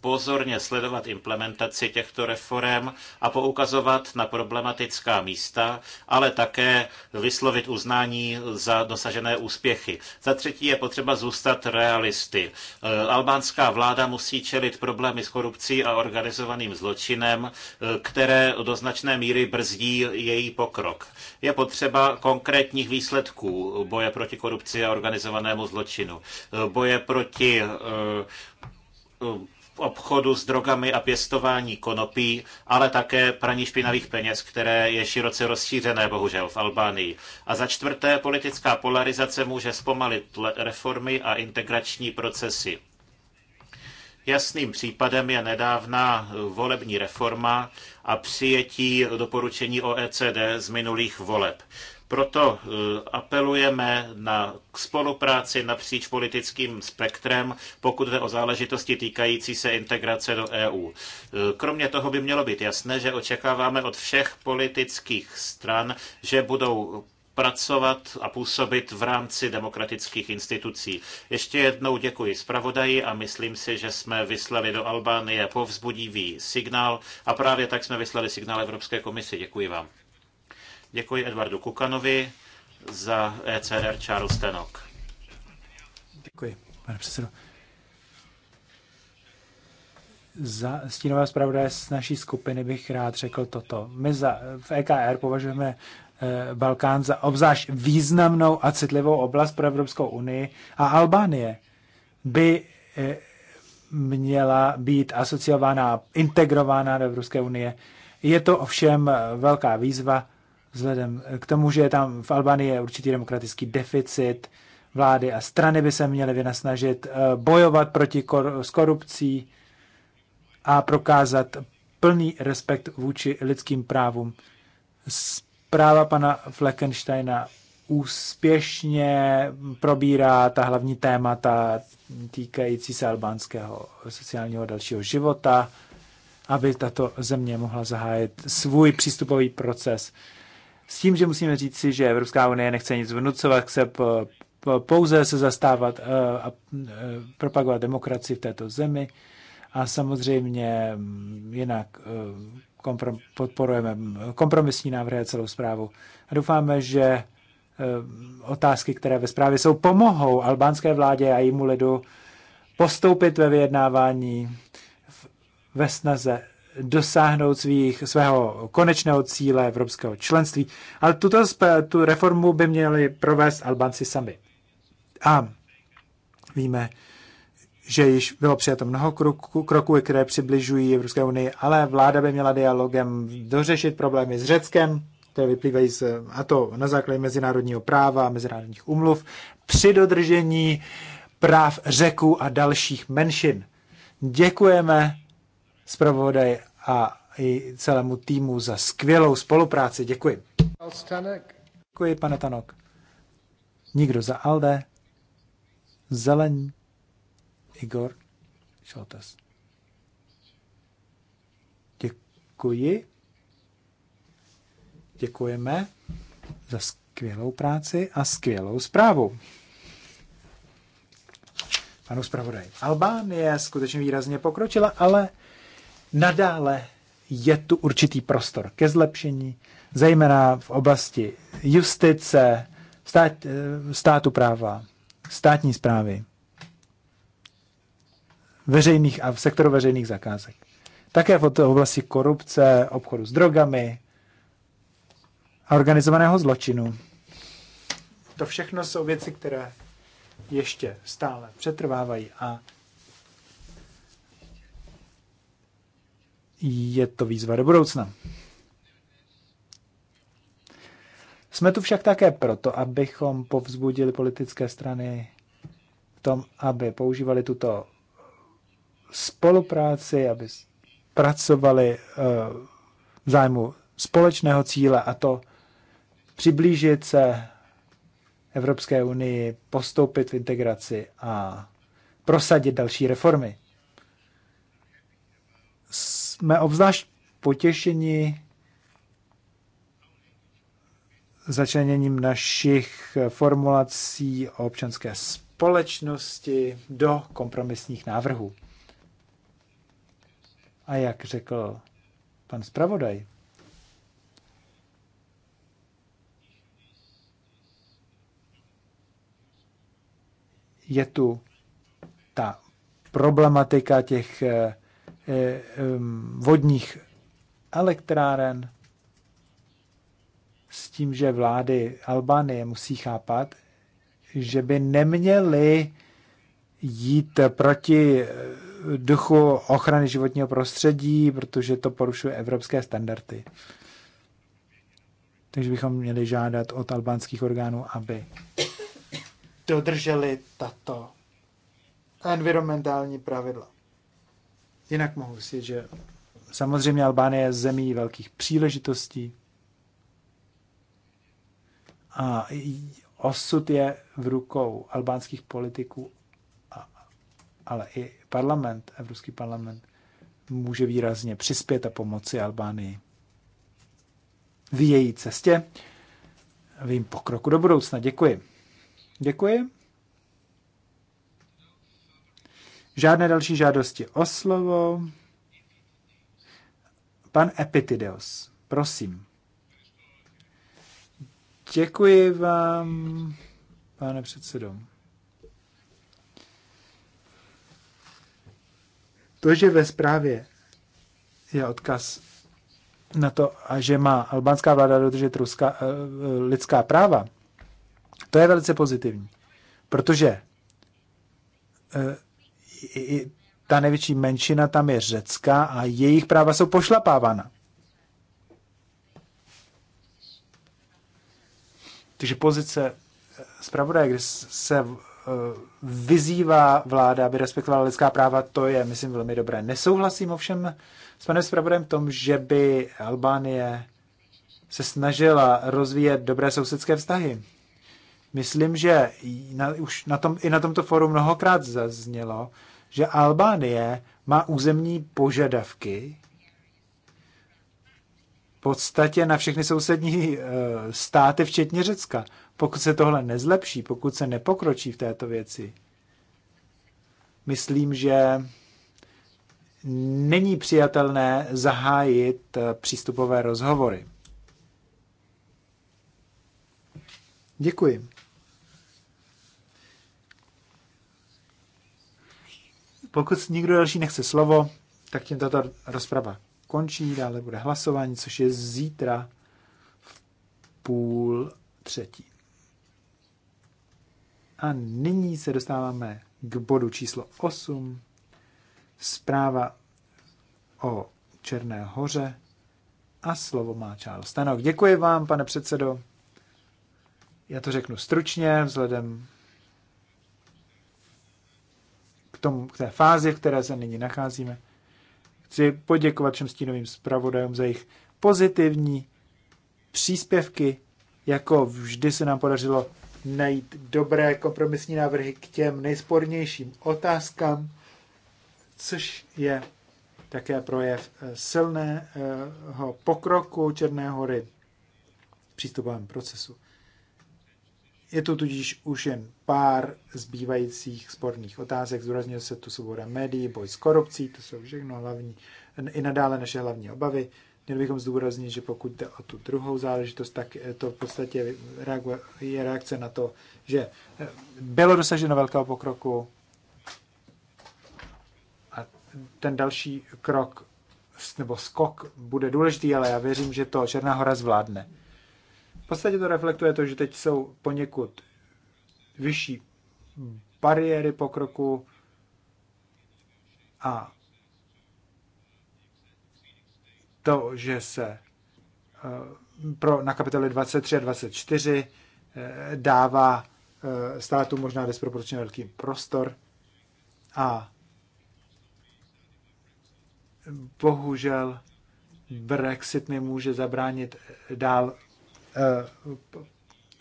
pozorně sledovat implementaci těchto reform a poukazovat na problematická místa, ale také vyslovit uznání za dosažené úspěchy. Za třetí je potřeba zůstat realisty. Eh, albánská vláda musí čelit problémy s korupcí a organizovaným zločinem, eh, které do značné míry brzdí její pokrok. Je potřeba konkrétních výsledků boje proti korupci a organizovanému zločinu, eh, boje proti obchodu s drogami a pěstování konopí, ale také praní špinavých peněz, které je široce rozšířené bohužel v Albánii. A za čtvrté, politická polarizace může zpomalit reformy a integrační procesy. Jasným případem je nedávná volební reforma a přijetí doporučení OECD z minulých voleb. Proto eh, apelujeme na spolupráci napříč politickým spektrem, pokud jde o záležitosti týkající se integrace do EU. Eh, kromě toho by mělo být jasné, že očekáváme od všech politických stran, že budou pracovat a působit v rámci demokratických institucí. Ještě jednou děkuji zpravodaji a myslím si, že jsme vyslali do Albánie povzbudivý signál a právě tak jsme vyslali signál Evropské komisi. Děkuji vám. Děkuji Edvardu Kukanovi za ECR Charles Tenok. Děkuji, pane předsedo. Za stínové zpravodaje z naší skupiny bych rád řekl toto. My za, v EKR považujeme eh, Balkán za obzvlášť významnou a citlivou oblast pro Evropskou unii a Albánie by eh, měla být asociována, integrována do Evropské unie. Je to ovšem eh, velká výzva Vzhledem k tomu, že je tam v Albánii je určitý demokratický deficit, vlády a strany by se měly vynasnažit eh, bojovat proti kor- s korupcí a prokázat plný respekt vůči lidským právům. Zpráva pana Fleckensteina úspěšně probírá ta hlavní témata týkající se albánského sociálního dalšího života, aby tato země mohla zahájit svůj přístupový proces s tím, že musíme říct si, že Evropská unie nechce nic vnucovat, chce pouze se zastávat eh, a eh, propagovat demokracii v této zemi a samozřejmě mm, jinak eh, komprom, podporujeme mm, kompromisní návrhy a celou zprávu. A doufáme, že otázky, které ve zprávě jsou, pomohou albánské vládě a jejímu lidu postoupit ve vyjednávání ve snaze dosáhnout svých, svého konečného cíle evropského členství. Ale tuto, tu reformu by měli provést Albanci sami. A víme, že již bylo přijato mnoho kroků, kroků, které přibližují Evropské unii, ale vláda by měla dialogem dořešit problémy s Řeckem, které vyplývají z, a to na základě mezinárodního práva a mezinárodních umluv, při dodržení práv Řeků a dalších menšin. Děkujeme zpravodaj a i celému týmu za skvělou spolupráci. Děkuji. Děkuji, pane Tanok. Nikdo za Alde. Zelení. Igor Šoltes. Děkuji. Děkujeme za skvělou práci a skvělou zprávu. Panu zpravodaj. Albánie skutečně výrazně pokročila, ale nadále je tu určitý prostor ke zlepšení, zejména v oblasti justice, stát, eh, státu práva, státní zprávy, veřejných a sektoru veřejných zakázek. Také v oblasti korupce, obchodu s drogami a organizovaného zločinu. To všechno jsou věci, které ještě stále přetrvávají a je to výzva do budoucna. Jsme tu však také proto, abychom povzbudili politické strany v tom, aby používali tuto spolupráci, aby pracovali eh, v zájmu společného cíle a to přiblížit se Evropské unii, postoupit v integraci a prosadit další reformy jsme obzvlášť potěšeni začleněním našich formulací o občanské společnosti do kompromisních návrhů. A jak řekl pan zpravodaj, je tu ta problematika těch eh, Eh, vodních elektráren s tím, že vlády Albánie musí chápat, že by neměly jít proti eh, duchu ochrany životního prostředí, protože to porušuje evropské standardy. Takže bychom měli žádat od albánských orgánů, aby dodrželi tato environmentální pravidla. Jinak mohu si, že samozřejmě Albánie je zemí velkých příležitostí a osud je v rukou albánských politiků, ale i parlament, Evropský parlament, může výrazně přispět a pomoci Albánii v její cestě, v jejím pokroku do budoucna. Děkuji. Děkuji. Žádné další žádosti o slovo. Pan Epitideos, prosím. Děkuji vám, pane předsedo. To, že ve zprávě je odkaz na to, že má albánská vláda dodržet ruská, eh, lidská práva, to je velice pozitivní, protože eh, i ta největší menšina tam je řecká a jejich práva jsou pošlapávána. Takže pozice eh, zpravodaje, kde se eh, vyzývá vláda, aby respektovala lidská práva, to je, myslím, velmi dobré. Nesouhlasím ovšem s panem zpravodajem v tom, že by Albánie se snažila rozvíjet dobré sousedské vztahy. Myslím, že na, už na tom, i na tomto fóru mnohokrát zaznělo, že Albánie má územní požadavky v podstatě na všechny sousední eh, státy, včetně Řecka. Pokud se tohle nezlepší, pokud se nepokročí v této věci, myslím, že není přijatelné zahájit eh, přístupové rozhovory. Děkuji. Pokud nikdo další nechce slovo, tak tím tato rozprava končí, dále bude hlasování, což je zítra v půl třetí. A nyní se dostáváme k bodu číslo 8. Zpráva o Černé hoře a slovo má Charles Stanok. Děkuji vám, pane předsedo. Já to řeknu stručně, vzhledem tomu, k té fázi, v které se nyní nacházíme. Chci poděkovat všem stínovým zpravodajům za jejich pozitivní příspěvky. Jako vždy se nám podařilo najít dobré kompromisní návrhy k těm nejspornějším otázkám, což je také projev eh, silného pokroku Černé hory v přístupovém procesu. Je tu tudíž už jen pár zbývajících sporných otázek. Zdůraznil se tu svoboda médií, boj s korupcí, to jsou všechno hlavní, i nadále naše hlavní obavy. Měli bychom zdůraznit, že pokud jde o tu druhou záležitost, tak eh, to v podstatě je reakce na to, že eh, bylo dosaženo velkého pokroku a ten další krok nebo skok bude důležitý, ale já věřím, že to Černá hora zvládne podstatě to reflektuje to, že teď jsou poněkud vyšší bariéry pokroku a to, že se eh, pro, na kapitoly 23 a 24 eh, dává eh, státu možná disproporčně velký prostor a bohužel Brexit nemůže zabránit dál Eh,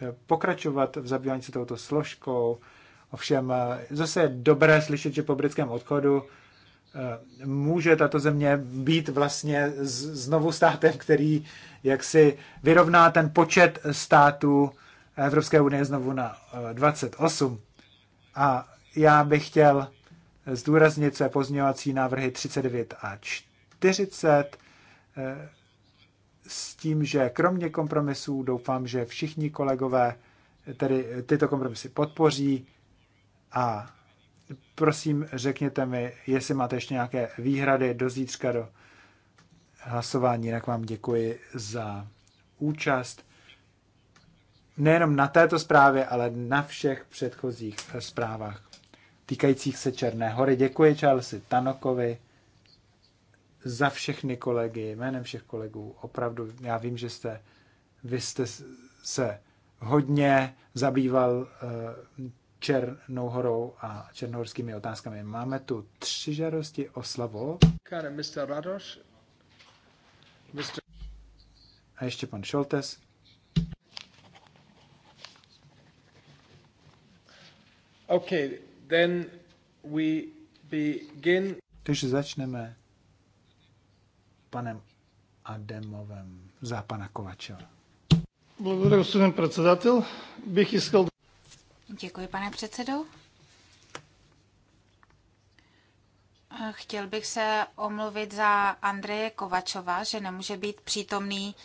eh, pokračovat v zabývání se touto složkou. Ovšem eh, zase je dobré slyšet, že po britském odchodu může tato země být vlastně znovu státem, který jak si vyrovná ten počet států Evropské unie znovu na 28. A já bych chtěl zdůraznit své pozměňovací návrhy 39 a 40, s tím, že kromě kompromisů doufám, že všichni kolegové tedy tyto kompromisy podpoří a prosím, řekněte mi, jestli máte ještě nějaké výhrady do zítřka do hlasování, jinak vám děkuji za účast nejenom na této zprávě, ale na všech předchozích zprávách týkajících se Černé hory. Děkuji Charlesi Tanokovi za všechny kolegy, jménem všech kolegů, opravdu, já vím, že jste, vy jste se hodně zabýval eh, Černou horou a černohorskými otázkami. Máme tu tři žádosti o slavo. A ještě pan Šoltes. Okay, then we begin. Takže začneme panem Ademovem za pana Kovačela. Благодаря, председател. Бих искал... Děkuji, pane předsedo. Chtěl bych se omluvit za Andreje Kovačova, že nemůže být přítomný,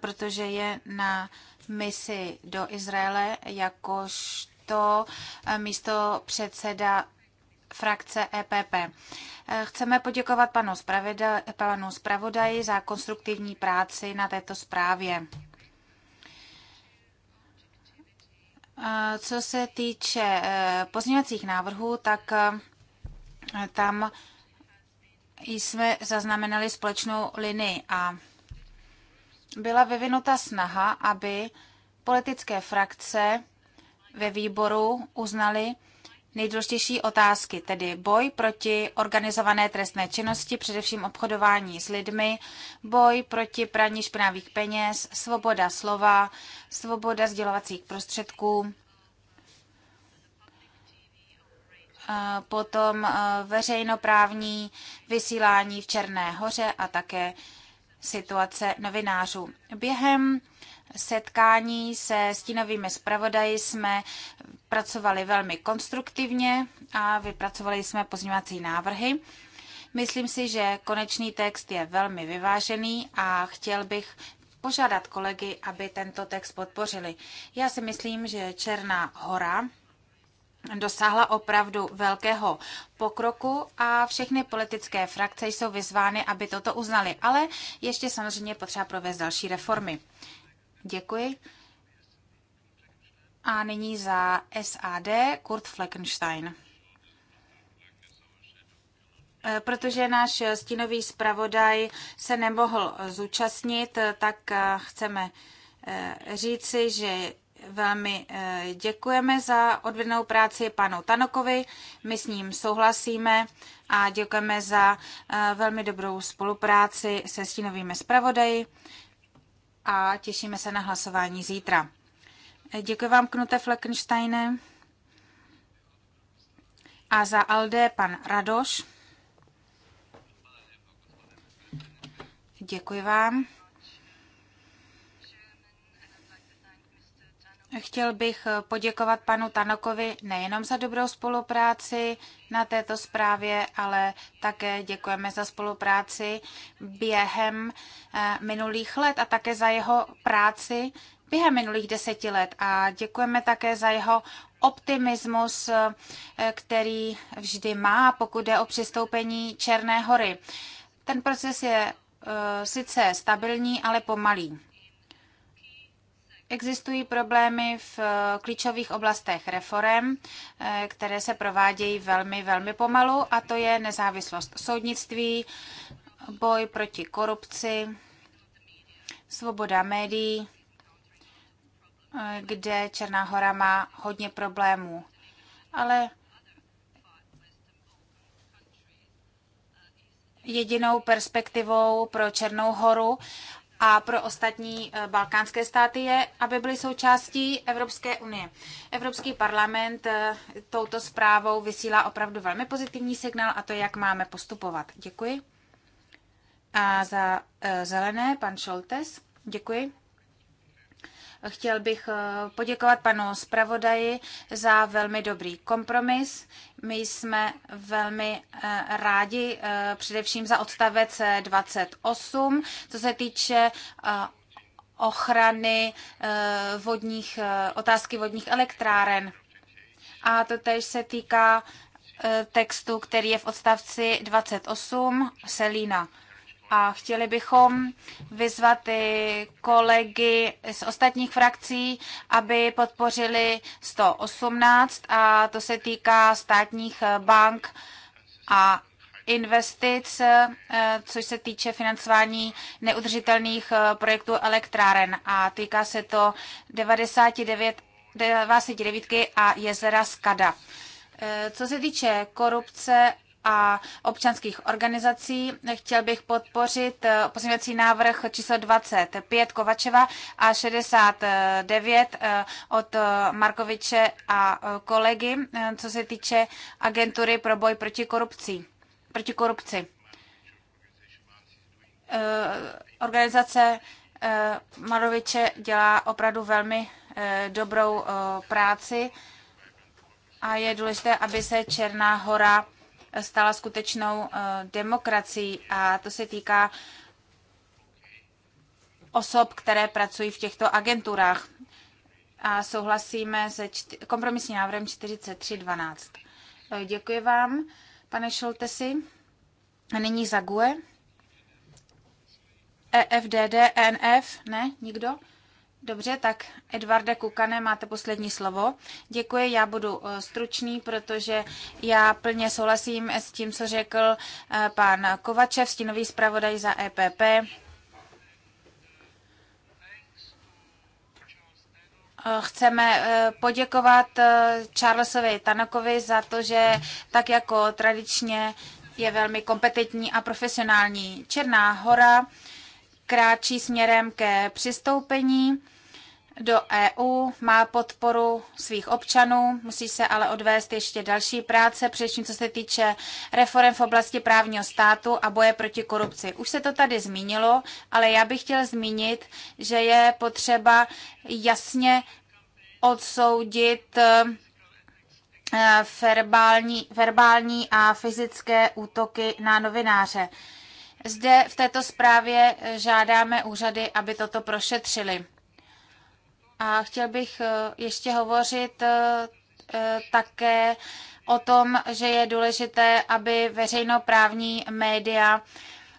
protože je na misi do Izraele jakožto místo předseda frakce EPP. Eh, chceme poděkovat panu, panu zpravodaji za konstruktivní práci na této zprávě. Eh, co se týče eh, pozměňovacích návrhů, tak tam jsme zaznamenali společnou linii a byla vyvinuta snaha, aby politické frakce ve výboru uznali, nejdůležitější otázky, tedy boj proti organizované trestné činnosti, především obchodování s lidmi, boj proti praní špinavých peněz, svoboda slova, svoboda sdělovacích prostředků, potom e, veřejnoprávní vysílání v Černé hoře a také situace novinářů. Během setkání se stínovými zpravodaji jsme pracovali velmi konstruktivně a vypracovali jsme pozměňovací návrhy. Myslím si, že konečný text je velmi vyvážený a chtěl bych požádat kolegy, aby tento text podpořili. Já si myslím, že Černá hora dosáhla opravdu velkého pokroku a všechny politické frakce jsou vyzvány, aby toto uznali, ale ještě samozřejmě potřeba provést další reformy. Děkuji. A nyní za SAD Kurt Fleckenstein. E, protože náš stínový zpravodaj se nemohl zúčastnit, tak e, chceme e, říci, že velmi děkujeme za odvednou práci panu Tanokovi, my s ním souhlasíme a děkujeme za velmi dobrou spolupráci se stínovými zpravodaji a těšíme se na hlasování zítra. Děkuji vám, Knute Fleckensteine. A za Alde pan Radoš. Děkuji vám. Chtěl bych eh, poděkovat panu Tanokovi nejenom za dobrou spolupráci na této zprávě, ale také děkujeme za spolupráci během eh, minulých let a také za jeho práci během minulých deseti let. A děkujeme také za jeho optimismus, eh, který vždy má, pokud jde o přistoupení Černé hory. Ten proces je sice stabilní, ale pomalý. Existují problémy v eh, klíčových oblastech reform, eh, které se provádějí velmi, velmi pomalu, a to je nezávislost soudnictví, boj proti korupci, svoboda médií, eh, kde Černá hora má hodně problémů. Ale jedinou perspektivou pro Černou horu a pro ostatní eh, balkánské státy je, aby byly součástí Evropské unie. Evropský parlament eh, touto zprávou vysílá opravdu velmi pozitivní signál a to, jak máme postupovat. Děkuji. A za eh, zelené pan Šoltes. Děkuji. Chtěl bych eh, poděkovat panu zpravodaji za velmi dobrý kompromis. My jsme velmi eh, rádi eh, především za odstavec 28, co se týče ochrany vodních, otázky vodních elektráren. A to tež se týká textu, který je v odstavci 28 Selina a chtěli bychom vyzvat i kolegy z ostatních frakcí, aby podpořili 118 a to se týká státních bank a investic, eh, což se týče financování neudržitelných eh, projektů elektráren a týká se to 99, 99 a jezera Skada. Eh, co se týče korupce a občanských organizací. Chtěl bych podpořit eh, pozměňovací návrh číslo 25 Kovačeva a 69 eh, od eh, Markoviče a kolegy, co se týče agentury pro boj proti korupci. Proti korupci. Organizace Maroviče dělá opravdu velmi dobrou práci a je důležité, aby se Černá hora stala skutečnou eh, demokracií a to se týká osob, které pracují v těchto agenturách. A souhlasíme se čty- kompromisní návrhem 4312. Eh, děkuji vám, pane Šoltesi. A nyní Zague. EFDD, e ne, nikdo? Dobře, tak Edvarde Kukane, máte poslední slovo. Děkuji, já budu eh, stručný, protože já plně souhlasím s tím, co řekl eh, pan Kovačev, stínový zpravodaj za EPP. Eh, chceme poděkovat Charlesovi Tanakovi za to, že tak jako tradičně je velmi kompetentní a profesionální. Černá hora kráčí směrem ke přistoupení do EU, má podporu svých občanů, musí se ale odvést ještě další práce, především co se týče reform v oblasti právního státu a boje proti korupci. Už se to tady zmínilo, ale já bych chtěl zmínit, že je potřeba jasně odsoudit eh, verbální, verbální a fyzické útoky na novináře. Zde v této zprávě žádáme úřady, aby toto prošetřili. A chtěl bych eh, ještě hovořit eh, eh, také o tom, že je důležité, aby veřejnoprávní média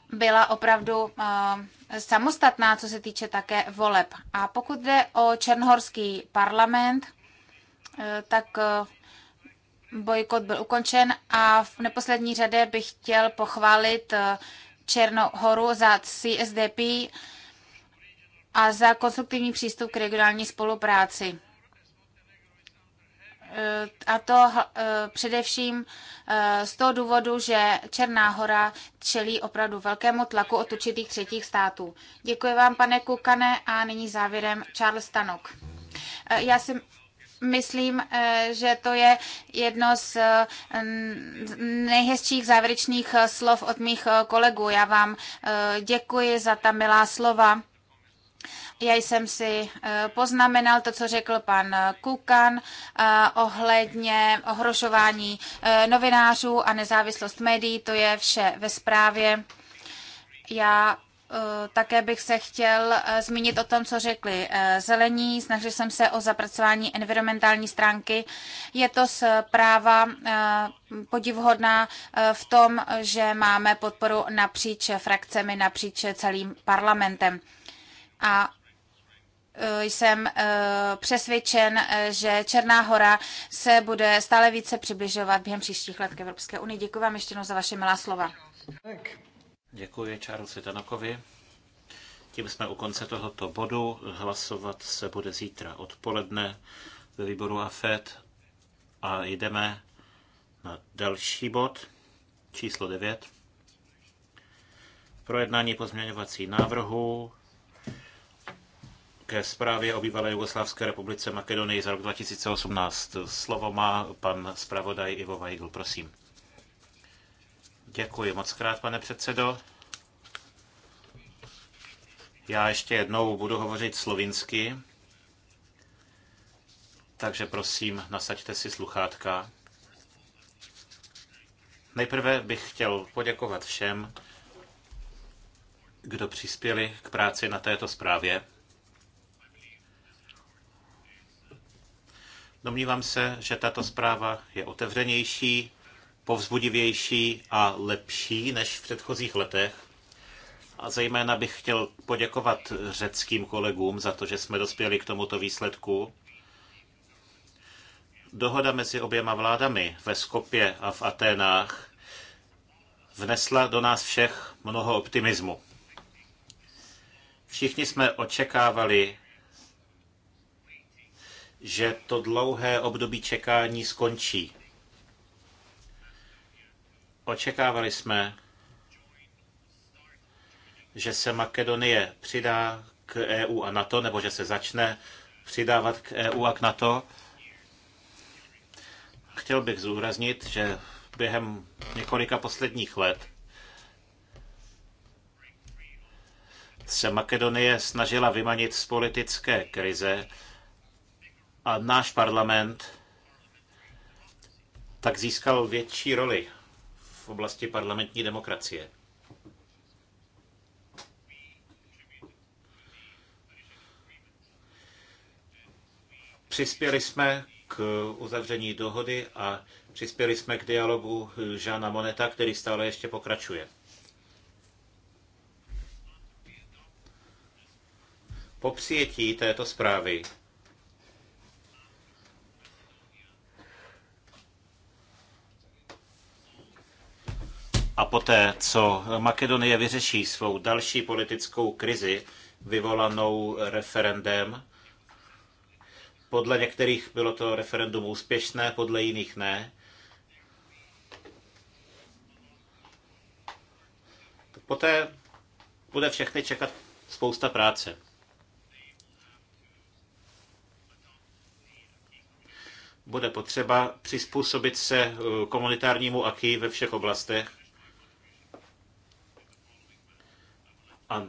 byla opravdu samostatná, co se týče také voleb. A pokud jde o Černhorský parlament, tak bojkot byl ukončen a v neposlední řadě bych chtěl pochválit Černohoru za CSDP, a za konstruktivní přístup k regionální spolupráci. Eh, a to eh, především eh, z toho důvodu, že Černá hora čelí opravdu velkému tlaku od určitých třetích států. Děkuji vám, pane Kukane, a nyní závěrem Charles Tanok. Já si myslím, že to je jedno z nejhezčích závěrečných slov od mých kolegů. Já vám děkuji za ta milá slova já jsem si eh, poznamenal to, co řekl pan eh, Kukan eh, ohledně ohrožování novinářů a nezávislost médií. To je vše ve zprávě. Já také bych se chtěl zmínit o tom, co řekli zelení. Snažil jsem se o zapracování environmentální stránky. Je to zpráva podivhodná v tom, že máme podporu napříč frakcemi, napříč celým parlamentem. A jsem eh, přesvědčen, eh, že Černá hora se bude stále více přibližovat během příštích let k Evropské unii. Děkuji vám ještě jednou za vaše milá slova. Děkuji Charlesi Danakovi. Tím jsme u konce tohoto bodu. Hlasovat se bude zítra odpoledne ve výboru AFED a jdeme na další bod, číslo 9. Projednání pozměňovací návrhu ke zprávě o bývalé Jugoslávské republice Makedonii za rok 2018. Slovo má pan zpravodaj Ivo Weigl, prosím. Děkuji moc krát, pane předsedo. Já ještě jednou budu hovořit slovinsky, takže prosím, nasaďte si sluchátka. Nejprve bych chtěl poděkovat všem, kdo přispěli k práci na této zprávě. Domnívám se, že tato zpráva je otevřenější, povzbudivější a lepší než v předchozích letech. A zejména bych chtěl poděkovat řeckým kolegům za to, že jsme dospěli k tomuto výsledku. Dohoda mezi oběma vládami ve Skopě a v Aténách vnesla do nás všech mnoho optimismu. Všichni jsme očekávali, že to dlouhé období čekání skončí. Očekávali jsme, že se Makedonie přidá k EU a NATO, nebo že se začne přidávat k EU a k NATO. Chtěl bych zúraznit, že během několika posledních let se Makedonie snažila vymanit z politické krize a náš parlament tak získal větší roli v oblasti parlamentní demokracie. Přispěli jsme k uzavření dohody a přispěli jsme k dialogu Žána Moneta, který stále ještě pokračuje. Po přijetí této zprávy A poté, co Makedonie vyřeší svou další politickou krizi vyvolanou referendem, podle některých bylo to referendum úspěšné, podle jiných ne, poté bude všechny čekat spousta práce. Bude potřeba přizpůsobit se eh, komunitárnímu aký ve všech oblastech. A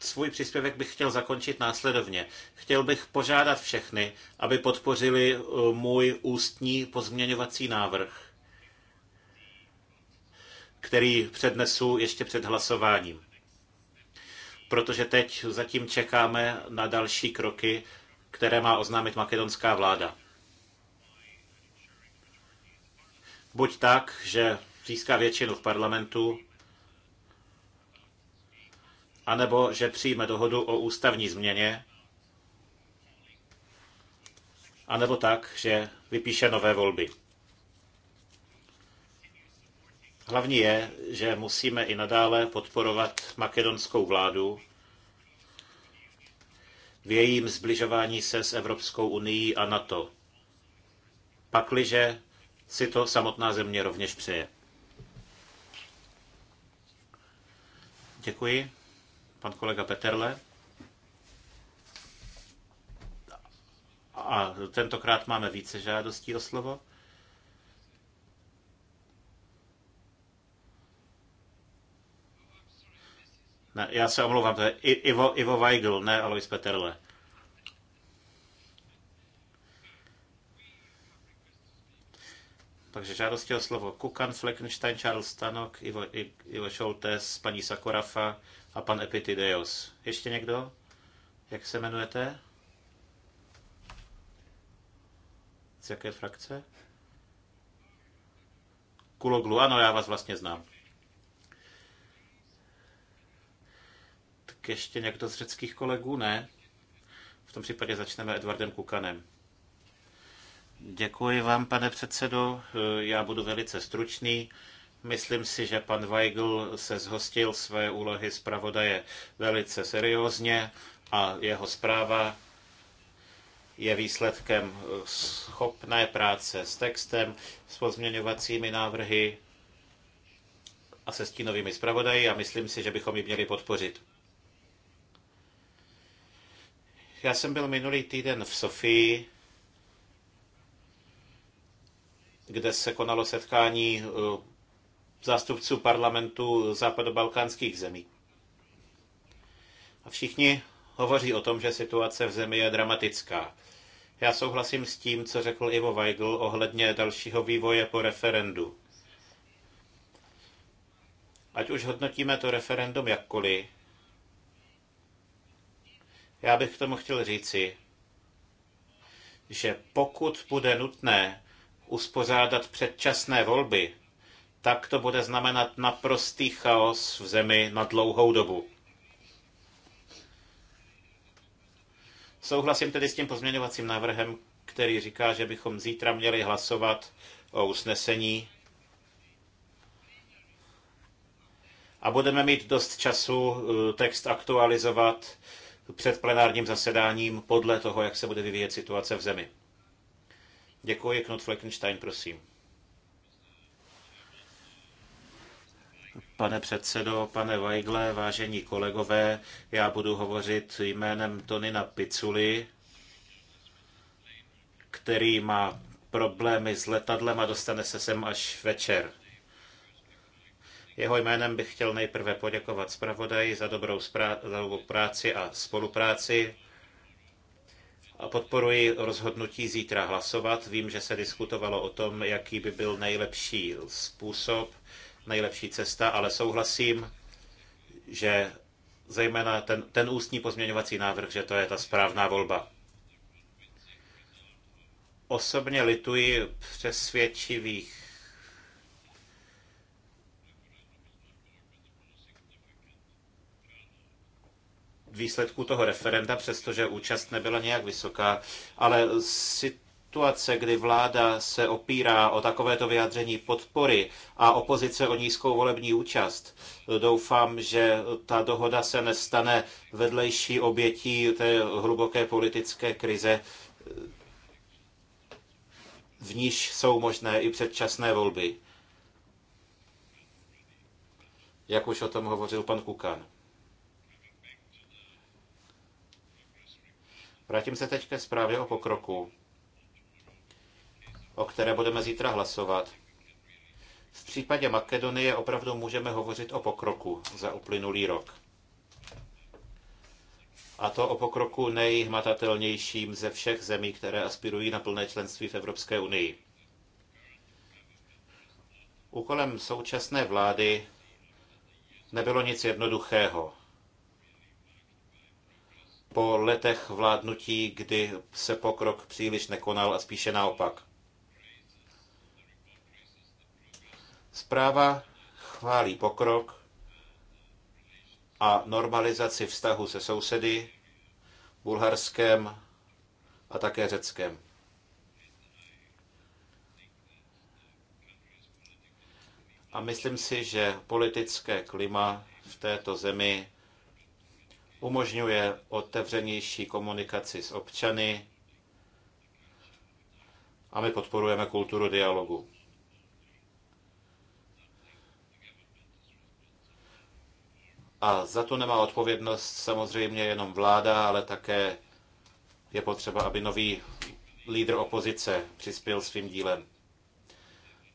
svůj příspěvek bych chtěl zakončit následovně. Chtěl bych požádat všechny, aby podpořili eh, můj ústní pozměňovací návrh, který přednesu ještě před hlasováním. Protože teď zatím čekáme na další kroky, které má oznámit makedonská vláda. Buď tak, že získá většinu v parlamentu, anebo že přijme dohodu o ústavní změně, anebo tak, že vypíše nové volby. Hlavní je, že musíme i nadále podporovat makedonskou vládu v jejím zbližování se s Evropskou unii a NATO, pakliže si to samotná země rovněž přeje. Děkuji pan kolega Peterle. A tentokrát máme více žádostí o slovo. Ne, já se omlouvám, to je Ivo, Ivo Weigl, ne Alois Peterle. Takže žádosti o slovo Kukan, Fleckenstein, Charles Stanok, Ivo, Ivo Šoltes, paní Sakorafa, a pan Epitideos. Ještě někdo? Jak se jmenujete? Z jaké frakce? Kuloglu, ano, já vás vlastně znám. Tak ještě někdo z řeckých kolegů? Ne. V tom případě začneme Edvardem Kukanem. Děkuji vám, pane předsedo. Já budu velice stručný. Myslím si, že pan Weigl se zhostil své úlohy zpravodaje velice seriózně a jeho zpráva je výsledkem schopné práce s textem, s pozměňovacími návrhy a se stínovými zpravodaji a myslím si, že bychom ji měli podpořit. Já jsem byl minulý týden v Sofii, kde se konalo setkání eh, zástupců parlamentu západobalkánských zemí. A všichni hovoří o tom, že situace v zemi je dramatická. Já souhlasím s tím, co řekl Ivo Weigl ohledně dalšího vývoje po referendu. Ať už hodnotíme to referendum jakkoliv, já bych k tomu chtěl říci, že pokud bude nutné uspořádat předčasné volby, tak to bude znamenat naprostý chaos v zemi na dlouhou dobu. Souhlasím tedy s tím pozměňovacím návrhem, který říká, že bychom zítra měli hlasovat o usnesení a budeme mít dost času eh, text aktualizovat před plenárním zasedáním podle toho, jak se bude vyvíjet situace v zemi. Děkuji, Knut Fleckenstein, prosím. Pane předsedo, pane Weigle, vážení kolegové, já budu hovořit jménem Tonina Piculi, který má problémy s letadlem a dostane se sem až večer. Jeho jménem bych chtěl nejprve poděkovat zpravodaji za dobrou, za dobrou práci a spolupráci a podporuji rozhodnutí zítra hlasovat. Vím, že se diskutovalo o tom, jaký by byl nejlepší způsob nejlepší cesta, ale souhlasím, že zejména ten, ten ústní pozměňovací návrh, že to je ta správná volba. Osobně lituji přesvědčivých výsledků toho referenda, přestože účast nebyla nějak vysoká, ale si situace, kdy vláda se opírá o takovéto vyjádření podpory a opozice o nízkou volební účast. Doufám, že ta dohoda se nestane vedlejší obětí té hluboké politické krize, v níž jsou možné i předčasné volby. Jak už o tom hovořil pan Kukan. Vrátím se teď ke zprávě o pokroku o které budeme zítra hlasovat. V případě Makedonie opravdu můžeme hovořit o pokroku za uplynulý rok. A to o pokroku nejhmatatelnějším ze všech zemí, které aspirují na plné členství v Evropské unii. Úkolem současné vlády nebylo nic jednoduchého. Po letech vládnutí, kdy se pokrok příliš nekonal a spíše naopak. Zpráva chválí pokrok a normalizaci vztahu se sousedy, Bulharskem a také Řeckem. A myslím si, že politické klima v této zemi umožňuje otevřenější komunikaci s občany a my podporujeme kulturu dialogu. A za to nemá odpovědnost samozřejmě jenom vláda, ale také je potřeba, aby nový lídr opozice přispěl svým dílem.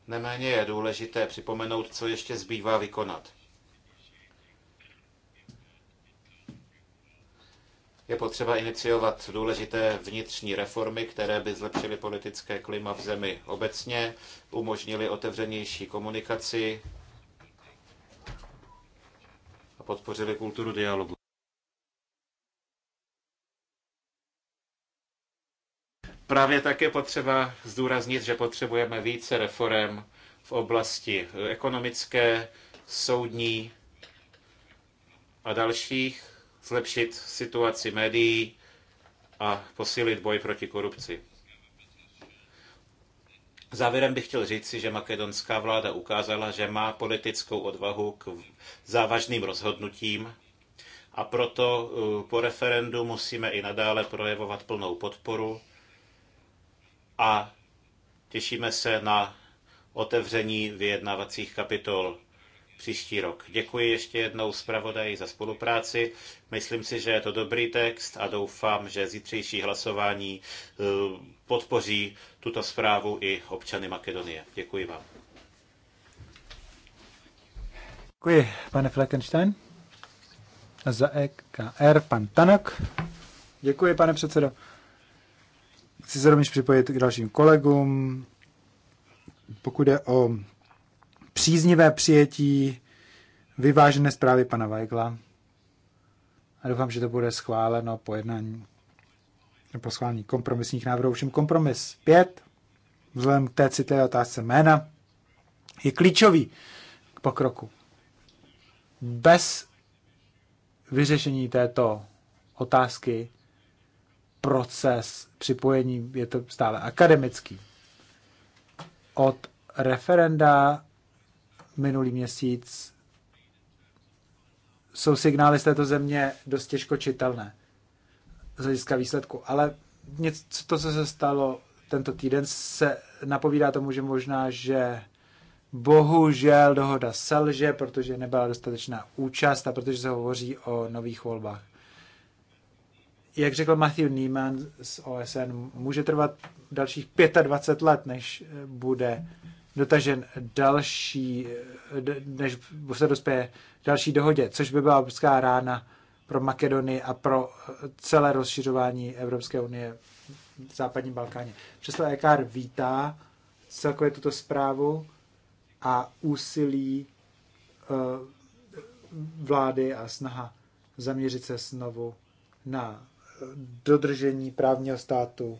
Neméně je důležité připomenout, co ještě zbývá vykonat. Je potřeba iniciovat důležité vnitřní reformy, které by zlepšily politické klima v zemi obecně, umožnily otevřenější komunikaci podpořili kulturu dialogu. Právě tak je potřeba zdůraznit, že potřebujeme více reform v oblasti ekonomické, soudní a dalších, zlepšit situaci médií a posílit boj proti korupci. Závěrem bych chtěl říci, že makedonská vláda ukázala, že má politickou odvahu k závažným rozhodnutím a proto eh, po referendu musíme i nadále projevovat plnou podporu a těšíme se na otevření vyjednávacích kapitol příští rok. Děkuji ještě jednou zpravodaji za spolupráci. Myslím si, že je to dobrý text a doufám, že zítřejší hlasování eh, podpoří tuto zprávu i občany Makedonie. Děkuji vám. Děkuji, pane Fleckenstein. A za EKR pan Tanak. Děkuji, pane předsedo. Chci se rovněž připojit k dalším kolegům. Pokud je o příznivé přijetí vyvážené zprávy pana Weigla. A doufám, že to bude schváleno po jednání po schválení kompromisních návrhů. Všem kompromis 5, vzhledem k té citlivé otázce jména, je klíčový k pokroku. Bez vyřešení této otázky proces připojení je to stále akademický. Od referenda minulý měsíc, jsou signály z této země dost těžko čitelné z hlediska výsledku. Ale něco, to, co se stalo tento týden, se napovídá tomu, že možná, že bohužel dohoda selže, protože nebyla dostatečná účast a protože se hovoří o nových volbách. Jak řekl Matthew Neiman z OSN, může trvat dalších 25 let, než bude dotažen další, než se dospěje další dohodě, což by byla obrovská rána pro Makedonii a pro eh, celé rozšiřování Evropské unie v západním Balkáně. Přesto EKR vítá celkově tuto zprávu a úsilí eh, vlády a snaha zaměřit se znovu na eh, dodržení právního státu,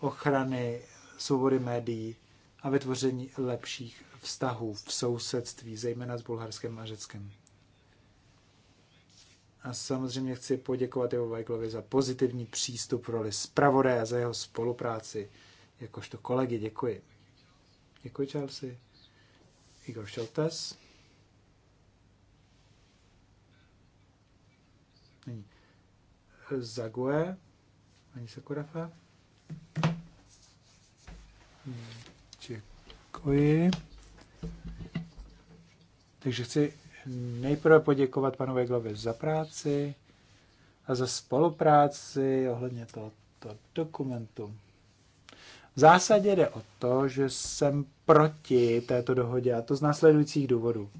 ochrany svobody médií a vytvoření lepších vztahů v sousedství, zejména s Bulharskem a Řeckem. A samozřejmě chci poděkovat Ivo Vajklovi za pozitivní přístup roli zpravodaje a za jeho spolupráci. Jakožto kolegy, děkuji. Děkuji, Chelsea. Igor Šeltes. Není. Zague, ani Sakurafa. Hmm. Děkuji. Takže chci nejprve poděkovat panu Veglovi za práci a za spolupráci ohledně tohoto dokumentu. V zásadě jde o to, že jsem proti této dohodě a to z následujících důvodů.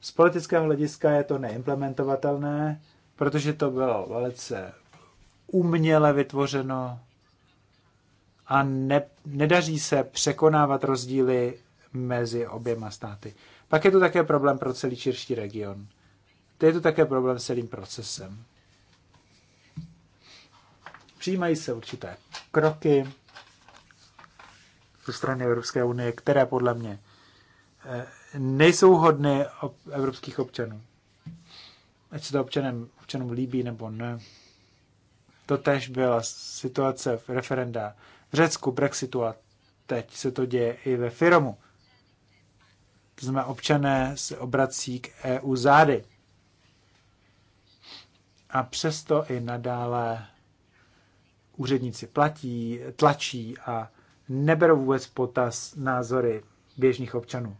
Z politického hlediska je to neimplementovatelné, protože to bylo velice uměle vytvořeno a ne, nedaří se překonávat rozdíly mezi oběma státy. Pak je to také problém pro celý širší region. To je to také problém s celým procesem. Přijímají se určité kroky ze strany Evropské unie, které podle mě eh, nejsou hodny evropských občanů. Ať se to občanem, občanům líbí nebo ne. To tež byla situace v referenda v Řecku Brexitu a teď se to děje i ve Firomu. To znamená, občané se obrací k EU zády. A přesto i nadále úředníci platí, tlačí a neberou vůbec potaz názory běžných občanů.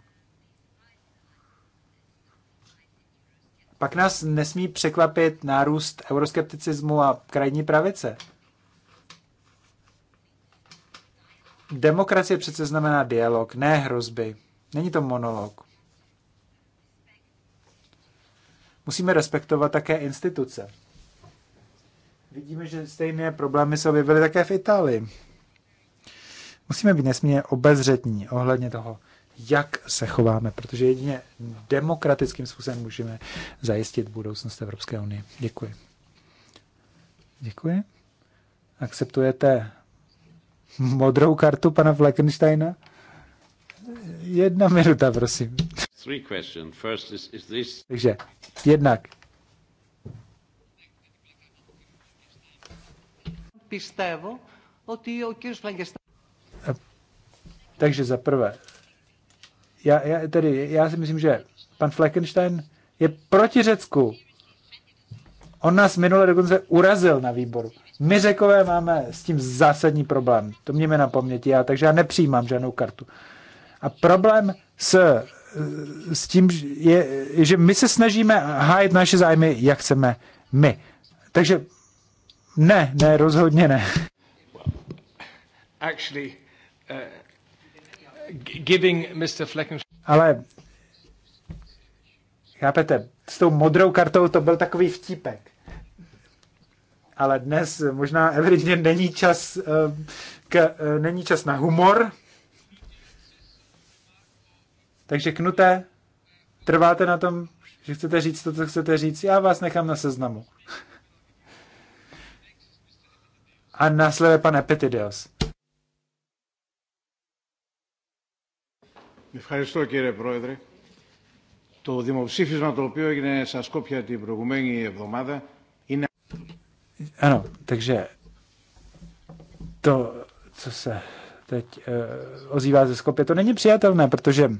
Pak nás nesmí překvapit nárůst euroskepticismu a krajní pravice – Demokracie přece znamená dialog, ne hrozby. Není to monolog. Musíme respektovat také instituce. Vidíme, že stejné problémy se objevily také v Itálii. Musíme být nesmírně obezřetní ohledně toho, jak se chováme, protože jedině demokratickým způsobem můžeme zajistit budoucnost Evropské unie. Děkuji. Děkuji. Akceptujete modrou kartu pana Fleckensteina? Jedna minuta, prosím. Takže, jednak. Πιστεύω ότι ο κύριος takže za prvé, já, já, tedy, já si myslím, že pan Fleckenstein je proti Řecku. On nás minule dokonce urazil na výboru. My řekové máme s tím zásadní problém. To mějme na paměti já, takže já nepřijímám žádnou kartu. A problém s, eh, s tím je, že my se snažíme hájit naše zájmy, jak chceme my. Takže ne, ne, rozhodně ne. Actually, uh, giving Mr. Ale chápete, s tou modrou kartou to byl takový vtípek ale dnes možná evidentně není čas, eh, k, eh, není čas na humor. Takže knuté, trváte na tom, že chcete říct to, co chcete říct, já vás nechám na seznamu. A následuje pan Epitidios. Ευχαριστώ κύριε Πρόεδρε. Το δημοψήφισμα το οποίο έγινε στα Σκόπια την προηγουμένη εβδομάδα ano, takže to, co se teď uh, ozývá ze Skopě, to není přijatelné, protože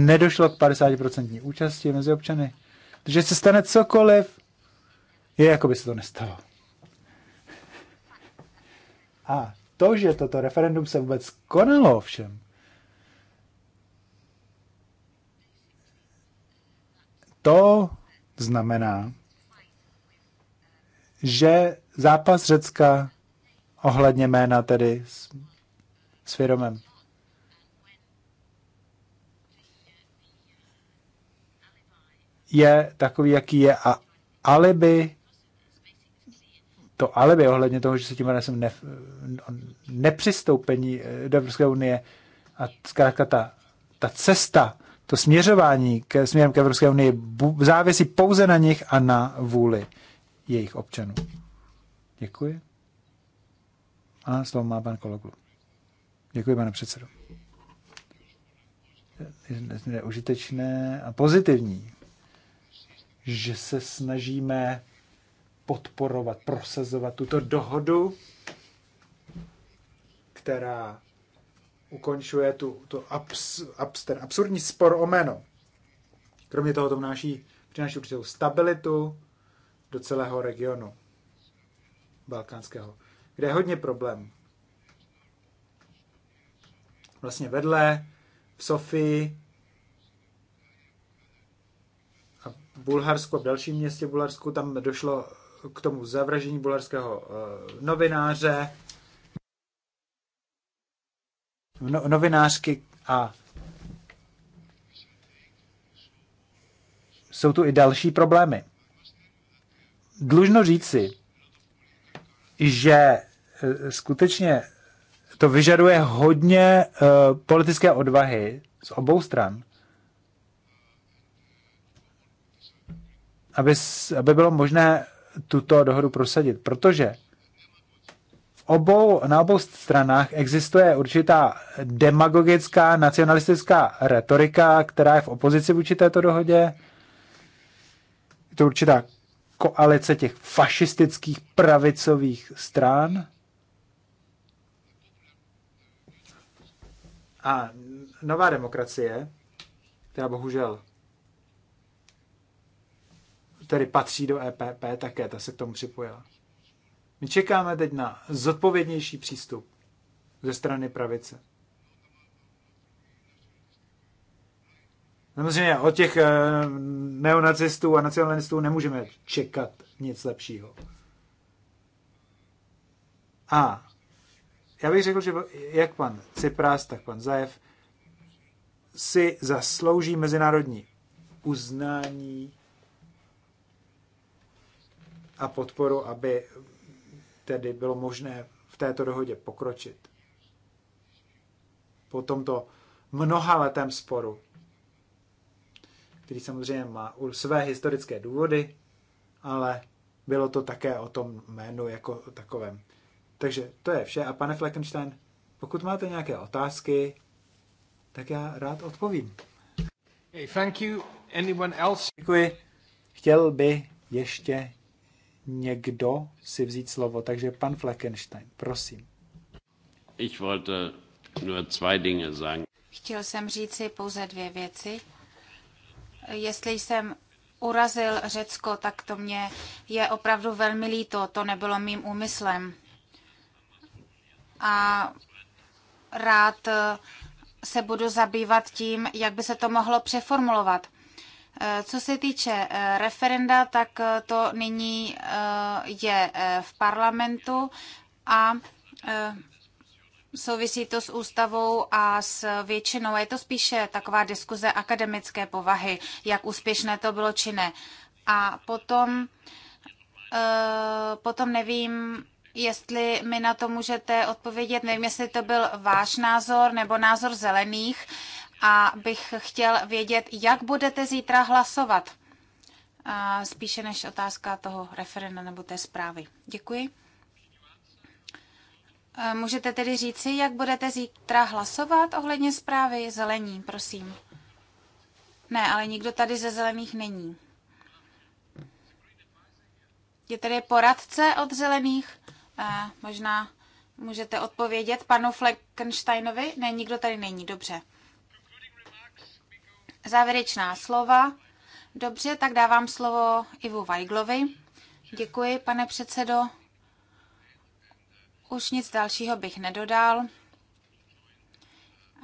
nedošlo k 50% účasti mezi občany. Takže se stane cokoliv, je jako by se to nestalo. A to, že toto referendum se vůbec konalo všem, to znamená, že zápas Řecka ohledně jména tedy s, s Firomem. je takový, jaký je a alibi to alibi ohledně toho, že se tím jsem ne, nepřistoupení eh, do Evropské unie a zkrátka ta, ta cesta, to směřování ke, směrem k Evropské unii závisí pouze na nich a na vůli jejich občanů. Děkuji. A slovo má pan Kologlu. Děkuji, pane předsedo. Je užitečné a pozitivní, že se snažíme podporovat, prosazovat tuto dohodu, která ukončuje tu, tu abs, abs, ten absurdní spor o jméno. Kromě toho to vnáší, přináší určitou stabilitu, do celého regionu balkánského, kde je hodně problémů. Vlastně vedle, v Sofii a Bulharsko, v dalším městě Bulharsku, tam došlo k tomu zavražení bulharského eh, novináře, no, novinářky a jsou tu i další problémy dlužno říci, že eh, skutečně to vyžaduje hodně eh, politické odvahy z obou stran, aby, aby bylo možné tuto dohodu prosadit, protože v obou, na obou stranách existuje určitá demagogická nacionalistická retorika, která je v opozici vůči této dohodě. Je to určitá koalice těch fašistických pravicových strán. A nová demokracie, která bohužel tedy patří do EPP, také ta se k tomu připojila. My čekáme teď na zodpovědnější přístup ze strany pravice. Samozřejmě od těch eh, neonacistů a nacionalistů nemůžeme čekat nic lepšího. A já bych řekl, že jak pan Cipras, tak pan Zaev si zaslouží mezinárodní uznání a podporu, aby tedy bylo možné v této dohodě pokročit. Po tomto mnohaletém sporu který samozřejmě má své historické důvody, ale bylo to také o tom jménu jako takovém. Takže to je vše. A pane Fleckenstein, pokud máte nějaké otázky, tak já rád odpovím. Hey, thank you. Anyone else? Děkuji. Chtěl by ještě někdo si vzít slovo, takže pan Fleckenstein, prosím. Ich wollte nur zwei Dinge sagen. Chtěl jsem říci pouze dvě věci jestli jsem urazil Řecko, tak to mě je opravdu velmi líto, to nebylo mým úmyslem. A rád eh, se budu zabývat tím, jak by se to mohlo přeformulovat. Eh, co se týče eh, referenda, tak to nyní je v parlamentu a souvisí to s ústavou a s většinou. Je to spíše taková diskuze akademické povahy, jak úspěšné to bylo či ne. A potom, e, potom nevím, jestli mi na to můžete odpovědět, nevím, jestli to byl váš názor nebo názor zelených a bych chtěl vědět, jak budete zítra hlasovat. Spíše než otázka toho referenda nebo té zprávy. Děkuji. Eh, můžete tedy říci, jak budete zítra hlasovat ohledně zprávy zelení, prosím. Ne, ale nikdo tady ze zelených není. Je tady poradce od zelených? Eh, možná můžete odpovědět panu Fleckensteinovi? Ne, nikdo tady není, dobře. Závěrečná slova. Dobře, tak dávám slovo Ivu Vajglovi. Děkuji, pane předsedo. Už nic dalšího bych nedodal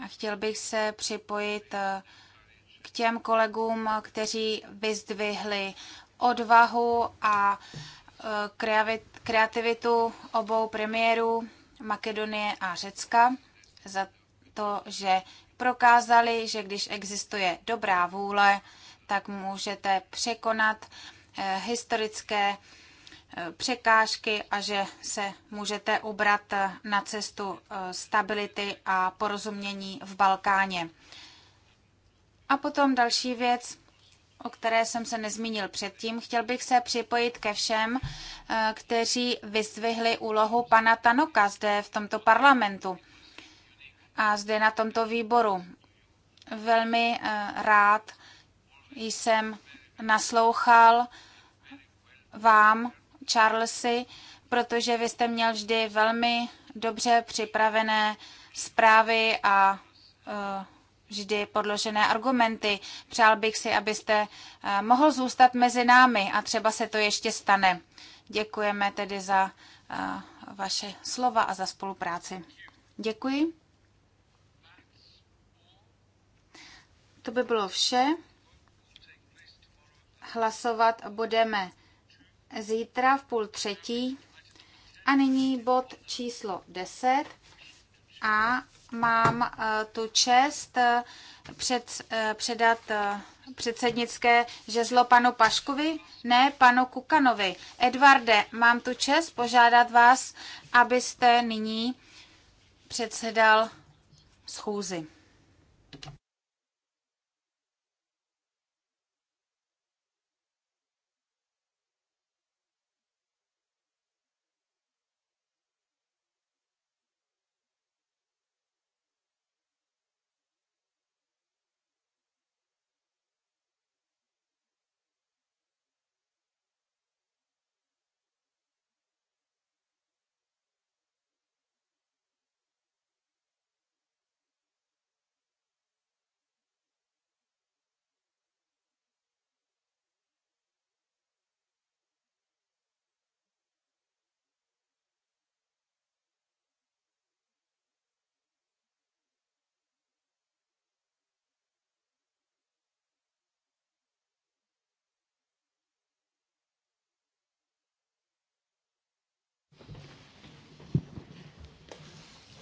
a chtěl bych se připojit eh, k těm kolegům, kteří vyzdvihli odvahu a eh, kreativitu obou premiérů Makedonie a Řecka za to, že prokázali, že když existuje dobrá vůle, tak můžete překonat eh, historické překážky a že se můžete ubrat na cestu eh, stability a porozumění v Balkáně. A potom další věc, o které jsem se nezmínil předtím. Chtěl bych se připojit ke všem, eh, kteří vyzdvihli úlohu pana Tanoka zde v tomto parlamentu a zde na tomto výboru. Velmi eh, rád jsem naslouchal vám Charlesy, protože vy jste měl vždy velmi dobře připravené zprávy a eh, vždy podložené argumenty. Přál bych si, abyste eh, mohl zůstat mezi námi a třeba se to ještě stane. Děkujeme tedy za eh, vaše slova a za spolupráci. Děkuji. To by bylo vše. Hlasovat budeme zítra v půl třetí. A nyní bod číslo 10. A mám eh, tu čest eh, před, eh, předat předsednické žezlo panu Paškovi, ne panu Kukanovi. Edvarde, mám tu čest požádat vás, abyste nyní předsedal schůzi.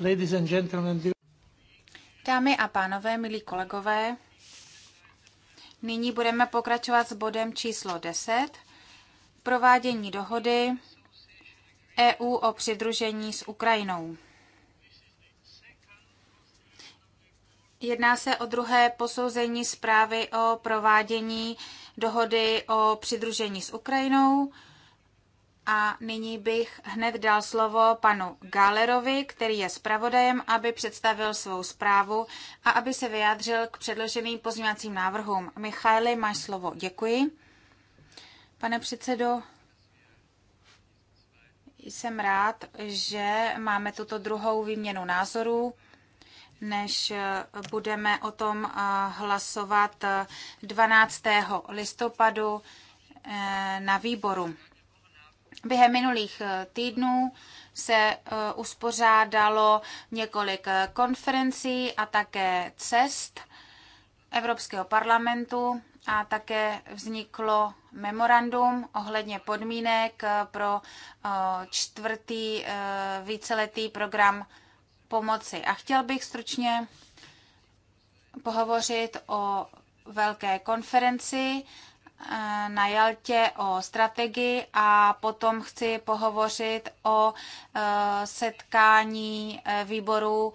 Ladies and gentlemen, Dámy a pánové, milí kolegové, nyní budeme pokračovat s bodem číslo 10, provádění dohody EU o přidružení s Ukrajinou. Jedná se o druhé posouzení zprávy o provádění dohody o přidružení s Ukrajinou. A nyní bych hned dal slovo panu Gálerovi, který je zpravodajem, aby představil svou zprávu a aby se vyjádřil k předloženým pozměňovacím návrhům. Michaili máš slovo. Děkuji. Pane předsedo, jsem rád, že máme tuto druhou výměnu názorů než budeme o tom eh, hlasovat 12. Eh, listopadu eh, na výboru. Během minulých eh, týdnů se eh, uspořádalo několik eh, konferencí a také cest Evropského parlamentu a také vzniklo memorandum ohledně podmínek pro čtvrtý víceletý program pomoci. A chtěl bych stručně pohovořit o velké konferenci, Eh, na Jaltě o strategii a potom chci pohovořit o eh, setkání eh, výboru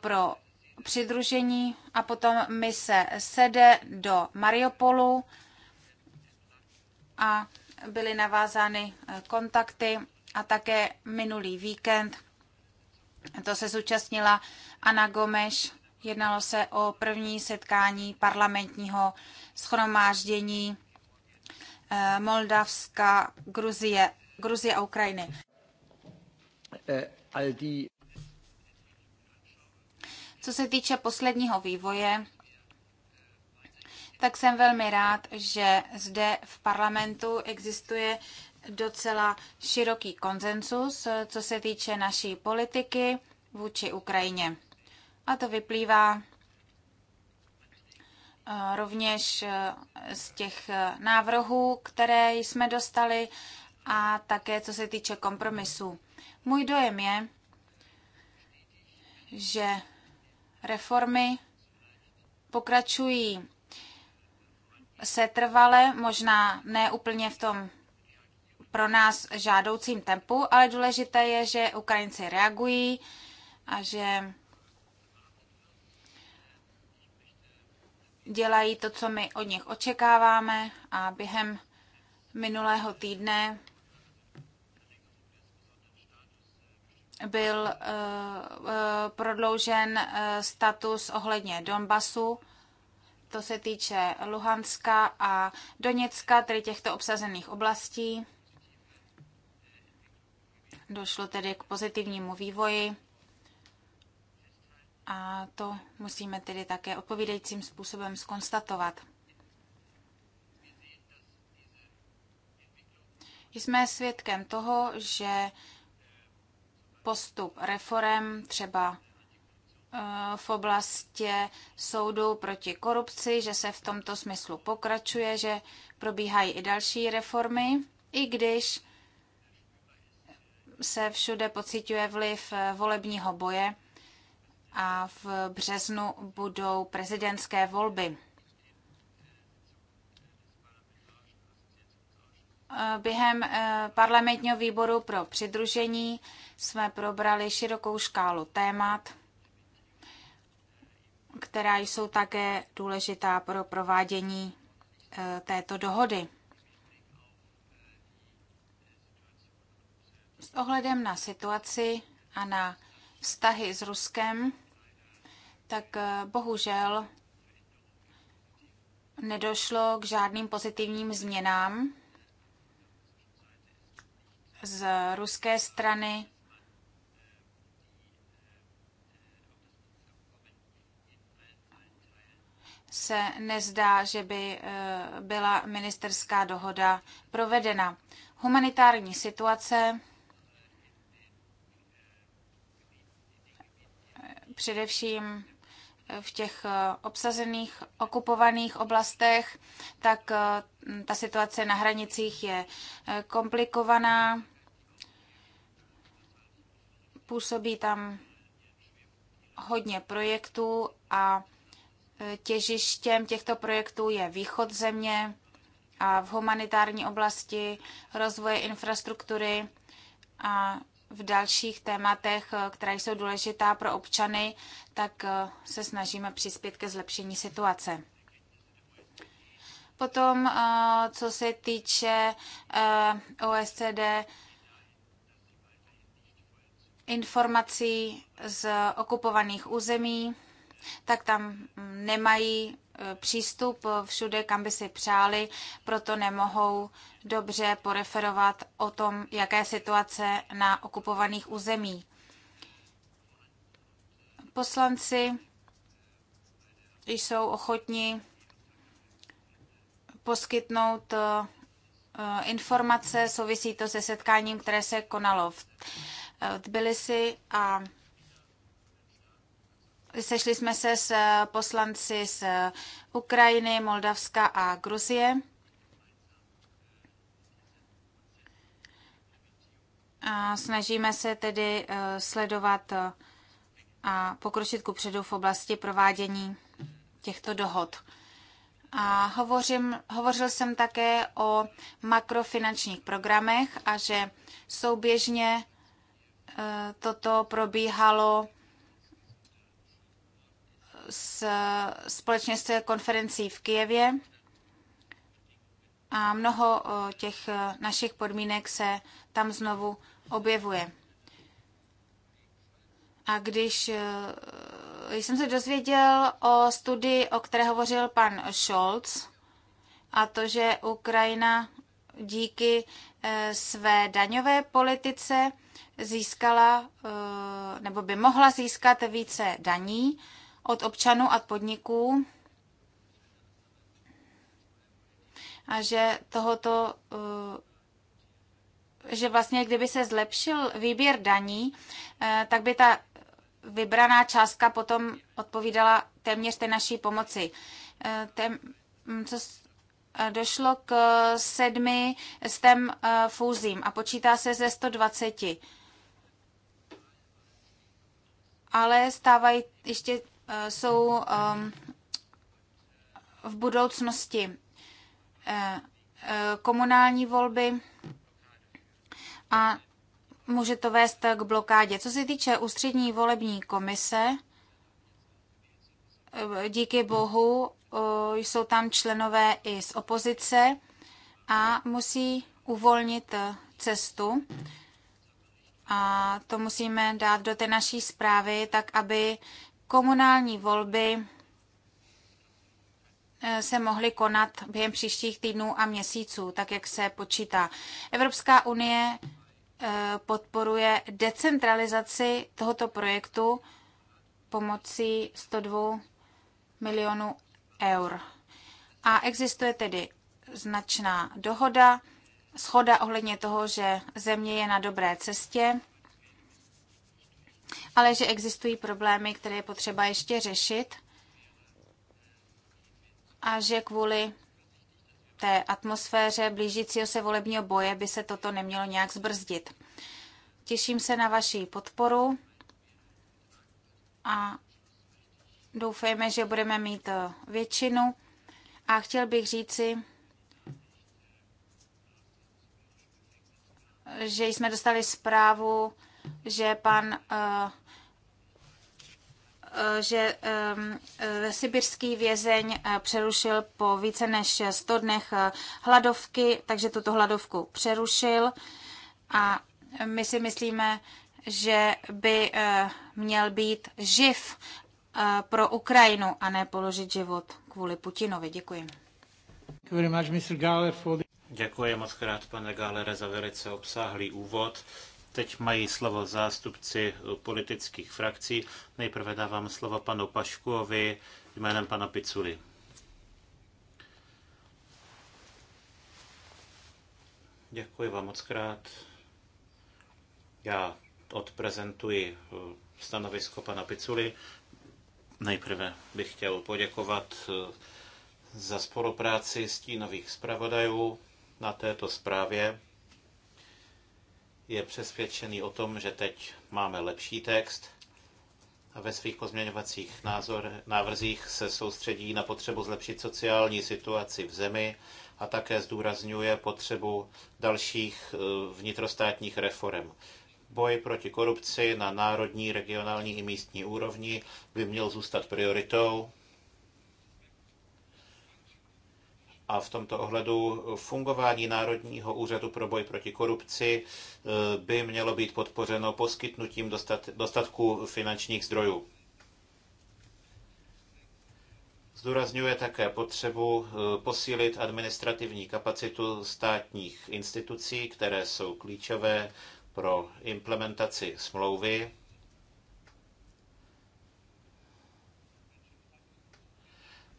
pro přidružení a potom mise sede do Mariupolu a byly navázány kontakty a také minulý víkend to se zúčastnila Ana Gomeš. Jednalo se o první setkání parlamentního schromáždění Eh, Moldavska, Gruzie, Gruzie a Ukrajiny. Eh, co se týče posledního vývoje, tak jsem velmi rád, že zde v parlamentu existuje docela široký konsenzus, co se týče naší politiky vůči Ukrajině. A to vyplývá rovněž eh, z těch eh, návrhů, které jsme dostali a také co se týče kompromisu. Můj dojem je, že reformy pokračují setrvale, možná ne úplně v tom pro nás žádoucím tempu, ale důležité je, že Ukrajinci reagují a že dělají to, co my od nich očekáváme a během minulého týdne byl eh, eh, prodloužen eh, status ohledně Donbasu, to se týče Luhanska a Doněcka, tedy těchto obsazených oblastí. Došlo tedy k pozitivnímu vývoji a to musíme tedy také odpovídajícím způsobem skonstatovat. Jsme svědkem toho, že postup reform třeba eh, v oblasti soudu proti korupci, že se v tomto smyslu pokračuje, že probíhají i další reformy, i když se všude pociťuje vliv eh, volebního boje a v březnu budou prezidentské volby. Během eh, parlamentního výboru pro přidružení jsme probrali širokou škálu témat, která jsou také důležitá pro provádění eh, této dohody. S ohledem na situaci a na vztahy s Ruskem, tak eh, bohužel nedošlo k žádným pozitivním změnám z ruské strany. se nezdá, že by eh, byla ministerská dohoda provedena. Humanitární situace především eh, v těch eh, obsazených, okupovaných oblastech, tak eh, ta situace na hranicích je komplikovaná. Působí tam hodně projektů a těžištěm těchto projektů je východ země a v humanitární oblasti rozvoje infrastruktury a v dalších tématech, eh, která jsou důležitá pro občany, tak eh, se snažíme přispět ke zlepšení situace. Potom, eh, co se týče OSCD, informací z okupovaných území, tak tam mm, nemají e, přístup všude, kam by si přáli, proto nemohou dobře poreferovat o tom, jaké situace na okupovaných území. Poslanci jsou ochotni poskytnout e, e, informace, souvisí to se setkáním, které se konalo v Tbilisi a Sešli jsme se s eh, poslanci z eh, Ukrajiny, Moldavska a Gruzie. A snažíme se tedy eh, sledovat a pokročit ku předu v oblasti provádění těchto dohod. A hovořím, hovořil jsem také o makrofinančních programech a že souběžně toto probíhalo s, společně s konferencí v Kijevě a mnoho těch e, našich podmínek se tam znovu objevuje. A e, když jsem se dozvěděl o studii, o které hovořil pan Scholz, a to, že Ukrajina díky e, své daňové politice získala nebo by mohla získat více daní, od občanů a podniků a že tohoto, eh, že vlastně kdyby se zlepšil výběr daní, eh, tak by ta vybraná částka potom odpovídala téměř té naší pomoci. Eh, Tém, hm, co došlo k sedmi stem fúzím a počítá se ze 120. Ale stávají ještě Eh, jsou ehm, v budoucnosti eh, eh, komunální volby a může to vést k blokádě. Co se týče ústřední volební komise, díky bohu jsou tam členové i z opozice a musí uvolnit cestu. A to musíme dát do té naší zprávy, tak aby komunální volby eh, se mohly konat během příštích týdnů a měsíců, tak jak se počítá. Evropská unie eh, podporuje decentralizaci tohoto projektu pomocí 102 milionů eur. A existuje tedy značná dohoda, schoda ohledně toho, že země je na dobré cestě ale že existují problémy, které je potřeba ještě řešit a že kvůli té atmosféře blížícího se volebního boje by se toto nemělo nějak zbrzdit. Těším se na vaši podporu a doufejme, že budeme mít eh, většinu. A chtěl bych říci, že jsme dostali zprávu, že pan uh, že e, sibirský vězeň e, přerušil po více než 100 dnech e, hladovky, takže tuto hladovku přerušil a my si myslíme, že by měl být živ pro Ukrajinu a ne položit život kvůli Putinovi. Děkuji. Děkuji moc krát, pane Gálere, za velice obsáhlý úvod. Teď mají slovo zástupci politických frakcí. Nejprve dávám slovo panu Paškuovi jménem pana Piculi. Děkuji vám moc krát. Já odprezentuji eh, stanovisko pana Piculi. Nejprve bych chtěl poděkovat eh, za spolupráci stínových zpravodajů na této zprávě je přesvědčený o tom, že teď máme lepší text a ve svých pozměňovacích názor, návrzích se soustředí na potřebu zlepšit sociální situaci v zemi a také zdůrazňuje potřebu dalších eh, vnitrostátních reform. Boj proti korupci na národní, regionální i místní úrovni by měl zůstat prioritou A v tomto ohledu fungování Národního úřadu pro boj proti korupci eh, by mělo být podpořeno poskytnutím dostat, dostatku finančních zdrojů. Zdůrazňuje také potřebu eh, posílit administrativní kapacitu státních institucí, které jsou klíčové pro implementaci smlouvy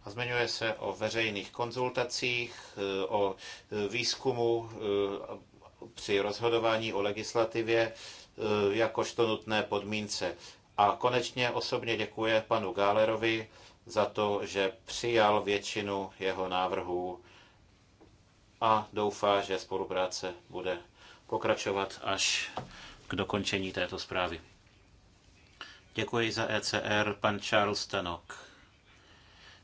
A zmiňuje se o veřejných konzultacích, e, o e, výzkumu e, při rozhodování o legislativě jakožto nutné podmínce. A konečně osobně děkuje panu Gálerovi za to, že přijal většinu jeho návrhů a doufá, že spolupráce bude pokračovat až k dokončení této zprávy. Děkuji za ECR, pan Charles Tanok.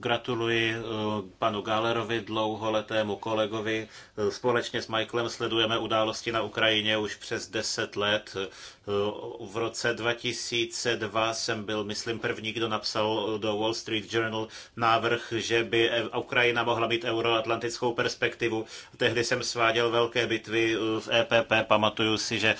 Gratuluji eh, panu Galerovi, dlouholetému kolegovi. Eh, společně s Michaelem sledujeme události na Ukrajině už přes 10 let. Eh, v roce 2002 jsem byl, myslím, první, kdo napsal do Wall Street Journal návrh, že by Ukrajina mohla mít euroatlantickou perspektivu. Tehdy jsem sváděl velké bitvy v EPP. Pamatuju si, že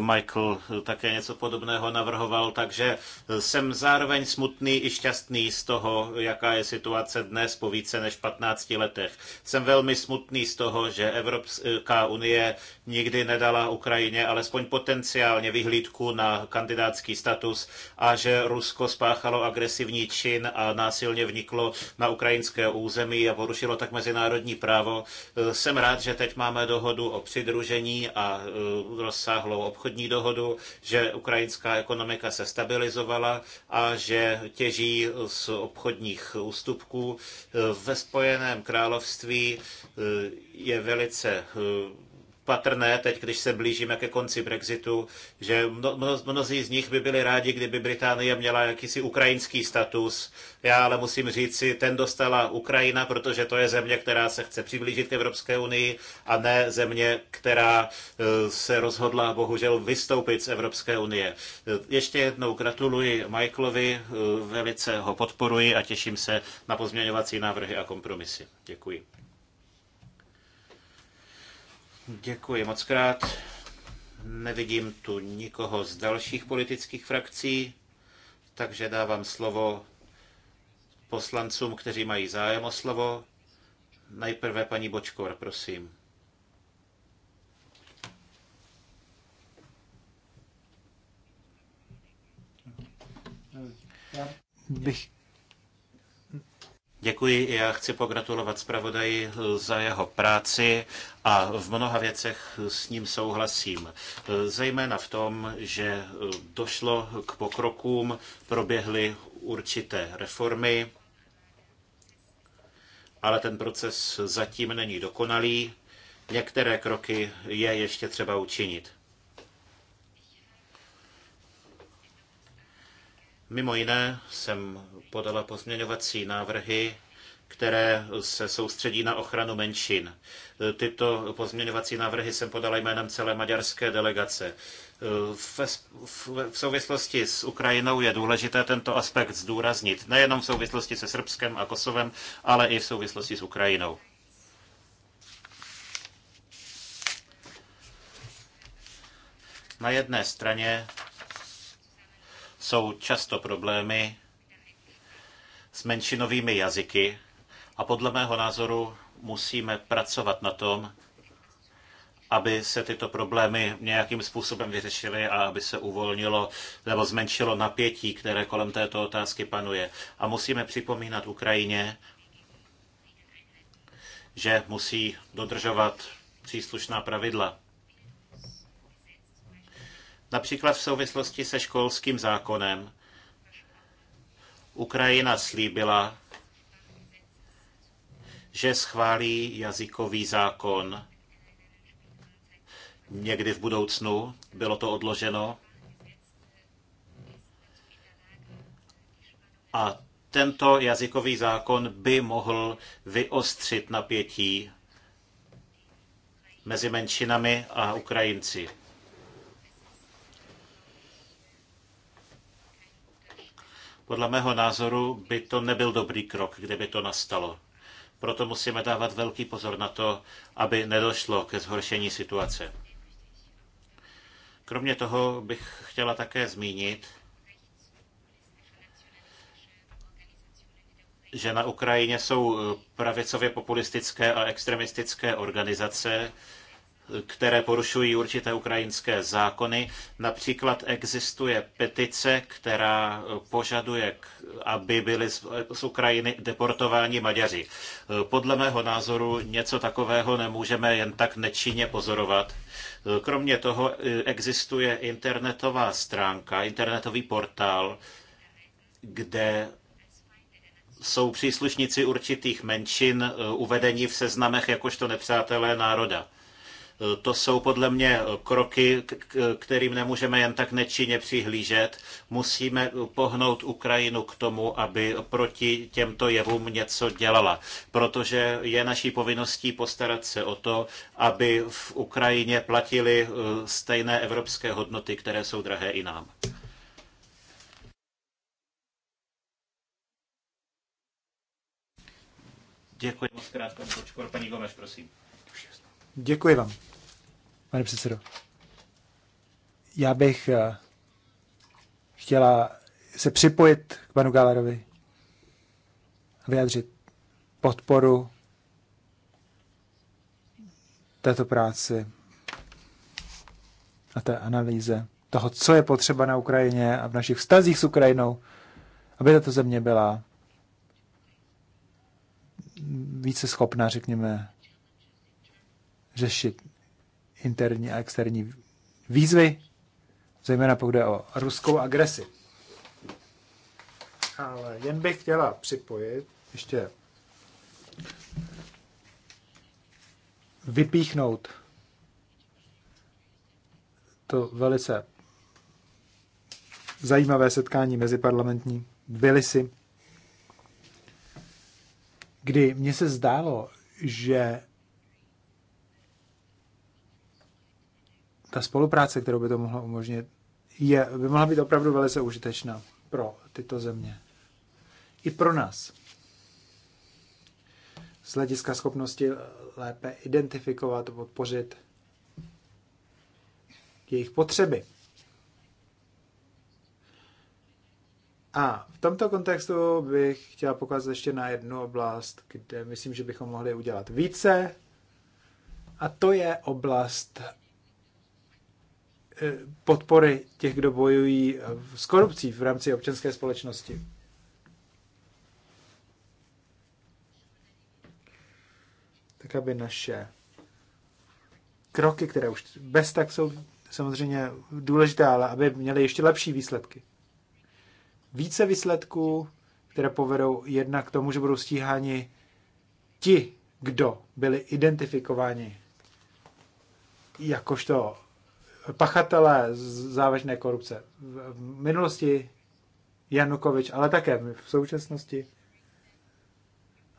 Michael také něco podobného navrhoval, takže jsem zároveň smutný i šťastný z toho, jaká je situace situace dnes po více než 15 letech. Jsem velmi smutný z toho, že Evropská unie nikdy nedala Ukrajině alespoň potenciálně vyhlídku na kandidátský status a že Rusko spáchalo agresivní čin a násilně vniklo na ukrajinské území a porušilo tak mezinárodní právo. Jsem rád, že teď máme dohodu o přidružení a e, rozsáhlou obchodní dohodu, že ukrajinská ekonomika se stabilizovala a že těží z obchodních ústupů přestupků eh, ve Spojeném království eh, je velice eh, patrné teď, když se blížíme ke konci Brexitu, že mno, mno, mnozí z nich by byli rádi, kdyby Británie měla jakýsi ukrajinský status. Já ale musím říct si, ten dostala Ukrajina, protože to je země, která se chce přiblížit k Evropské unii a ne země, která eh, se rozhodla bohužel vystoupit z Evropské unie. Eh, ještě jednou gratuluji Michaelovi, eh, velice ho podporuji a těším se na pozměňovací návrhy a kompromisy. Děkuji. Děkuji moc krát. Nevidím tu nikoho z dalších politických frakcí, takže dávám slovo poslancům, kteří mají zájem o slovo. Nejprve paní Bočkor, prosím. bych Děkuji, já chci pogratulovat zpravodaji eh, za jeho práci a v mnoha věcech s ním souhlasím. Eh, zejména v tom, že eh, došlo k pokrokům, proběhly určité reformy, ale ten proces zatím není dokonalý. Některé kroky je ještě třeba učinit. Mimo jiné jsem podala pozměňovací návrhy, které se soustředí na ochranu menšin. Tyto pozměňovací návrhy jsem podala jménem celé maďarské delegace. V, souvislosti s Ukrajinou je důležité tento aspekt zdůraznit, nejenom v souvislosti se Srbskem a Kosovem, ale i v souvislosti s Ukrajinou. Na jedné straně jsou často problémy s menšinovými jazyky a podle mého názoru musíme pracovat na tom, aby se tyto problémy nějakým způsobem vyřešily a aby se uvolnilo nebo zmenšilo napětí, které kolem této otázky panuje. A musíme připomínat Ukrajině, že musí dodržovat příslušná pravidla. Například v souvislosti se školským zákonem Ukrajina slíbila, že schválí jazykový zákon někdy v budoucnu. Bylo to odloženo. A tento jazykový zákon by mohl vyostřit napětí mezi menšinami a Ukrajinci. Podle mého názoru by to nebyl dobrý krok, kdyby to nastalo. Proto musíme dávat velký pozor na to, aby nedošlo ke zhoršení situace. Kromě toho bych chtěla také zmínit, že na Ukrajině jsou pravicově populistické a extremistické organizace, které porušují určité ukrajinské zákony. Například existuje petice, která požaduje, aby byli z Ukrajiny deportováni Maďaři. Podle mého názoru něco takového nemůžeme jen tak nečinně pozorovat. Kromě toho e, existuje internetová stránka, internetový portál, kde jsou příslušníci určitých menšin e, uvedeni v seznamech jakožto nepřátelé národa. Eh, to jsou podle mě eh, kroky, kterým nemůžeme jen tak nečinně přihlížet. Musíme pohnout Ukrajinu k tomu, aby proti těmto jevům něco dělala, protože je naší povinností postarat se o to, aby v Ukrajině platili eh, stejné evropské hodnoty, které jsou drahé i nám. Děkuji moc krát, Paní Gomeš, prosím. Děkuji vám, pane předsedo. Já bych eh, chtěla se připojit k panu Galerovi a vyjádřit podporu této práci a té analýze toho, co je potřeba na Ukrajině a v našich vztazích s Ukrajinou, aby tato země byla více schopná, řekněme, řešit interní a externí výzvy, zejména pokud je o ruskou agresi. Ale jen bych chtěla připojit ještě vypíchnout to velice zajímavé setkání meziparlamentní v kdy mně se zdálo, že ta spolupráce, kterou by to mohlo umožnit, je, by mohla být opravdu velice užitečná pro tyto země. I pro nás. Z hlediska schopnosti lépe identifikovat, podpořit jejich potřeby. A v tomto kontextu bych chtěl pokazat ještě na jednu oblast, kde myslím, že bychom mohli udělat více. A to je oblast Eh, podpory těch, kdo bojují eh, s korupcí v rámci občanské společnosti. Tak aby naše kroky, které už bez tak jsou samozřejmě důležité, ale aby měly ještě lepší výsledky. Více výsledků, které povedou jedna k tomu, že budou stíháni ti, kdo byli identifikováni jakožto pachatelé závažné korupce. V minulosti Janukovič, ale také v současnosti.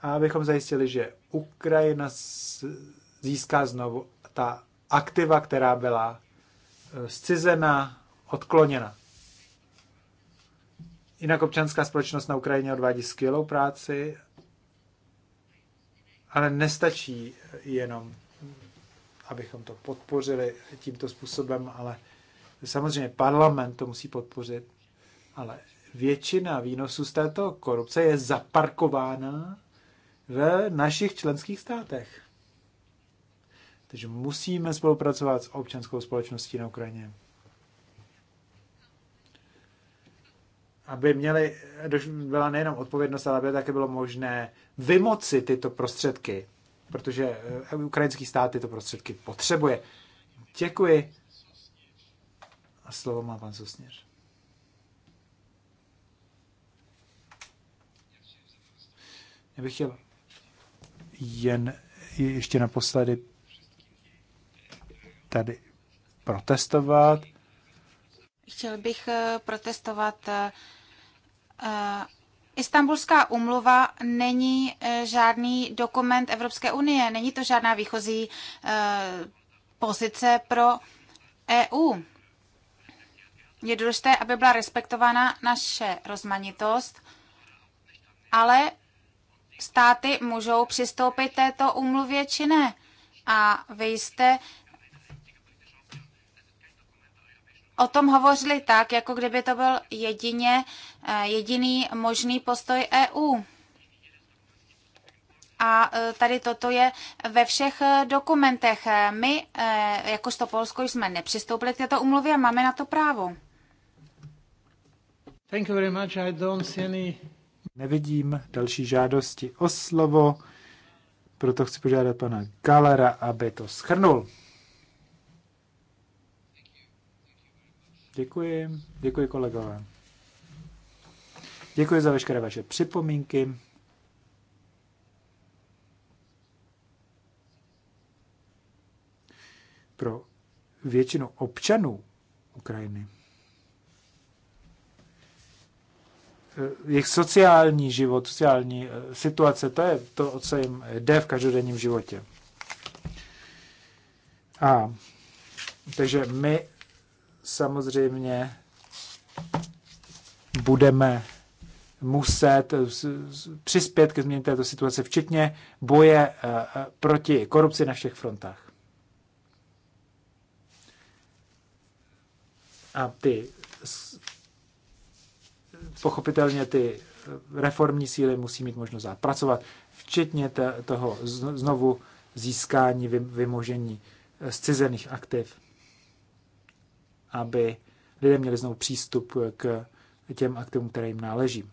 A abychom zajistili, že Ukrajina získá znovu ta aktiva, která byla e, zcizena, odkloněna. Jinak občanská společnost na Ukrajině odvádí skvělou práci, ale nestačí jenom abychom to podpořili tímto způsobem, ale samozřejmě parlament to musí podpořit, ale většina výnosů z této korupce je zaparkována v našich členských státech. Takže musíme spolupracovat s občanskou společností na Ukrajině. Aby měli, byla nejenom odpovědnost, ale aby také bylo možné vymoci tyto prostředky protože eh, ukrajinský stát tyto prostředky potřebuje. Děkuji. A slovo má pan Sosněř. Já bych chtěl jen ještě naposledy tady protestovat. Chtěl bych eh, protestovat eh, Istanbulská umluva není e, žádný dokument Evropské unie, není to žádná výchozí e, pozice pro EU. Je důležité, aby byla respektována naše rozmanitost, ale státy můžou přistoupit této úmluvě či ne. A vy jste o tom hovořili tak, jako kdyby to byl jedině, eh, jediný možný postoj EU. A eh, tady toto je ve všech eh, dokumentech. My, jakožto Polsko, jsme nepřistoupili k této umluvě a máme na to právo. Thank you very much. I don't see any... Nevidím další žádosti o slovo, proto chci požádat pana Galera, aby to schrnul. Děkuji, děkuji kolegové. Děkuji za veškeré vaše připomínky. Pro většinu občanů Ukrajiny jejich sociální život, sociální eh, situace, to je to, o co jim jde v každodenním životě. A takže my samozřejmě budeme muset přispět ke změně této situace, včetně boje eh, eh, proti korupci na všech frontách. A ty pochopitelně ty reformní síly musí mít možnost zapracovat, včetně toho znovu získání, vymožení eh, zcizených aktiv aby lidé měli znovu přístup k těm aktivům, které jim náleží.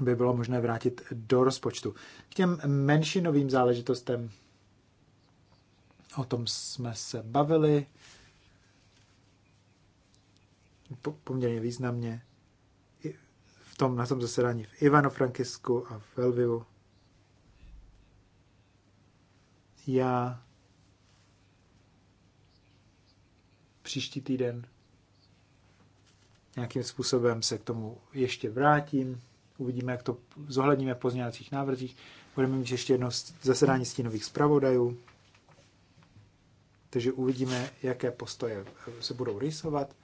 By bylo možné vrátit do rozpočtu. K těm menšinovým záležitostem, o tom jsme se bavili poměrně významně v tom, na tom zasedání v Ivano-Frankisku a v Elvivu. Já příští týden. Nějakým způsobem se k tomu ještě vrátím. Uvidíme, jak to zohledníme v pozměňovacích návrzích. Budeme mít ještě jedno zasedání stínových zpravodajů. Takže uvidíme, jaké postoje eh, se budou rysovat.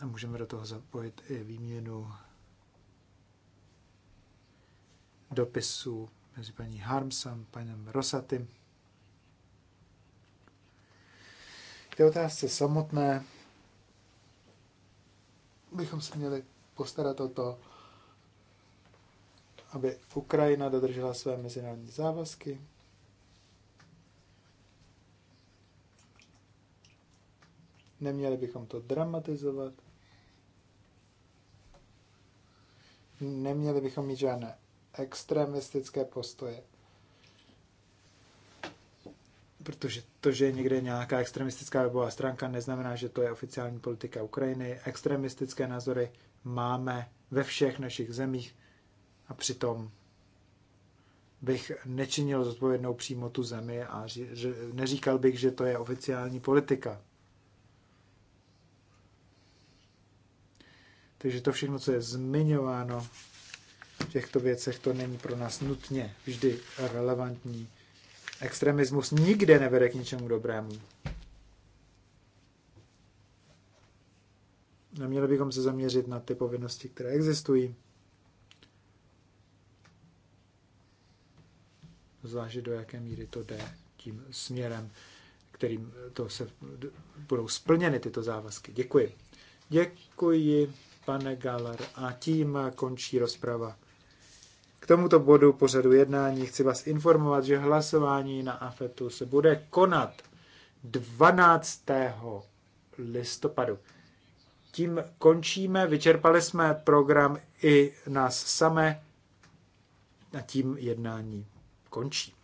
A můžeme do toho zapojit i výměnu dopisů mezi paní Harmsem, panem Rosatym. K té otázce samotné bychom se měli postarat o to, aby Ukrajina dodržela své mezinárodní závazky, Neměli bychom to dramatizovat. Neměli bychom mít žádné extremistické postoje protože to, že je někde nějaká extremistická webová stránka, neznamená, že to je oficiální politika Ukrajiny. Extremistické názory máme ve všech našich zemích a přitom bych nečinil zodpovědnou přímo tu zemi a neříkal bych, že to je oficiální politika. Takže to všechno, co je zmiňováno v těchto věcech, to není pro nás nutně vždy relevantní Extremismus nikdy nevede k ničemu dobrému. Neměli bychom se zaměřit na ty povinnosti, které existují. Zvážit, do jaké míry to jde tím směrem, kterým to se budou splněny tyto závazky. Děkuji. Děkuji, pane Galar. A tím končí rozprava k tomuto bodu pořadu jednání chci vás informovat, že hlasování na AFETu se bude konat 12. listopadu. Tím končíme, vyčerpali jsme program i nás samé a tím jednání končí.